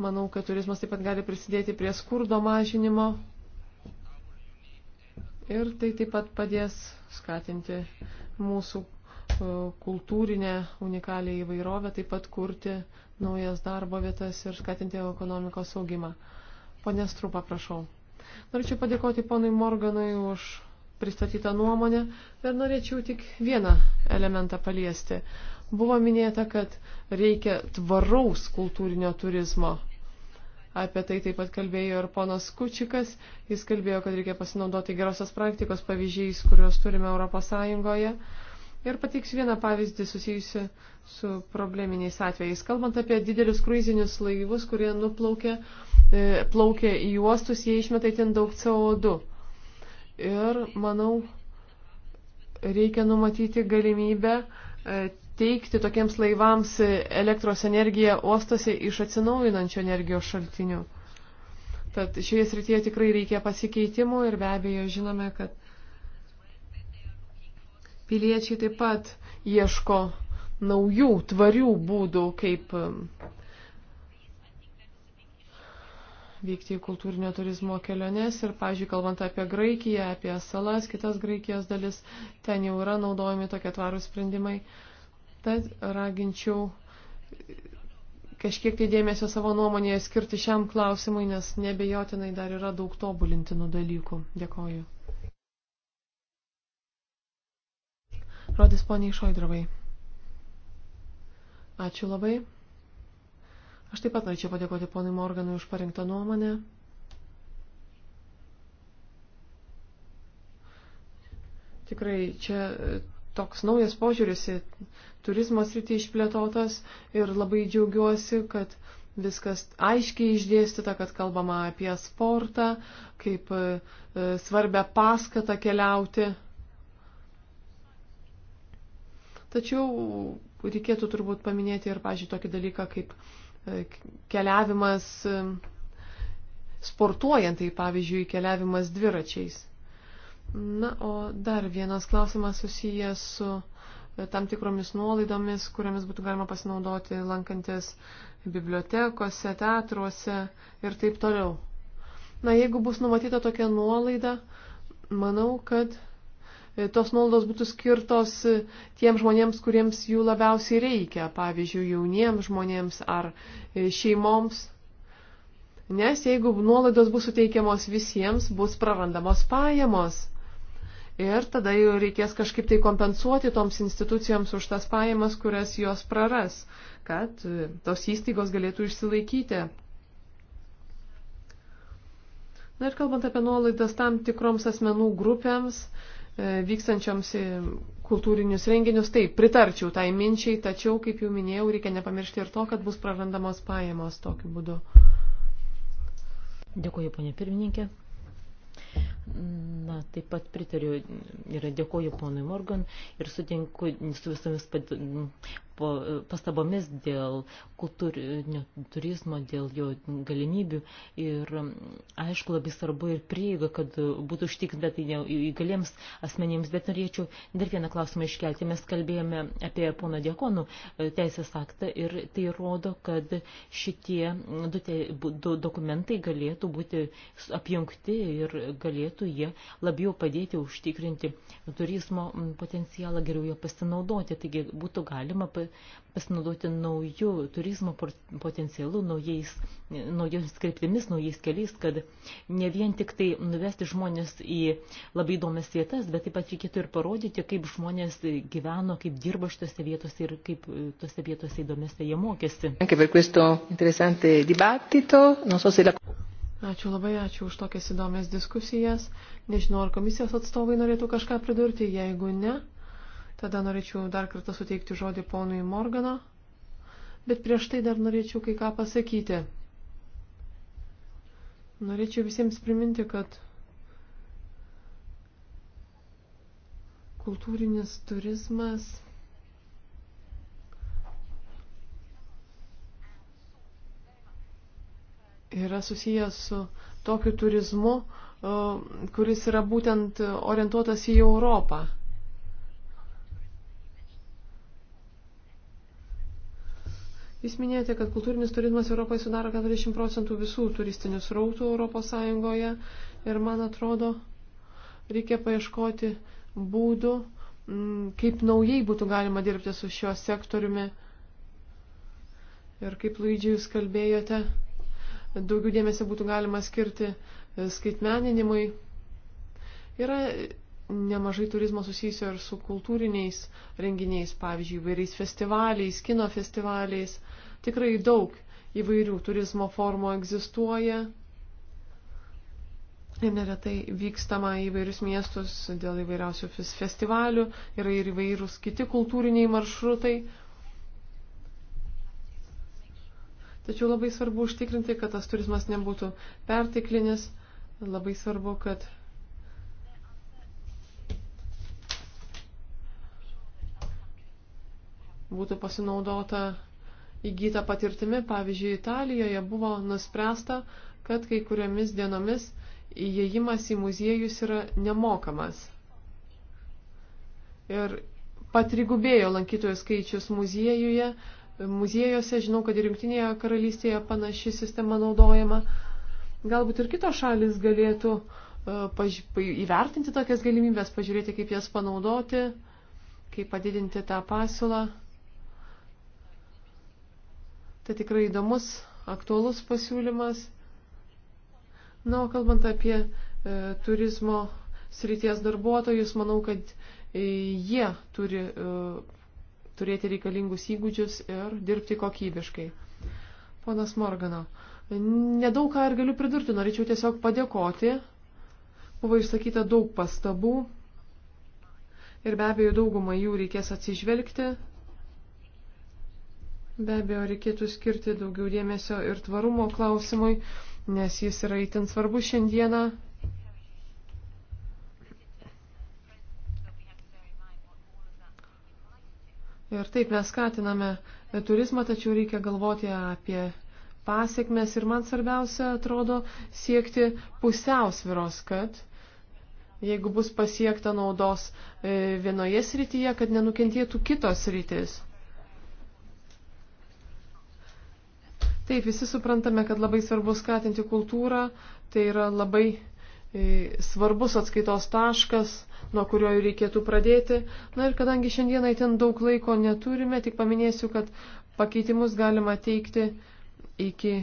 Manau, kad turizmas taip pat gali prisidėti prie skurdo mažinimo. Ir tai taip pat padės skatinti mūsų kultūrinę unikalią įvairovę, taip pat kurti naujas darbo vietas ir skatinti ekonomikos augimą. Pone Strupa, prašau. Norėčiau padėkoti ponui Morganui už pristatytą nuomonę ir norėčiau tik vieną elementą paliesti. Buvo minėta, kad reikia tvaraus kultūrinio turizmo. Apie tai taip pat kalbėjo ir ponas Kučikas. Jis kalbėjo, kad reikia pasinaudoti gerosios praktikos pavyzdžiais, kuriuos turime Europos Sąjungoje. Ir pateiksiu vieną pavyzdį susijusi su probleminiais atvejais. Kalbant apie didelius kruizinius laivus, kurie nuplaukia, e, plaukia į uostus, jie išmeta ten daug CO2. Ir manau, reikia numatyti galimybę e, teikti tokiems laivams elektros energiją uostose iš atsinaujinančio energijos šaltinių. Tad šioje srityje tikrai reikia pasikeitimų ir be abejo žinome, kad Piliečiai taip pat ieško naujų, tvarių būdų, kaip um, vykti į kultūrinio turizmo keliones ir, pažiūrėjau, kalbant apie Graikiją, apie salas, kitas Graikijos dalis, ten jau yra naudojami tokie tvarūs sprendimai. Tad raginčiau kažkiek tai dėmesio savo nuomonėje skirti šiam klausimui, nes nebejotinai dar yra daug tobulintinų dalykų. Dėkoju. Rodis poniai Šoidrovai. Ačiū labai. Aš taip pat norėčiau padėkoti ponui Morganui už parengtą nuomonę. Tikrai čia e, toks naujas požiūris į turizmo sritį išplėtotas ir labai džiaugiuosi, kad viskas aiškiai išdėstyta, kad kalbama apie sportą, kaip e, e, svarbę paskatą keliauti. Tačiau reikėtų turbūt paminėti ir, pažiūrėjau, tokį dalyką kaip e, keliavimas e, sportuojant, tai pavyzdžiui, keliavimas dviračiais. Na, o dar vienas klausimas susijęs su e, tam tikromis nuolaidomis, kuriamis būtų galima pasinaudoti lankantis bibliotekose, teatruose ir taip toliau. Na, jeigu bus numatyta tokia nuolaida, manau, kad E, tos nuolaidos būtų skirtos e, tiem žmonėms, kuriems jų labiausiai reikia, pavyzdžiui, jauniems žmonėms ar e, šeimoms. Nes jeigu nuolaidos bus suteikiamos visiems, bus prarandamos pajamos. Ir tada jau reikės kažkaip tai kompensuoti toms institucijoms už tas pajamas, kurias jos praras, kad tos įstaigos galėtų išsilaikyti. Na ir kalbant apie nuolaidas tam tikroms asmenų grupėms, E, vykstančioms kultūrinius renginius. Taip, pritarčiau tai minčiai, tačiau, kaip jau minėjau, reikia nepamiršti ir to, kad bus prarandamos pajamos tokiu būdu. Dėkuoju, ponė pirmininkė. Na, taip pat pritariu ir dėkoju ponui Morgan ir sutinku su visomis pastabomis dėl kultūrinio turizmo, dėl jo galimybių. Ir aišku, labai svarbu ir prieiga, kad būtų užtikrinta tai įgaliems asmenims. Bet norėčiau dar vieną klausimą iškelti. Mes kalbėjome apie pono Diekonų e, teisės aktą ir tai rodo, kad šitie du, te, du dokumentai galėtų būti apjungti ir galėtų jie labiau padėti užtikrinti turizmo potencialą, geriau jo pasinaudoti. Taigi būtų galima pa, pasinaudoti naujų turizmo potencialų, naujais, naujais kryptimis, naujais keliais, kad ne vien tik tai nuvesti žmonės į labai įdomias vietas, bet taip pat reikėtų ir parodyti, kaip žmonės gyveno, kaip dirbo šitose vietose ir kaip tose vietose įdomiose jie mokėsi. Ačiū labai, ačiū už tokias įdomias diskusijas. Nežinau, ar komisijos atstovai norėtų kažką pridurti, jeigu ne. Tada norėčiau dar kartą suteikti žodį ponui Morgano, bet prieš tai dar norėčiau kai ką pasakyti. Norėčiau visiems priminti, kad kultūrinis turizmas yra susijęs su tokiu turizmu, kuris yra būtent orientuotas į Europą. Jūs minėjote, kad kultūrinis turizmas Europoje sudaro 40 procentų visų turistinių srautų Europos Sąjungoje ir man atrodo, reikia paieškoti būdų, kaip naujai būtų galima dirbti su šiuo sektoriumi. Ir kaip Luidžiai jūs kalbėjote, daugiau dėmesio būtų galima skirti skaitmeninimui. Yra nemažai turizmo susijusio ir su kultūriniais renginiais, pavyzdžiui, įvairiais festivaliais, kino festivaliais. Tikrai daug įvairių turizmo formų egzistuoja. Ir neretai vykstama į įvairius miestus dėl įvairiausių festivalių, yra ir įvairūs kiti kultūriniai maršrutai. Tačiau labai svarbu užtikrinti, kad tas turizmas nebūtų perteklinis. Labai svarbu, kad būtų pasinaudota įgyta patirtimi. Pavyzdžiui, Italijoje buvo nuspręsta, kad kai kuriomis dienomis įėjimas į muziejus yra nemokamas. Ir patrigubėjo lankytojų skaičius muziejuje. Muziejuose žinau, kad ir Junktinėje karalystėje panaši sistema naudojama. Galbūt ir kitos šalis galėtų e, paž... įvertinti tokias galimybės, pažiūrėti, kaip jas panaudoti, kaip padidinti tą pasiūlą. Tai tikrai įdomus, aktuolus pasiūlymas. Na, o kalbant apie e, turizmo srities darbuotojus, manau, kad e, jie turi e, turėti reikalingus įgūdžius ir dirbti kokybiškai. Ponas Morgano, nedaug ką ir galiu pridurti, norėčiau tiesiog padėkoti. Buvo išsakyta daug pastabų ir be abejo daugumą jų reikės atsižvelgti. Be abejo, reikėtų skirti daugiau dėmesio ir tvarumo klausimui, nes jis yra įtin svarbus šiandieną. Ir taip mes skatiname turizmą, tačiau reikia galvoti apie pasiekmes ir man svarbiausia atrodo siekti pusiausviros, kad jeigu bus pasiekta naudos e, vienoje srityje, kad nenukentėtų kitos sritis. Taip, visi suprantame, kad labai svarbu skatinti kultūrą, tai yra labai e, svarbus atskaitos taškas, nuo kurio reikėtų pradėti. Na ir kadangi šiandieną ten daug laiko neturime, tik paminėsiu, kad pakeitimus galima teikti iki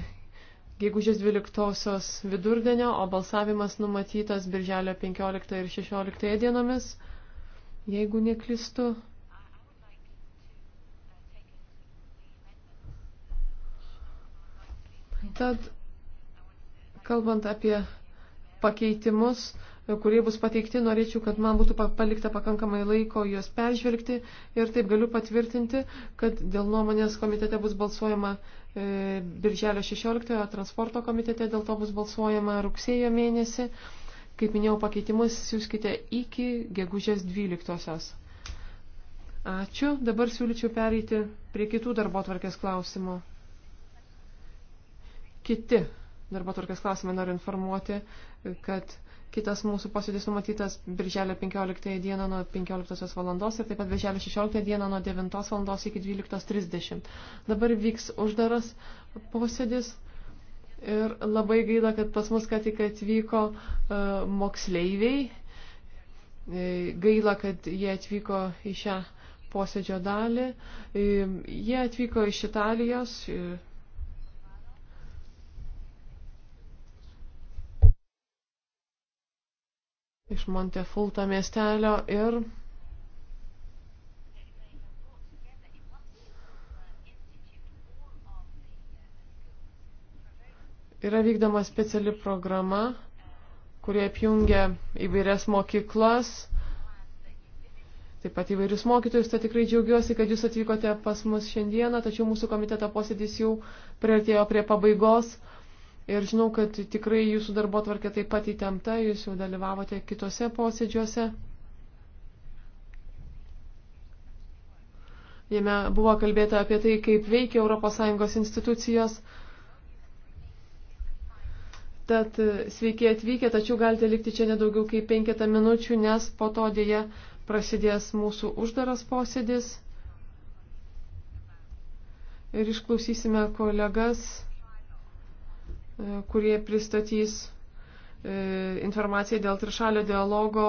gegužės 12 vidurdienio, o balsavimas numatytas birželio 15 ir 16 dienomis, jeigu neklistu. Tad, kalbant apie pakeitimus, kurie bus pateikti, norėčiau, kad man būtų palikta pakankamai laiko juos peržvelgti ir taip galiu patvirtinti, kad dėl nuomonės komitete bus balsuojama e, birželio 16, transporto komitete dėl to bus balsuojama rugsėjo mėnesį. Kaip minėjau, pakeitimus siūskite iki gegužės 12. Ačiū. Dabar siūlyčiau pereiti prie kitų darbo tvarkės klausimų kiti darbo tvarkės klausimai. Noriu informuoti, kad kitas mūsų posėdis numatytas birželio 15 dieną nuo 15 valandos ir taip pat birželio 16 dieną nuo 9 valandos iki 12.30. Dabar vyks uždaras posėdis. Ir labai gaila, kad pas mus ką tik atvyko uh, moksleiviai. E, gaila, kad jie atvyko į šią posėdžio dalį. E, jie atvyko iš Italijos, iš Montefulto miestelio ir yra vykdoma speciali programa, kurie apjungia įvairias mokyklas, taip pat įvairius mokytojus. Tai tikrai džiaugiuosi, kad jūs atvykote pas mus šiandieną, tačiau mūsų komiteto posėdis jau prieartėjo prie pabaigos ir žinau, kad tikrai jūsų darbo tvarkė taip pat įtempta, jūs jau dalyvavote kitose posėdžiuose. Jame buvo kalbėta apie tai, kaip veikia ES institucijos. Tad sveiki atvykę, tačiau galite likti čia nedaugiau kaip penketą minučių, nes po to dėje prasidės mūsų uždaras posėdis. Ir išklausysime kolegas kurie pristatys e, informaciją dėl trišalio dialogo,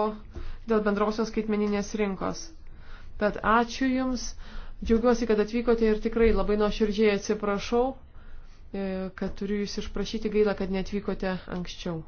dėl bendrosios skaitmeninės rinkos. Bet ačiū Jums, džiaugiuosi, kad atvykote ir tikrai labai nuoširdžiai atsiprašau, e, kad turiu Jūs išprašyti gailą, kad netvykote anksčiau.